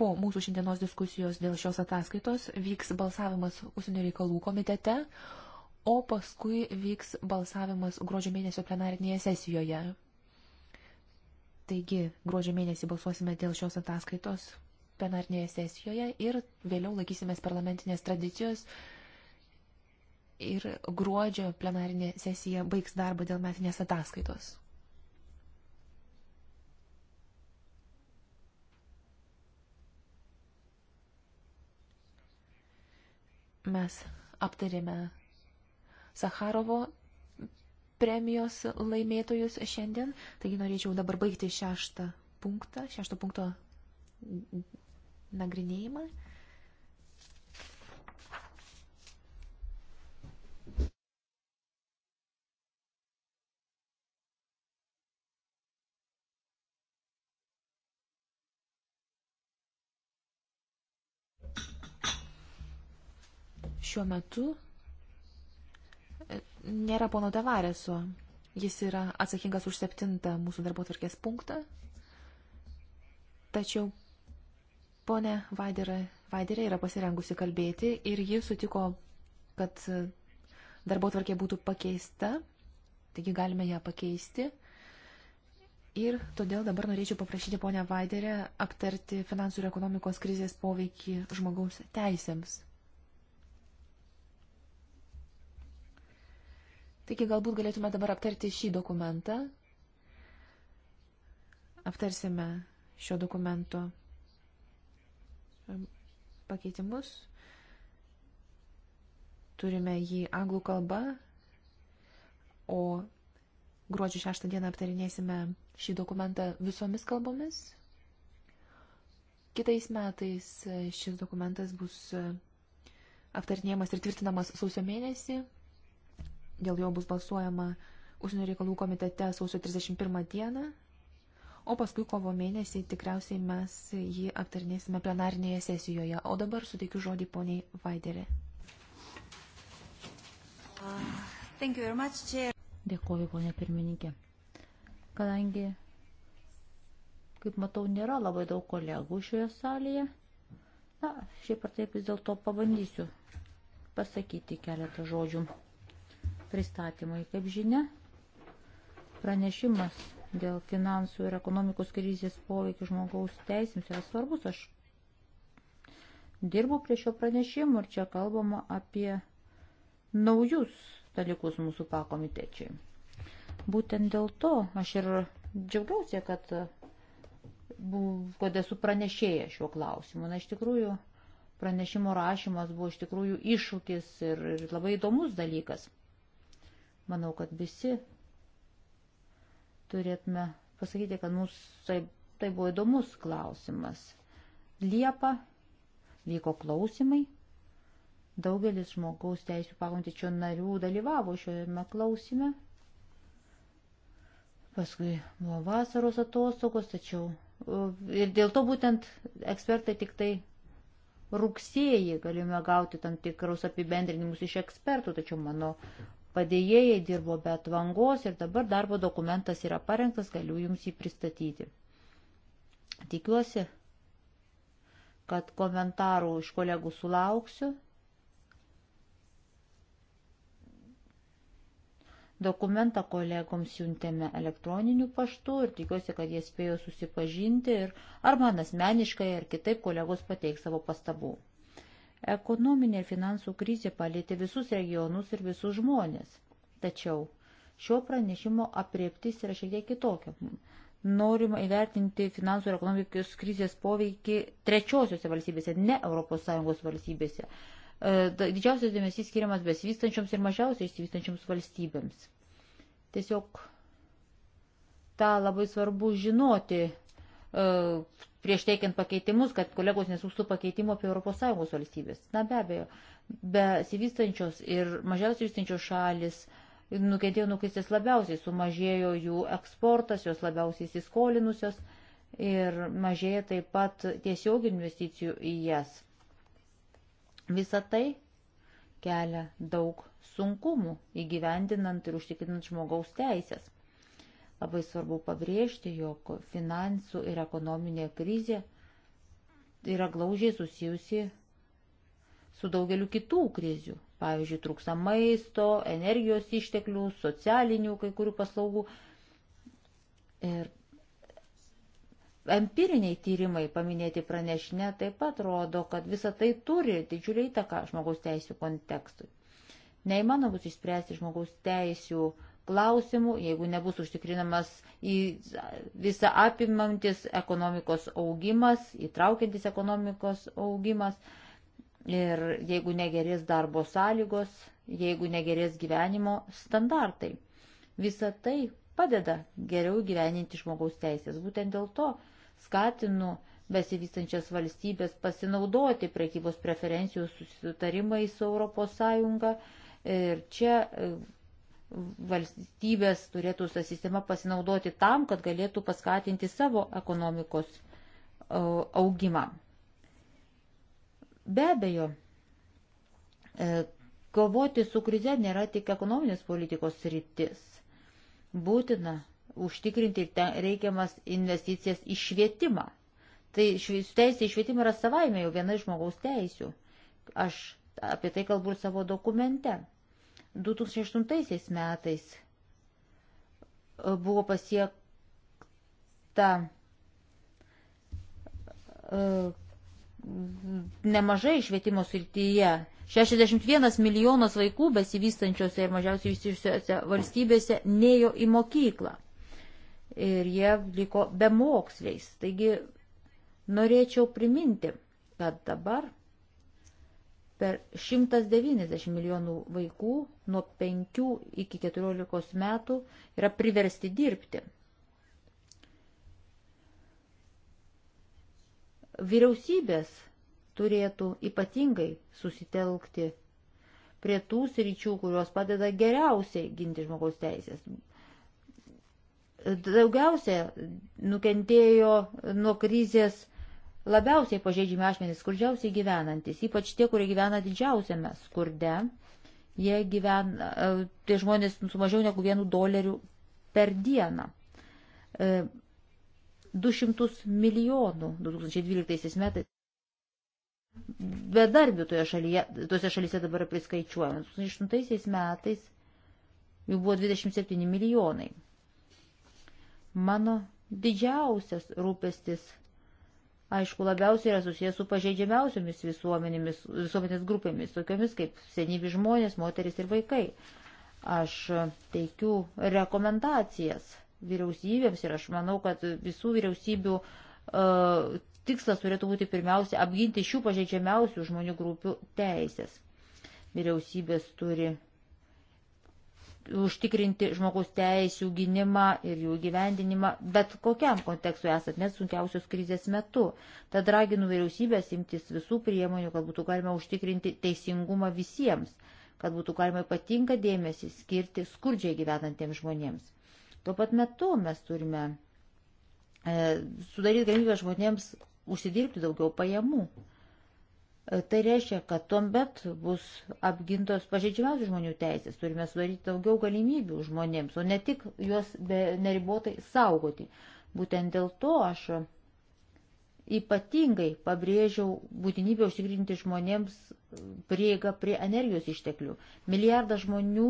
po mūsų šiandienos diskusijos dėl šios ataskaitos vyks balsavimas užsienio reikalų komitete, o paskui vyks balsavimas gruodžio mėnesio plenarinėje sesijoje. Taigi, gruodžio mėnesį balsuosime dėl šios ataskaitos plenarnėje sesijoje ir vėliau laikysimės parlamentinės tradicijos ir gruodžio plenarinė sesija baigs darbą dėl metinės ataskaitos. Mes aptarėme Sakarovo premijos laimėtojus šiandien. Taigi norėčiau dabar baigti šeštą punktą, šešto punkto nagrinėjimą. Šiuo metu nėra pono Tavareso. Jis yra atsakingas už septintą mūsų darbo tvarkės punktą. Tačiau ponė Vaiderė, Vaiderė yra pasirengusi kalbėti ir ji sutiko, kad darbo tvarkė būtų pakeista, taigi galime ją pakeisti. Ir todėl dabar norėčiau paprašyti ponę Vaiderę aptarti finansų ir ekonomikos krizės poveikį žmogaus teisėms. Taigi galbūt galėtume dabar aptarti šį dokumentą. Aptarsime šio dokumento um, pakeitimus. Turime jį anglų kalba, o gruodžio 6 dieną aptarinėsime šį dokumentą visomis kalbomis. Kitais metais šis dokumentas bus uh, aptarnėjamas ir tvirtinamas sausio mėnesį. Dėl jo bus balsuojama užsienio reikalų komitete sausio 31 dieną, o paskui kovo mėnesį tikriausiai mes jį aptarnėsime plenarinėje sesijoje. O dabar suteikiu žodį poniai Vaiderė. Dėkuoju, ponė pirmininkė. Kadangi, kaip matau, nėra labai daug kolegų šioje salėje, na, šiaip ar taip vis dėlto pabandysiu pasakyti keletą žodžių pristatymui. Kaip žinia, pranešimas dėl finansų ir ekonomikos krizės poveikį žmogaus teisėms yra svarbus. Aš dirbu prie šio pranešimo ir čia kalbama apie naujus dalykus mūsų pakomitečiai. Būtent dėl to aš ir džiaugiausi, kad, kad esu pranešėję šiuo klausimu. Na, iš tikrųjų, pranešimo rašymas buvo iš tikrųjų iššūkis ir, ir labai įdomus dalykas. Manau, kad visi turėtume pasakyti, kad mums tai, tai buvo įdomus klausimas. Liepa vyko klausimai. Daugelis žmogaus teisų pakomitečio narių dalyvavo šiame klausime. Paskui buvo vasaros atostogos, tačiau ir dėl to būtent ekspertai tik tai rugsėjį galime gauti tam tikrus apibendrinimus iš ekspertų, tačiau mano padėjėjai dirbo be atvangos ir dabar darbo dokumentas yra parengtas, galiu jums jį pristatyti. Tikiuosi, kad komentarų iš kolegų sulauksiu. Dokumentą kolegoms siuntėme elektroniniu paštu ir tikiuosi, kad jie spėjo susipažinti ir ar man asmeniškai, ar kitaip kolegos pateiks savo pastabų. Ekonominė ir finansų krizė palėtė visus regionus ir visus žmonės. Tačiau šio pranešimo apriektis yra šiek tiek kitokia. Norima įvertinti finansų ir ekonomikos krizės poveikį trečiosiuose valstybėse, ne ES valstybėse. E, didžiausias dėmesys skiriamas besivystančioms ir mažiausiai išsivystančioms valstybėms. Tiesiog tą labai svarbu žinoti e, prieš teikiant pakeitimus, kad kolegos nesūstų pakeitimų apie ES valstybės. Na be abejo, be sivystančios ir mažiausiai vystančios šalis nukentėjo nukistės labiausiai, sumažėjo jų eksportas, jos labiausiai įsiskolinusios ir mažėja taip pat tiesiog investicijų į jas. Visą tai kelia daug sunkumų įgyvendinant ir užtikrinant žmogaus teisės. Labai svarbu pabrėžti, jog finansų ir ekonominė krizė yra glaužiai susijusi su daugeliu kitų krizių. Pavyzdžiui, trūksta maisto, energijos išteklių, socialinių kai kurių paslaugų. Ir empiriniai tyrimai paminėti pranešinę taip pat rodo, kad visa tai turi didžiulį įtaką žmogaus teisų kontekstui. Neįmanoma bus išspręsti žmogaus teisų klausimų, jeigu nebus užtikrinamas į visą apimantis ekonomikos augimas, įtraukiantis ekonomikos augimas ir jeigu negerės darbo sąlygos, jeigu negerės gyvenimo standartai. Visa tai padeda geriau gyveninti žmogaus teisės. Būtent dėl to skatinu besivystančias valstybės pasinaudoti prekybos preferencijų susitarimai su ES ir čia valstybės turėtų tą sistemą pasinaudoti tam, kad galėtų paskatinti savo ekonomikos e, augimą. Be abejo, e, kovoti su krize nėra tik ekonominės politikos rytis. Būtina užtikrinti reikiamas investicijas į švietimą. Tai teisė į švietimą yra savaime jau viena iš žmogaus teisių. Aš apie tai kalbu ir savo dokumente. 2008 metais e, buvo pasiekta e, nemažai švietimo srityje. 61 milijonas vaikų besivystančiose ir mažiausiai vystyčiose valstybėse nejo į mokyklą. Ir jie liko be moksliais. Taigi norėčiau priminti, kad dabar Per 190 milijonų vaikų nuo 5 iki 14 metų yra priversti dirbti. Vyriausybės turėtų ypatingai susitelkti prie tų sričių, kurios padeda geriausiai ginti žmogaus teisės. Daugiausia nukentėjo nuo krizės Labiausiai pažeidžiami asmenys, skurdžiausiai gyvenantis, ypač tie, kurie gyvena didžiausiame skurde, jie gyvena, e, tie žmonės su mažiau negu vienu doleriu per dieną. 200 e, milijonų 2012 metais bedarbių toje šalyje, tose šalyse dabar priskaičiuojame. 2008 metais jų buvo 27 milijonai. Mano didžiausias rūpestis aišku, labiausiai yra susijęs su pažeidžiamiausiamis visuomenėmis, visuomenės grupėmis, tokiomis kaip senyvi žmonės, moteris ir vaikai. Aš teikiu rekomendacijas vyriausybėms ir aš manau, kad visų vyriausybių uh, tikslas turėtų būti pirmiausia apginti šių pažeidžiamiausių žmonių grupių teisės. Vyriausybės turi užtikrinti žmogaus teisų gynimą ir jų gyvendinimą, bet kokiam kontekstui esat net sunkiausios krizės metu. Tad raginu vyriausybės imtis visų priemonių, kad būtų galima užtikrinti teisingumą visiems, kad būtų galima ypatingą dėmesį skirti skurdžiai gyvenantiems žmonėms. Tuo pat metu mes turime e, sudaryti galimybę žmonėms užsidirbti daugiau pajamų. E, tai reiškia, kad tuomet bus apgintos pažeidžiamiausių žmonių teisės, turime sudaryti daugiau galimybių žmonėms, o ne tik juos neribotai saugoti. Būtent dėl to aš ypatingai pabrėžiau būtinybę užtikrinti žmonėms prieigą prie energijos išteklių. Milijardas žmonių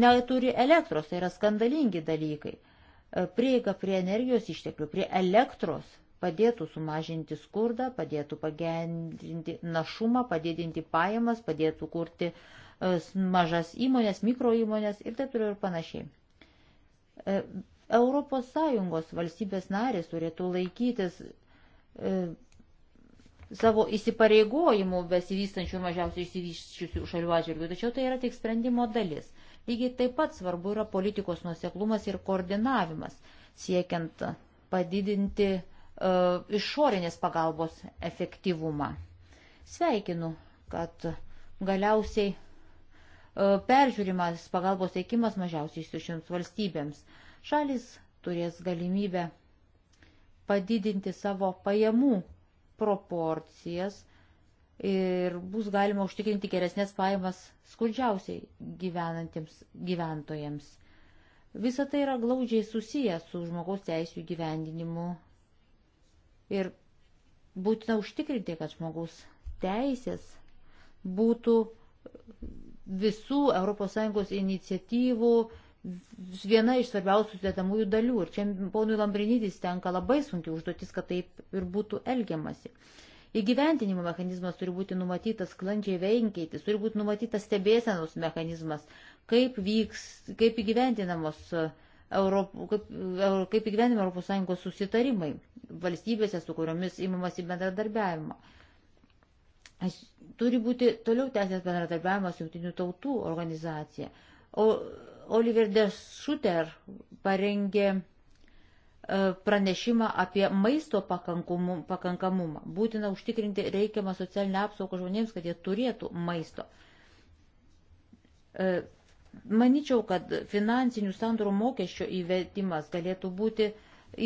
neturi elektros, tai yra skandalingi dalykai. E, prieiga prie energijos išteklių, prie elektros padėtų sumažinti skurdą, padėtų pagerinti našumą, padidinti pajamas, padėtų kurti e, mažas įmonės, mikro įmonės ir taip turiu ir panašiai. ES valstybės narės turėtų laikytis e, savo įsipareigojimų besivystančių ir mažiausiai išsivyščiusių šalių atžvilgių, tačiau tai yra tik sprendimo dalis. Lygiai taip pat svarbu yra politikos nuseklumas ir koordinavimas, siekiant padidinti uh, E, išorinės pagalbos efektyvumą. Sveikinu, kad galiausiai e, peržiūrimas pagalbos teikimas mažiausiai išsiušiams valstybėms. Šalis turės galimybę padidinti savo pajamų proporcijas ir bus galima užtikrinti geresnės pajamas skurdžiausiai gyvenantiems gyventojams. Visa tai yra glaudžiai susiję su žmogaus teisų gyvendinimu Ir būtina užtikrinti, kad žmogaus teisės būtų visų ES iniciatyvų viena iš svarbiausių sudėtamųjų dalių. Ir čia ponui Lambrinydis tenka labai sunkiai užduotis, kad taip ir būtų elgiamasi. Įgyventinimo mechanizmas turi būti numatytas sklandžiai veikiantis, turi būti numatytas stebėsenos mechanizmas, kaip, vyks, kaip įgyventinamos uh, Europo, kaip, kaip įgyvenime ES susitarimai valstybėse, su kuriomis įmamasi bendradarbiavimo. Aš, turi būti toliau tęsęs bendradarbiavimas jungtinių tautų organizacija. O Oliver de Schutter parengė e, pranešimą apie maisto pakankamumą. Būtina užtikrinti reikiamą socialinę apsaugą žmonėms, kad jie turėtų maisto. E, Maničiau, kad finansinių sandorų mokesčio įvedimas galėtų būti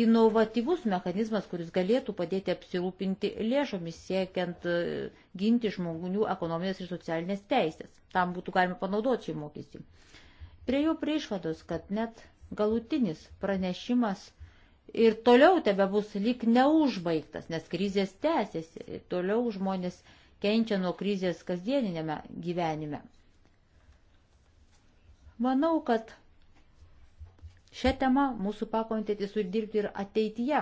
inovatyvus mechanizmas, kuris galėtų padėti apsirūpinti lėšomis siekiant e, ginti žmonių ekonominės ir socialinės teisės. Tam būtų galima panaudoti šį mokestį. Prie jų priešvados, kad net galutinis pranešimas ir toliau tebe bus lyg neužbaigtas, nes krizės tęsiasi, toliau žmonės kenčia nuo krizės kasdieninėme gyvenime. Manau, kad šią temą mūsų pakomitėtis turi dirbti ir ateityje,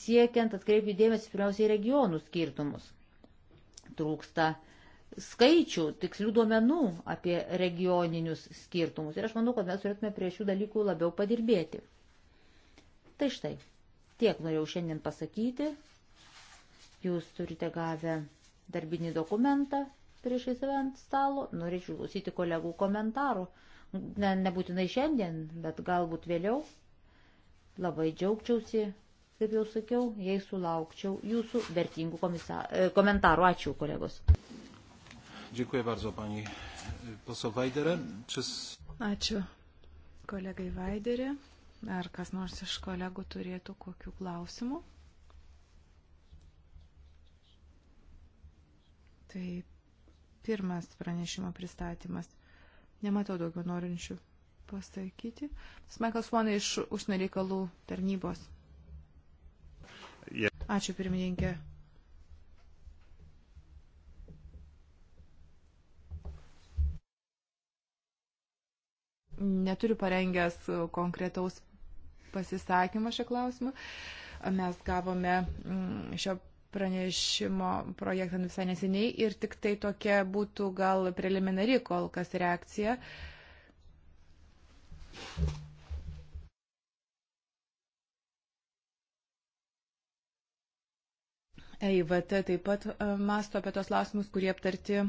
siekiant atkreipti dėmesį pirmiausiai regionų skirtumus. Trūksta skaičių, tikslių duomenų apie regioninius skirtumus. Ir aš manau, kad mes turėtume prie šių dalykų labiau padirbėti. Tai štai, tiek norėjau šiandien pasakyti. Jūs turite gavę darbinį dokumentą, priešai save ant stalo, norėčiau klausyti kolegų komentarų. Ne, nebūtinai šiandien, bet galbūt vėliau. Labai džiaugčiausi, kaip jau sakiau, jei sulaukčiau jūsų vertingų e, komentarų. Ačiū, kolegos. Dziękuję bardzo pani poseł Wajdere. Czy... Ačiū kolegai Vaiderė. Ar kas nors iš kolegų turėtų kokių klausimų? Tai pirmas pranešimo pristatymas. Nematau daugiau norinčių pasakyti. Smaikas Vonai iš užsienio reikalų tarnybos. Ačiū pirmininkė. Neturiu parengęs konkretaus pasisakymą šią klausimą. Mes gavome mm, šio pranešimo projektą visai neseniai ir tik tai tokia būtų gal preliminari kol kas reakcija. EIVT taip pat e, masto apie tos lausimus, kurie aptarti e,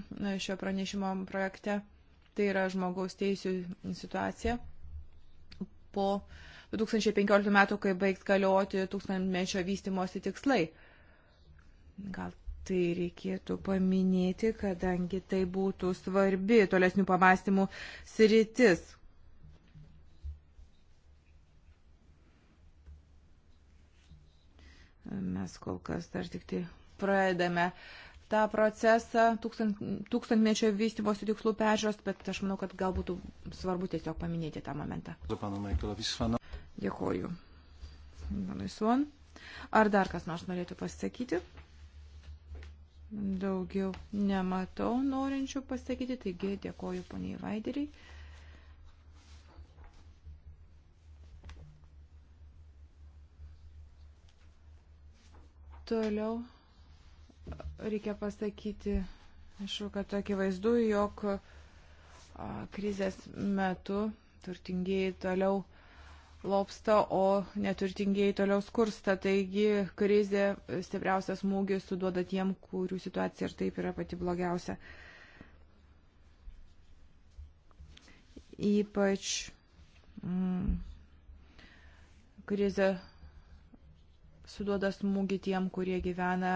šio pranešimo projekte. Tai yra žmogaus teisų situacija. Po 2015 metų, kai baigs galioti tūkstantmečio vystimosi tikslai. Gal tai reikėtų paminėti, kadangi tai būtų svarbi tolesnių pamastymų sritis. Mes kol kas dar tik tai pradedame tą procesą tūkstant, tūkstantmečio vystimosi tikslų peržiūros, bet aš manau, kad gal būtų svarbu tiesiog paminėti tą momentą. Dėkoju. Manui Suon. Ar dar kas nors norėtų pasisakyti? Daugiau nematau norinčių pasakyti, taigi dėkoju poniai Vaideriai. Toliau reikia pasakyti, aišku, kad akivaizdu, jog krizės metu turtingieji toliau lopsta, o neturtingieji toliau skursta. Taigi krizė stipriausias smūgis suduoda tiem, kurių situacija ir taip yra pati blogiausia. Ypač mm, krizė suduoda smūgį tiem, kurie gyvena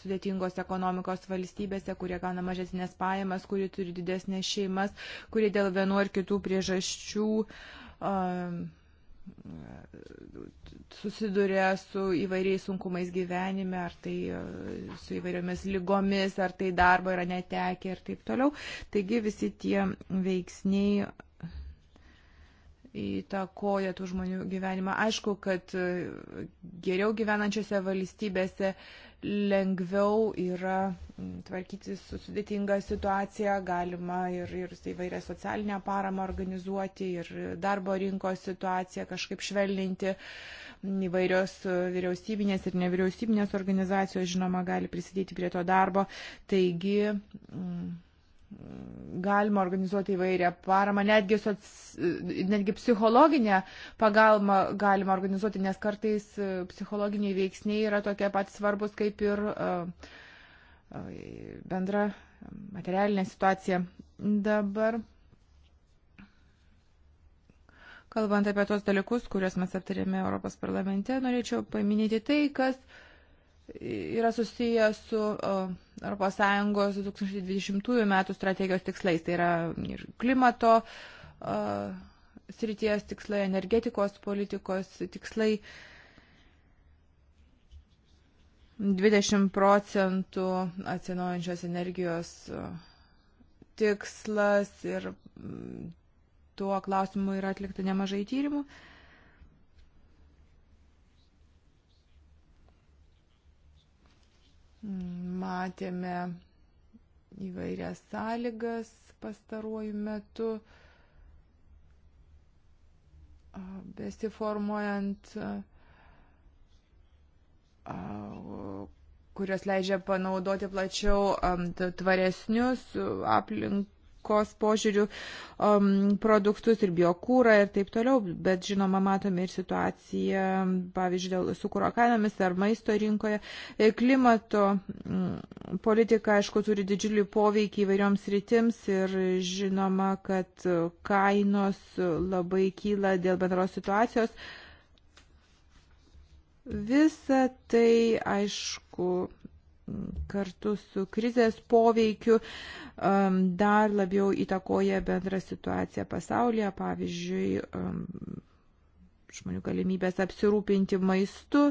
sudėtingos ekonomikos valstybėse, kurie gauna mažesnės pajamas, kurie turi didesnės šeimas, kurie dėl vienu ar kitų priežasčių um, uh, susiduria su įvairiais sunkumais gyvenime, ar tai e, su įvairiomis lygomis, ar tai darbo yra netekę ir taip toliau. Taigi visi tie veiksniai įtakoja tų žmonių gyvenimą. Aišku, kad e, geriau gyvenančiose valstybėse uh, lengviau yra mm, tvarkyti su sudėtinga situacija, galima ir, ir įvairią socialinę paramą organizuoti, ir darbo rinkos situaciją kažkaip švelninti. Mm, įvairios e, vyriausybinės ir nevyriausybinės organizacijos, žinoma, gali prisidėti prie to darbo. Taigi, mm, galima organizuoti įvairią paramą, netgi, soc, netgi psichologinę pagalbą galima organizuoti, nes kartais e, psichologiniai veiksniai yra tokie pat svarbus kaip ir e, e, bendra materialinė situacija. Dabar, kalbant apie tos dalykus, kuriuos mes aptarėme Europos parlamente, norėčiau paminėti tai, kas uh, yra susiję su ES 2020 metų strategijos tikslais. Tai yra ir klimato srities tikslai, energetikos politikos tikslai. 20 procentų atsinaujančios energijos tikslas ir tuo klausimu yra atlikta nemažai tyrimų. Uh, matėme įvairias sąlygas pastaruoju metu besiformuojant, kurios leidžia panaudoti plačiau tvaresnius aplink aplinkos požiūrių um, produktus ir biokūrą ir taip toliau, bet žinoma, matome ir situaciją, pavyzdžiui, dėl sukūro kainomis ar maisto rinkoje. E, klimato mm, politika, aišku, turi didžiulį poveikį įvairioms rytims ir žinoma, kad kainos labai kyla dėl bendros situacijos. Visa tai, aišku, kartu su krizės poveikiu um, dar labiau įtakoja bendrą situaciją pasaulyje, pavyzdžiui, um, žmonių galimybės apsirūpinti maistu.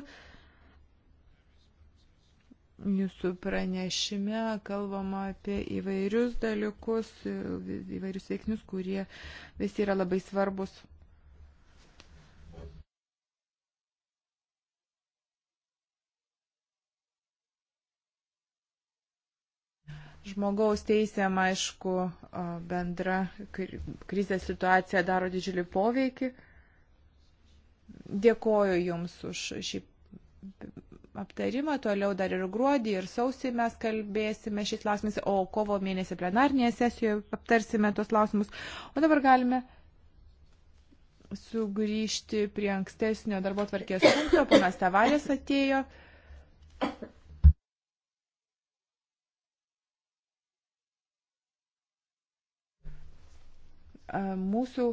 Jūsų pranešime kalbama apie įvairius dalykus, įvairius veiknius, kurie visi yra labai svarbus Žmogaus teisėm, aišku, bendra krizės situacija daro didžiulį poveikį. Dėkoju Jums už šį aptarimą. Toliau dar ir gruodį, ir sausį mes kalbėsime šį klausimą, o kovo mėnesį plenarnėje sesijoje aptarsime tuos klausimus. O dabar galime sugrįžti prie ankstesnio darbo tvarkės punkto. Ponas Tavarės atėjo. mūsų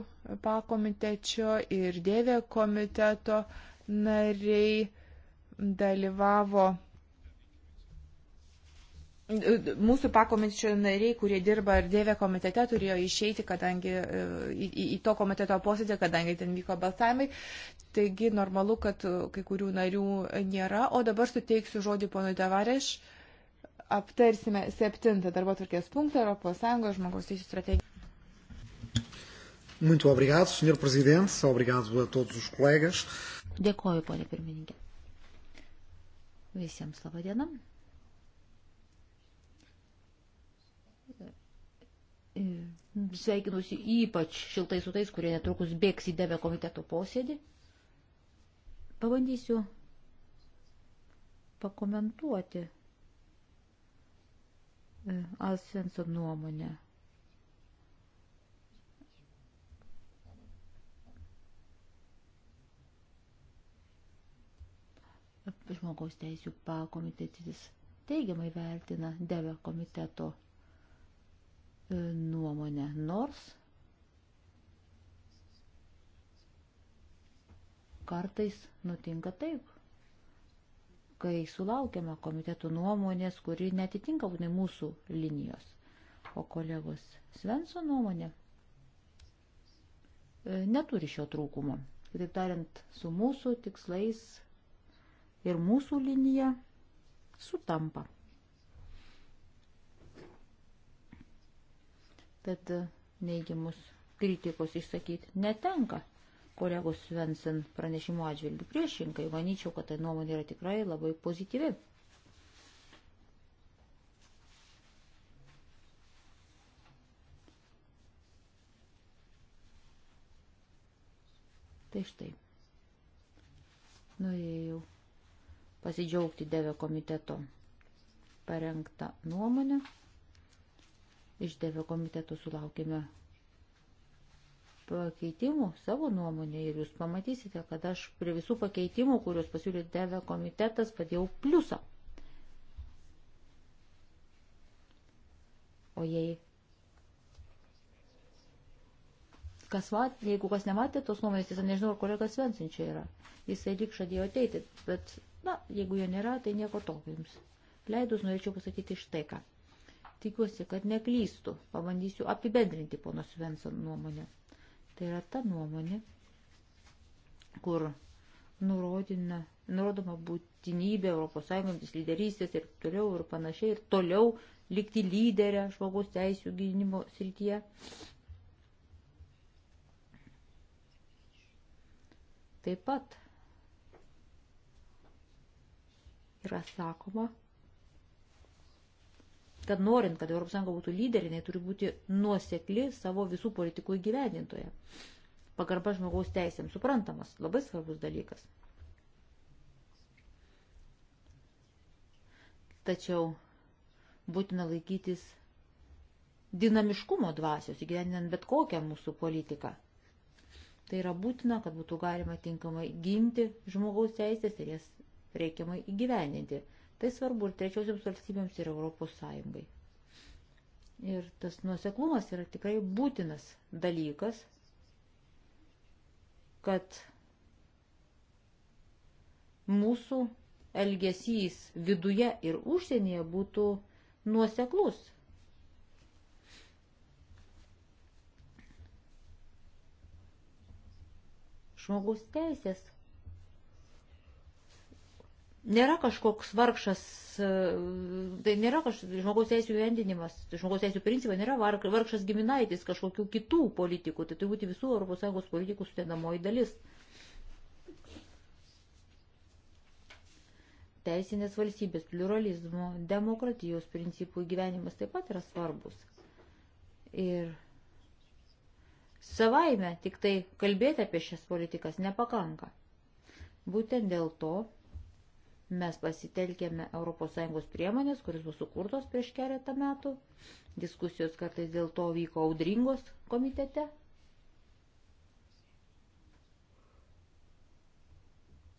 pakomitečio ir dėvė komiteto nariai dalyvavo. Mūsų pakomitečio nariai, kurie dirba ir dėvė komitete, turėjo išeiti kadangi, į, į, į to komiteto posėdį, kadangi ten vyko balsavimai. Taigi normalu, kad kai kurių narių nėra. O dabar suteiksiu žodį ponui Tavareš. Aptarsime septintą darbo tvarkės punktą Europos Sąjungos žmogaus teisų strategiją. Muito obrigado, Sr. Presidente. Obrigado a todos os colegas. Dėkoju, ponė pirmininkė. Visiems laba diena. Sveikinusi ypač šiltai su tais, kurie netrukus bėgs į debę komiteto posėdį. Pabandysiu pakomentuoti e, Alsenso nuomonę žmogaus teisų pakomitetis teigiamai vertina DEVE komiteto e, nuomonę, nors kartais nutinka taip, kai sulaukiama komitetų nuomonės, kuri netitinka būtinai mūsų linijos. O kolegos Svenso nuomonė e, neturi šio trūkumo. Kitaip tariant, su mūsų tikslais ir mūsų linija sutampa. Tad neigiamus kritikos išsakyti netenka kolegos Svensen pranešimo atžvilgių priešinkai. Manyčiau, kad ta nuomonė yra tikrai labai pozityvi. Tai štai. Norėjau pasidžiaugti Deve komiteto parengtą nuomonę. Iš Deve komiteto sulaukime pakeitimų savo nuomonę ir jūs pamatysite, kad aš prie visų pakeitimų, kuriuos pasiūlė Deve komitetas, padėjau pliusą. O jei kas mat, jeigu kas nematė tos nuomonės, jis nežinau, ar kolegas Vensin čia yra. Jisai lyg žadėjo ateiti, bet Na, jeigu jo nėra, tai nieko tokio jums. Leidus norėčiau pasakyti štai ką. Tikiuosi, kad neklystu. Pabandysiu apibendrinti pono Svensson nuomonę. Tai yra ta nuomonė, kur nurodina, nurodoma būtinybė ES lyderystės ir toliau ir panašiai, ir toliau likti lyderę žmogaus teisų gynimo srityje. Taip pat yra sakoma, kad norint, kad ES būtų lyderinė, turi būti nuosekli savo visų politikų įgyvendintoje. Pagarba žmogaus teisėms suprantamas, labai svarbus dalykas. Tačiau būtina laikytis dinamiškumo dvasios įgyvendinant bet kokią mūsų politiką. Tai yra būtina, kad būtų galima tinkamai ginti žmogaus teisės ir jas reikiamai įgyveninti. Tai svarbu ir trečiosiams valstybėms ir Europos Sąjungai. Ir tas nuoseklumas yra tikrai būtinas dalykas, kad mūsų elgesys viduje ir užsienyje būtų nuoseklus. Žmogus teisės nėra kažkoks vargšas, e, tai nėra kažkoks žmogaus teisų vendinimas, žmogaus teisų principai nėra vargšas giminaitis kažkokių kitų politikų, tai turi būti visų ES politikų sudėdamoji dalis. Teisinės valstybės, pluralizmo, demokratijos principų gyvenimas taip pat yra svarbus. Ir savaime tik tai kalbėti apie šias politikas nepakanka. Būtent dėl to Mes pasitelkėme ES priemonės, kuris bus sukurtos prieš keletą metų. Diskusijos kartais dėl to vyko audringos komitete.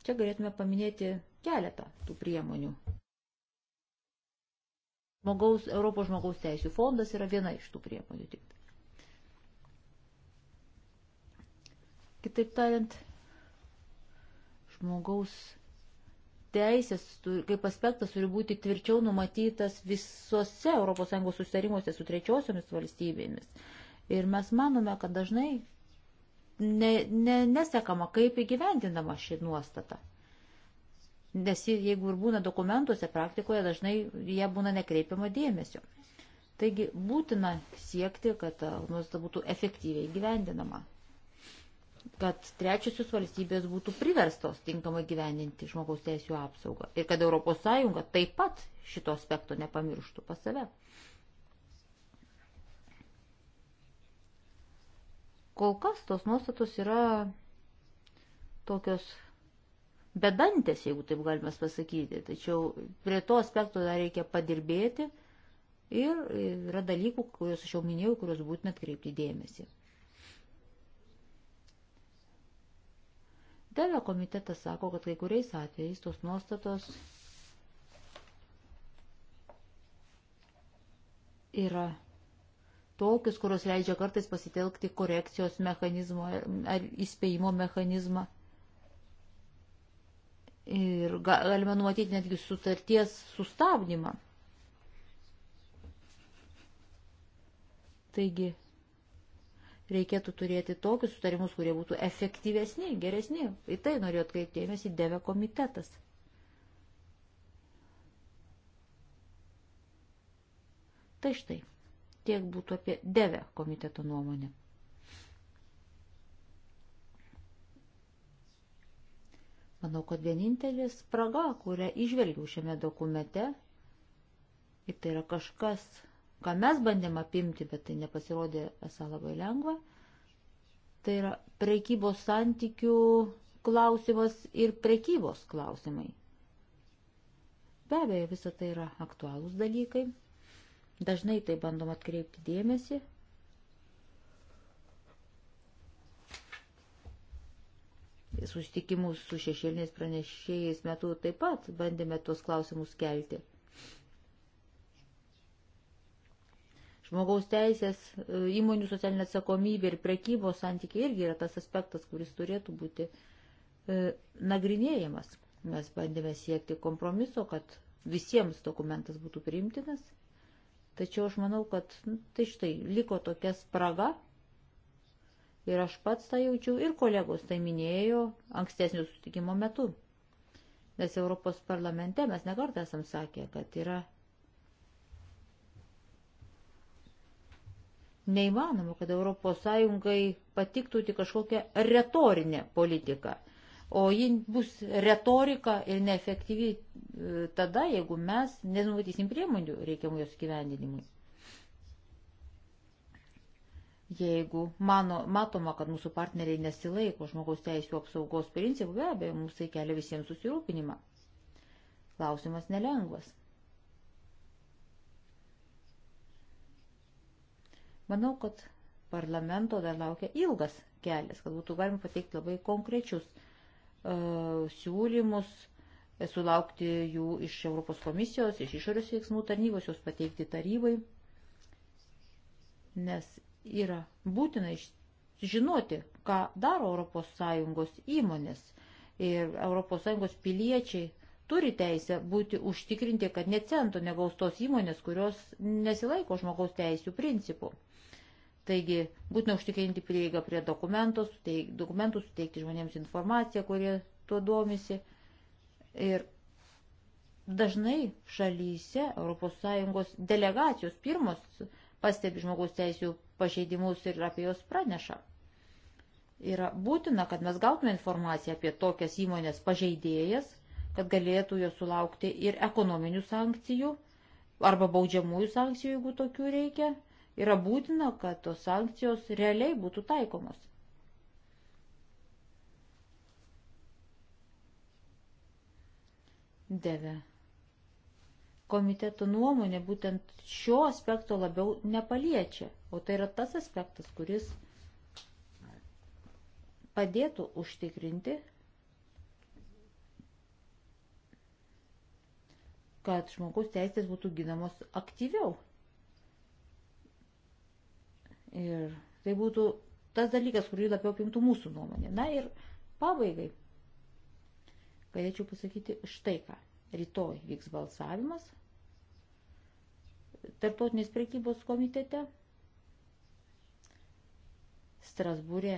Čia galėtume paminėti keletą tų priemonių. Žmogaus, Europos žmogaus teisų fondas yra viena iš tų priemonių tik. Kitaip tariant, žmogaus teisės kaip aspektas turi būti tvirčiau numatytas visose ES susitarimuose su trečiosiomis valstybėmis. Ir mes manome, kad dažnai ne, ne, nesekama, kaip įgyvendinama ši nuostata. Nes jeigu ir būna dokumentuose, praktikoje dažnai jie būna nekreipiama dėmesio. Taigi būtina siekti, kad nuostata būtų efektyviai gyvendinama kad trečiosios valstybės būtų priverstos tinkamai gyveninti žmogaus teisų apsaugą ir kad ES taip pat šito aspekto nepamirštų pas save. Kol kas tos nuostatos yra tokios bedantės, jeigu taip galima pasakyti, tačiau prie to aspekto dar reikia padirbėti ir yra dalykų, kuriuos aš jau minėjau, kuriuos būtina atkreipti dėmesį. Delio komitetas sako, kad kai kuriais atvejais tos nuostatos yra tokius, kurios leidžia kartais pasitelkti korekcijos mechanizmo ar įspėjimo mechanizmą. Ir galime numatyti netgi sutarties sustabdymą. Taigi, reikėtų turėti tokius sutarimus, kurie būtų efektyvesni, geresni. Į tai norėjau atkreipti dėmesį devė komitetas. Tai štai, tiek būtų apie devę komiteto nuomonę. Manau, kad vienintelis spraga, kurią išvelgiau šiame dokumente, ir tai yra kažkas ką mes bandėme apimti, bet tai nepasirodė esą labai lengva. Tai yra prekybos santykių klausimas ir prekybos klausimai. Be abejo, visa tai yra aktualūs dalykai. Dažnai tai bandom atkreipti dėmesį. Susitikimus su šešėliniais pranešėjais metu taip pat bandėme tuos klausimus kelti. Žmogaus teisės, e, įmonių socialinė atsakomybė ir prekybos santykiai irgi yra tas aspektas, kuris turėtų būti e, nagrinėjimas. Mes bandėme siekti kompromiso, kad visiems dokumentas būtų priimtinas. Tačiau aš manau, kad nu, tai štai liko tokia spraga. Ir aš pats tą jaučiu ir kolegos tai minėjo ankstesnio sutikimo metu. Nes Europos parlamente mes nekartą esam sakę, kad yra Neįmanoma, kad ES patiktų tik kažkokią retorinę politiką. O ji bus retorika ir neefektyvi e, tada, jeigu mes nenumatysim priemonių reikiamų jos gyvendinimui. Jeigu mano, matoma, kad mūsų partneriai nesilaiko žmogaus teisų apsaugos principų, be abejo, mums tai kelia visiems susirūpinimą. Klausimas nelengvas. Manau, kad parlamento dar laukia ilgas kelias, kad būtų galima pateikti labai konkrečius uh, siūlymus, e, sulaukti jų iš Europos komisijos, iš išorės veiksmų tarnybos, juos pateikti tarybai, nes yra būtina žinoti, ką daro ES įmonės ir ES piliečiai turi teisę būti užtikrinti, kad necento negaus tos įmonės, kurios nesilaiko žmogaus teisų principų. Taigi būtina užtikrinti prieigą prie dokumentų, suteik, dokumentų suteikti žmonėms informaciją, kurie tuo domisi. Ir dažnai šalyse ES delegacijos pirmos pastebi žmogaus teisų pažeidimus ir apie juos praneša. Yra būtina, kad mes gautume informaciją apie tokias įmonės pažeidėjas, kad galėtų jos sulaukti ir ekonominių sankcijų arba baudžiamųjų sankcijų, jeigu tokių reikia Yra būtina, kad tos sankcijos realiai būtų taikomos. Deve. Komiteto nuomonė būtent šio aspekto labiau nepaliečia, o tai yra tas aspektas, kuris padėtų užtikrinti, kad žmogaus teisės būtų ginamos aktyviau. Ir tai būtų tas dalykas, kurį labiau apimtų mūsų nuomonė. Na ir pabaigai galėčiau pasakyti štai ką. Rytoj vyks balsavimas Tartautinės prekybos komitete. Strasbūrė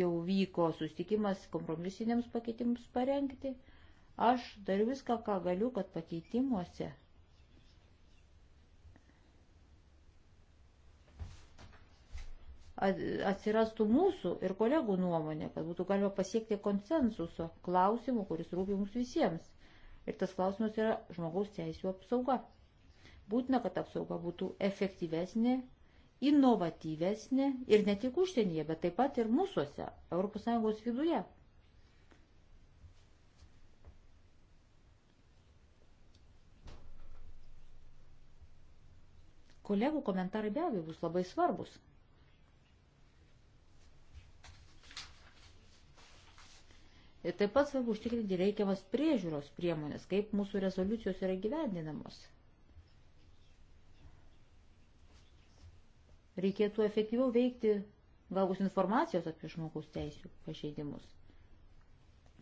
jau vyko sustikimas kompromisiniams pakeitimams parengti. Aš dar viską, ką galiu, kad pakeitimuose atsirastų mūsų ir kolegų nuomonė, kad būtų galima pasiekti konsensuso klausimų, kuris rūpi mums visiems. Ir tas klausimas yra žmogaus teisų apsauga. Būtina, kad apsauga būtų efektyvesnė, inovatyvesnė ir ne tik užsienyje, bet taip pat ir mūsųse, ES viduje. Kolegų komentarai be abejo bus labai svarbus. Ir taip pat svarbu užtikrinti reikiamas priežiūros priemonės, kaip mūsų rezoliucijos yra gyvendinamos. Reikėtų efektyviau veikti gavus informacijos apie žmogaus teisų pažeidimus.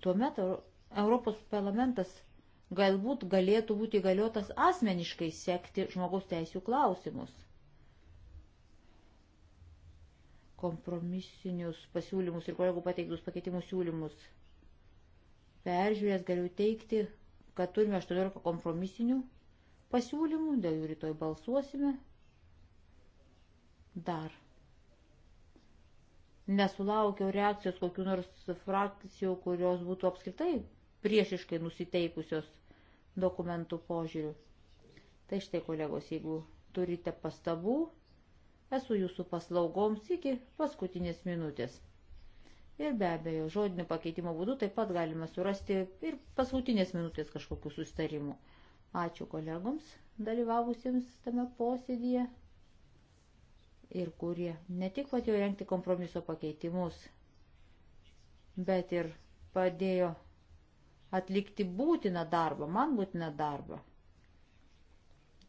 Tuomet Europos parlamentas galbūt galėtų būti įgaliotas asmeniškai sekti žmogaus teisų klausimus. Kompromisinius pasiūlymus ir kolegų pateiktus pakeitimų siūlymus peržiūrės galiu teikti, kad turime 18 kompromisinių pasiūlymų, dėl jų rytoj balsuosime. Dar. Nesulaukiau reakcijos kokių nors frakcijų, kurios būtų apskritai priešiškai nusiteikusios dokumentų požiūrių. Tai štai, kolegos, jeigu turite pastabų, esu jūsų paslaugoms iki paskutinės minutės. Ir be abejo, žodinio pakeitimo būdu taip pat galima surasti ir paskutinės minutės kažkokių sustarimų. Ačiū kolegoms dalyvavusiems tame posėdėje ir kurie ne tik padėjo renkti kompromiso pakeitimus, bet ir padėjo atlikti būtiną darbą, man būtiną darbą.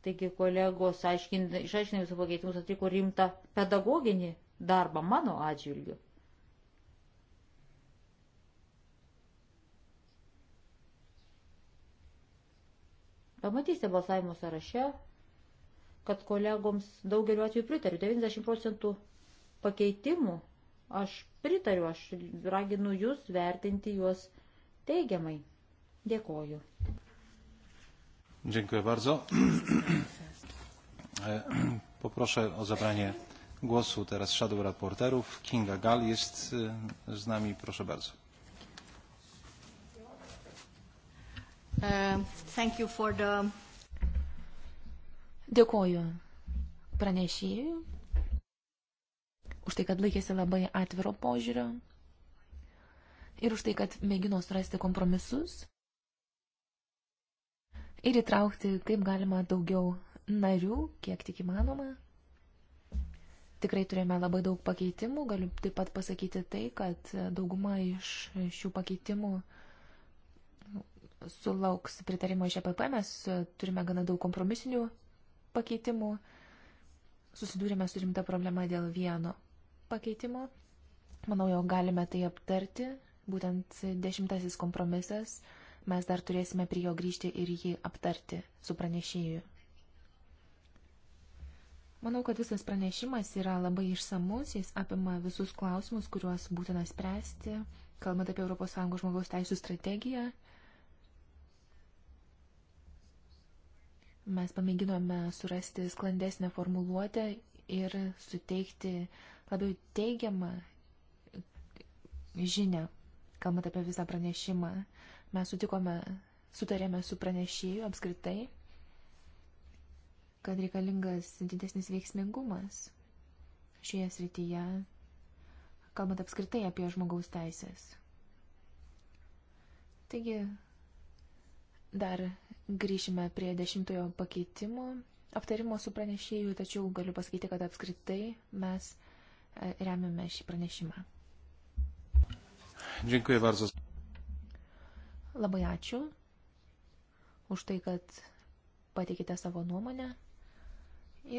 Taigi kolegos, išaiškinę visų pakeitimus, atliko rimtą pedagoginį darbą mano atžvilgiu. Pamatysite balsavimo sąraše, kad kolegoms daugeliu atveju pritariu. 90 procentų pakeitimų aš pritariu, aš raginu jūs vertinti juos teigiamai. Dėkoju. Dziękuję bardzo. E, poproszę o zabranie głosu teraz shadow raporterów. Kinga Gal jest e, z nami, proszę bardzo. Uh, the... Dėkoju pranešėjui už tai, kad laikėsi labai atviro požiūrio ir už tai, kad mėgino surasti kompromisus ir įtraukti kaip galima daugiau narių, kiek tik įmanoma. Tikrai turėjome labai daug pakeitimų, galiu taip pat pasakyti tai, kad dauguma iš šių pakeitimų uh, sulauks pritarimo iš EPP, mes e, turime gana daug kompromisinių pakeitimų. Susidūrėme su rimta problema dėl vieno pakeitimo. Manau, jau galime tai aptarti. Būtent dešimtasis kompromisas. Mes dar turėsime prie jo grįžti ir jį aptarti su pranešėju. Manau, kad visas pranešimas yra labai išsamus, jis apima visus klausimus, kuriuos būtina spręsti, kalbant apie ES žmogaus teisų strategiją Mes pamėginome surasti sklandesnę formuluotę ir suteikti labiau teigiamą žinę, kalbant apie visą pranešimą. Mes sutikome, sutarėme su pranešėju apskritai, kad reikalingas didesnis veiksmingumas šioje srityje, kalbant apskritai apie žmogaus teisės. Taigi, dar Grįšime prie dešimtojo pakeitimo aptarimo su pranešėjų, tačiau galiu pasakyti, kad apskritai mes e, remiame šį pranešimą. Dziękuję bardzo. Labai ačiū už tai, kad pateikite savo nuomonę.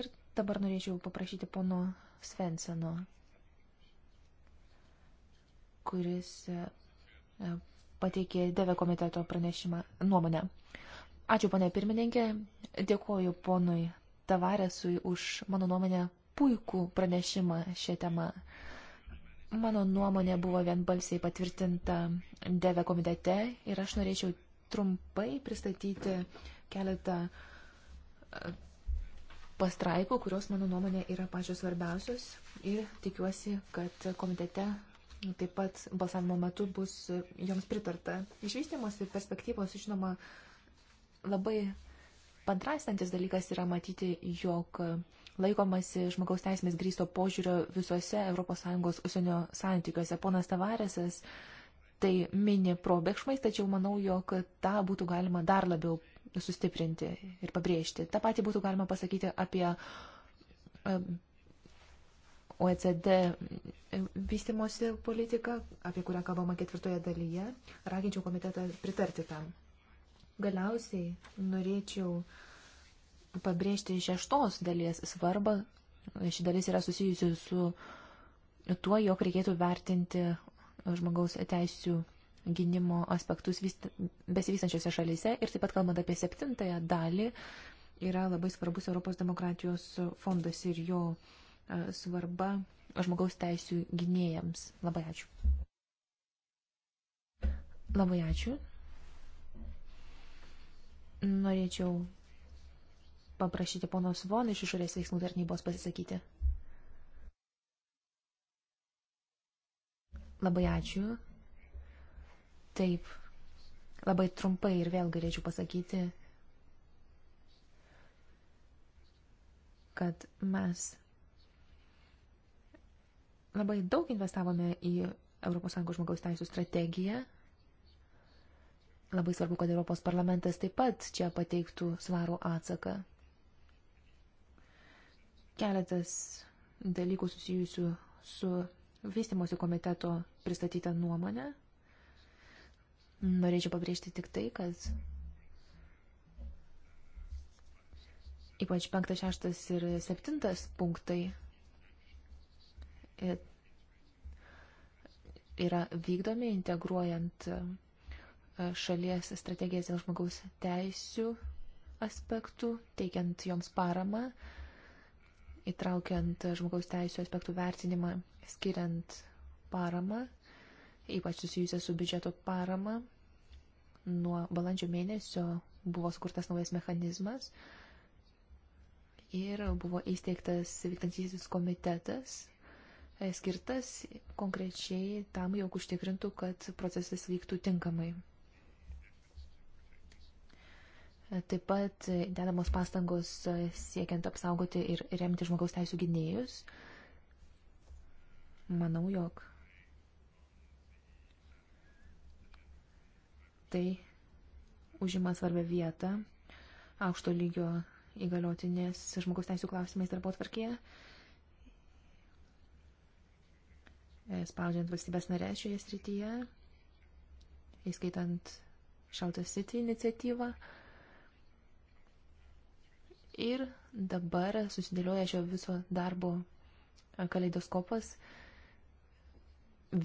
Ir dabar norėčiau paprašyti pono Svenseno, kuris e, e, pateikė Deve komiteto pranešimą nuomonę. Ačiū, ponė pirmininkė. Dėkuoju ponui Tavaresui už, mano nuomonę, puikų pranešimą šią temą. Mano nuomonė buvo vienbalsiai patvirtinta DV komitete ir aš norėčiau trumpai pristatyti keletą e, pastraipų, kurios mano nuomonė yra pačios svarbiausios ir tikiuosi, kad komitete taip pat balsavimo metu bus joms pritarta. Iš vystimosi perspektyvos, žinoma, iš Labai kontrastantis dalykas yra matyti, jog laikomasi žmogaus teismės grįsto požiūrio visuose ES užsienio santykiuose. Ponas Tavarėsas tai mini probėgšmais, tačiau manau, jog tą būtų galima dar labiau sustiprinti ir pabrėžti. Ta pati būtų galima pasakyti apie e, OECD vystimosi politiką, apie kurią kalbama ketvirtoje dalyje. Raginčiau komitetą pritarti tam. Galiausiai norėčiau pabrėžti šeštos dalies svarbą. Ši dalis yra susijusi su tuo, jog reikėtų vertinti žmogaus teisų gynimo aspektus besivystančiose šalyse. Ir taip pat kalbant apie septintąją dalį, yra labai svarbus Europos demokratijos fondas ir jo e, svarba žmogaus teisų gynėjams. Labai ačiū. Labai ačiū. Norėčiau paprašyti ponos Von iš išorės veiksmų tarnybos pasisakyti. Labai ačiū. Taip, labai trumpai ir vėl galėčiau pasakyti, kad mes labai daug investavome į ES žmogaus teisų strategiją Labai svarbu, kad Europos parlamentas taip pat čia pateiktų svarų atsaką. Keletas dalykų susijusių su vystimosi komiteto pristatytą nuomonę. Norėčiau pabrėžti tik tai, kad ypač penktas, šeštas ir septintas punktai yra vykdomi integruojant šalies strategijas dėl žmogaus teisių aspektų, teikiant joms paramą, įtraukiant žmogaus teisų aspektų vertinimą, skiriant paramą, ypač susijusią su biudžeto parama. Nuo balandžio mėnesio buvo skurtas naujas mechanizmas ir buvo įsteigtas vykdantysis komitetas, e, skirtas konkrečiai tam, jog užtikrintų, kad procesas vyktų tinkamai. Taip pat dedamos pastangos siekiant apsaugoti ir remti žmogaus teisų gynėjus. Manau, jog tai užima svarbę vietą aukšto lygio įgaliotinės žmogaus teisų klausimais darbo tvarkėje, spaudžiant valstybės narės šioje srityje, įskaitant Šautą City iniciatyvą. Ir dabar susidėlioja šio viso darbo kaleidoskopas,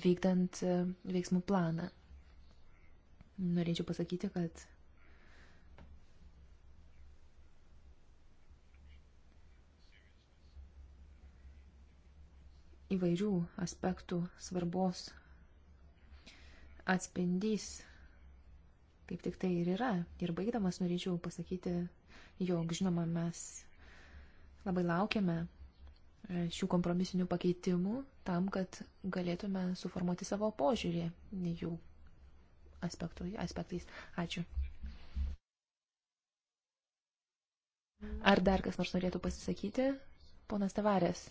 vykdant e, veiksmų planą. Norėčiau pasakyti, kad įvairių aspektų svarbos atspindys kaip tik tai ir yra. Ir baigdamas norėčiau pasakyti jog, žinoma, mes labai laukiame e, šių kompromisinių pakeitimų tam, kad galėtume suformuoti savo požiūrį jų aspektu, aspektais. Ačiū. Ar dar kas nors norėtų pasisakyti? Ponas Tavarės.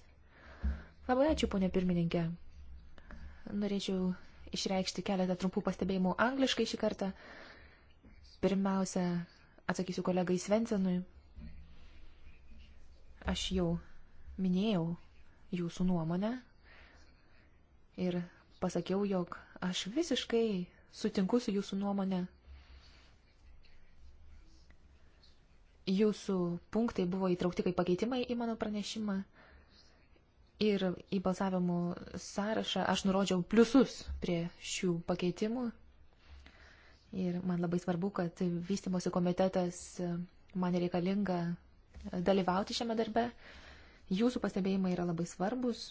Labai ačiū, ponė pirmininkė. Norėčiau išreikšti keletą trumpų pastebėjimų angliškai šį kartą. Pirmiausia, Atsakysiu kolegai Svensenui. Aš jau minėjau jūsų nuomonę ir pasakiau, jog aš visiškai sutinku su jūsų nuomonė. Jūsų punktai buvo įtraukti kaip pakeitimai į mano pranešimą ir į balsavimų sąrašą aš nurodžiau pliusus prie šių pakeitimų Ir man labai svarbu, kad vystimosi komitetas e, man reikalinga dalyvauti šiame darbe. Jūsų pastebėjimai yra labai svarbus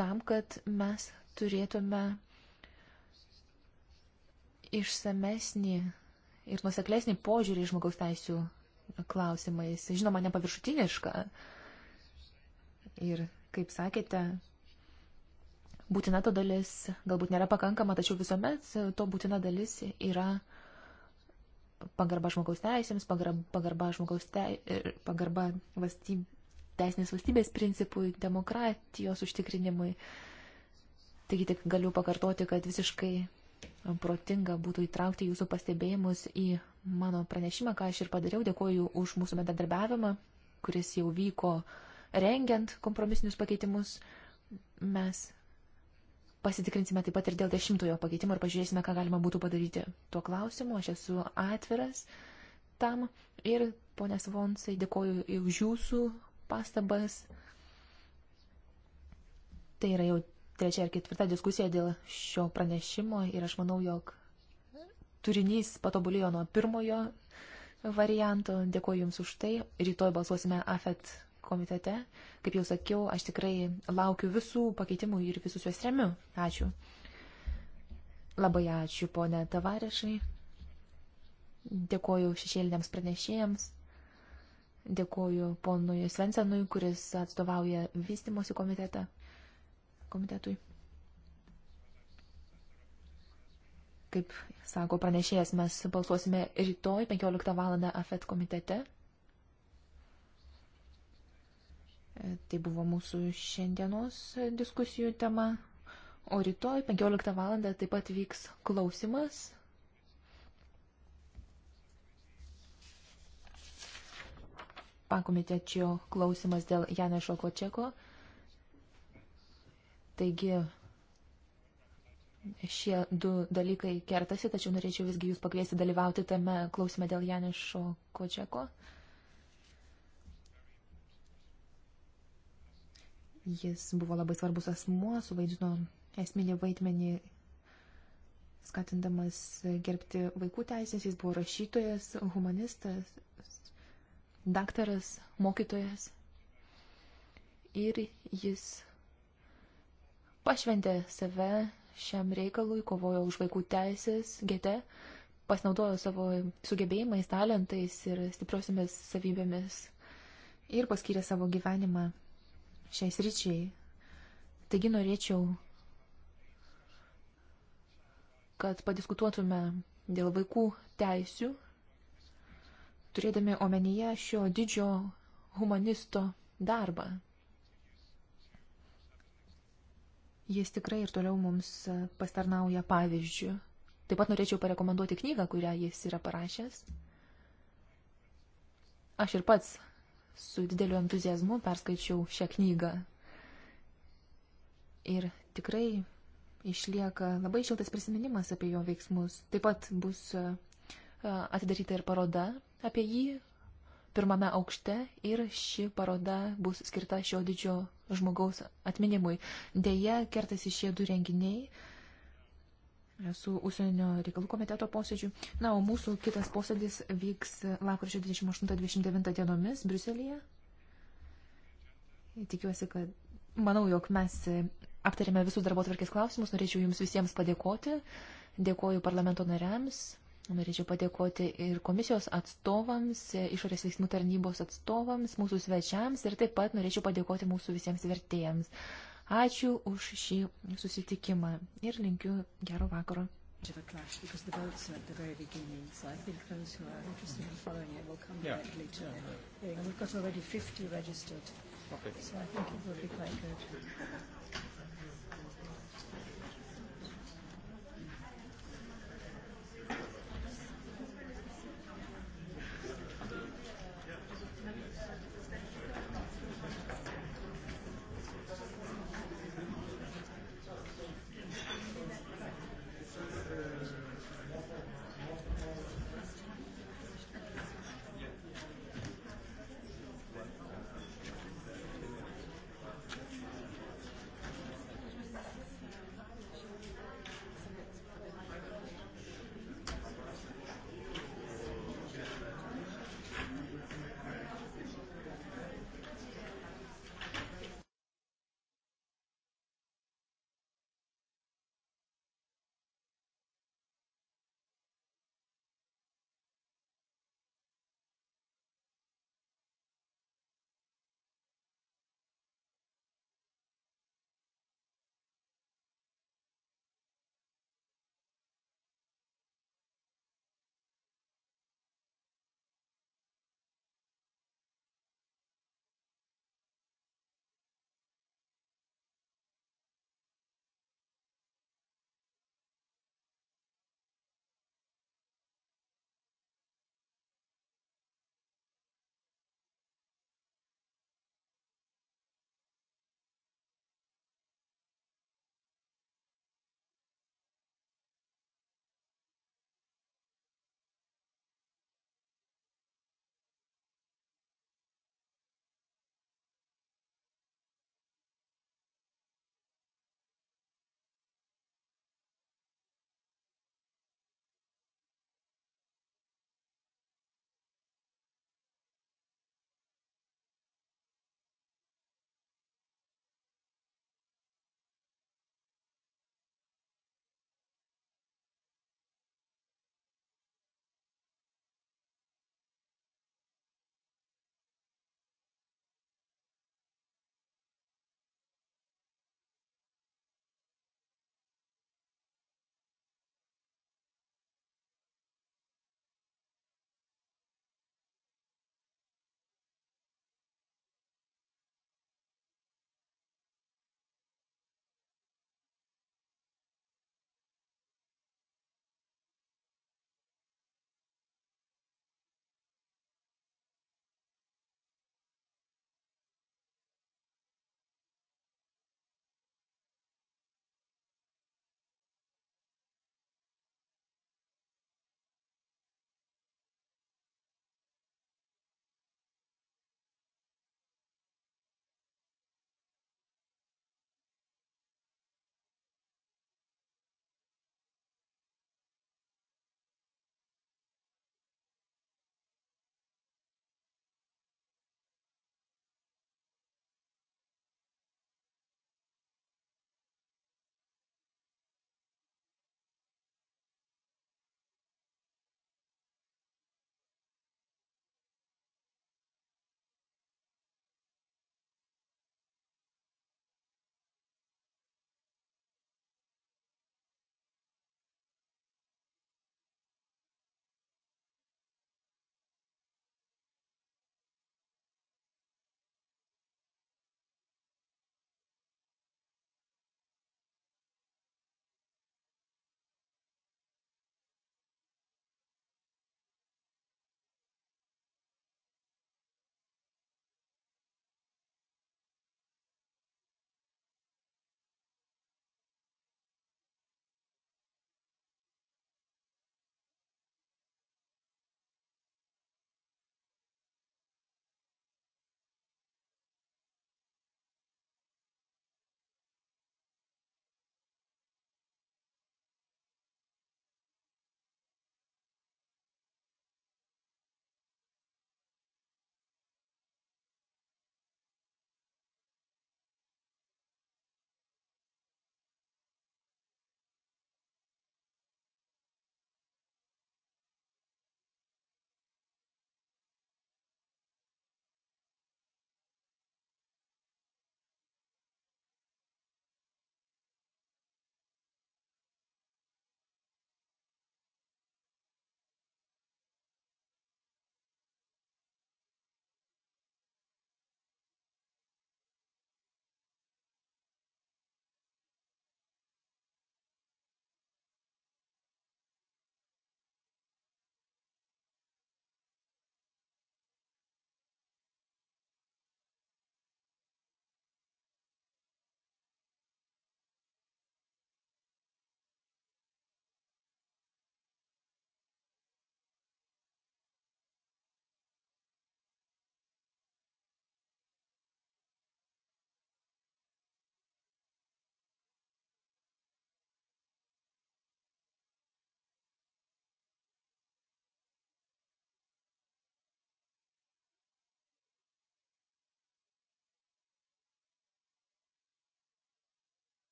tam, kad mes turėtume išsamesnį ir nuseklesnį požiūrį žmogaus teisų klausimais. Žinoma, nepaviršutiniška. Ir, kaip sakėte, būtina to dalis galbūt nėra pakankama, tačiau visuomet e, to būtina dalis yra pagarba žmogaus teisėms, pagarba, pagarba žmogaus te, e, pagarba valstyb, teisinės valstybės principui, demokratijos užtikrinimui. Taigi tik galiu pakartoti, kad visiškai protinga būtų įtraukti jūsų pastebėjimus į mano pranešimą, ką aš ir padariau. Dėkuoju už mūsų bendradarbiavimą, kuris jau vyko rengiant kompromisinius pakeitimus. Mes Pasitikrinsime taip pat ir dėl dešimtojo pakeitimo ir pažiūrėsime, ką galima būtų padaryti tuo klausimu. Aš esu atviras tam ir, ponės Vonsai, dėkoju už jūsų pastabas. Tai yra jau trečia ar ketvirta diskusija dėl šio pranešimo ir aš manau, jog turinys patobulėjo nuo pirmojo varianto. Dėkoju Jums už tai. Rytoj balsuosime AFET komitete. Kaip jau sakiau, aš tikrai laukiu visų pakeitimų ir visus juos remiu. Ačiū. Labai ačiū, ponė Tavarešai. Dėkoju šešėliniams pranešėjams. Dėkoju ponui Svensenui, kuris atstovauja vystimosi komitetą. Komitetui. Kaip sako pranešėjas, mes balsuosime rytoj 15 val. AFET komitete. E, tai buvo mūsų šiandienos diskusijų tema. O rytoj 15 val. taip pat vyks klausimas. Pakomitečio klausimas dėl Janešo Kočeko. Taigi šie du dalykai kertasi, tačiau norėčiau visgi jūs pakviesti dalyvauti tame klausime dėl Janešo Kočeko. Jis buvo labai svarbus asmuo, suvaidino esminį vaidmenį skatindamas gerbti vaikų teisės. Jis buvo rašytojas, humanistas, daktaras, mokytojas. Ir jis pašventė save šiam reikalui, kovojo už vaikų teisės gete, pasinaudojo savo sugebėjimais, talentais ir stipriosiamis savybėmis ir paskyrė savo gyvenimą šiais ryčiai. Taigi norėčiau, kad padiskutuotume dėl vaikų teisių, turėdami omenyje šio didžio humanisto darbą. Jis tikrai ir toliau mums pastarnauja pavyzdžių. Taip pat norėčiau parekomenduoti knygą, kurią jis yra parašęs. Aš ir pats su dideliu entuzijazmu perskaičiau šią knygą. Ir tikrai išlieka labai šiltas prisiminimas apie jo veiksmus. Taip pat bus e, atidaryta ir paroda apie jį pirmame aukšte ir ši paroda bus skirta šio didžio žmogaus atminimui. Deja, kertasi šie du renginiai su užsienio reikalų komiteto posėdžiu. Na, o mūsų kitas posėdis vyks lakryčio 28-29 dienomis Briuselėje. Tikiuosi, kad manau, jog mes aptarėme visus darbo tvarkės klausimus. Norėčiau Jums visiems padėkoti. Dėkoju parlamento nariams. Norėčiau padėkoti ir komisijos atstovams, išorės veiksmų tarnybos atstovams, mūsų svečiams ir taip pat norėčiau padėkoti mūsų visiems vertėjams. Ačiū už šį susitikimą ir linkiu gero vakaro. Of a clash because the votes are at the very beginning, so I think those who are interested in following it will come yeah. back later. Yeah. We've got already 50 registered, okay. so I think it will be quite good.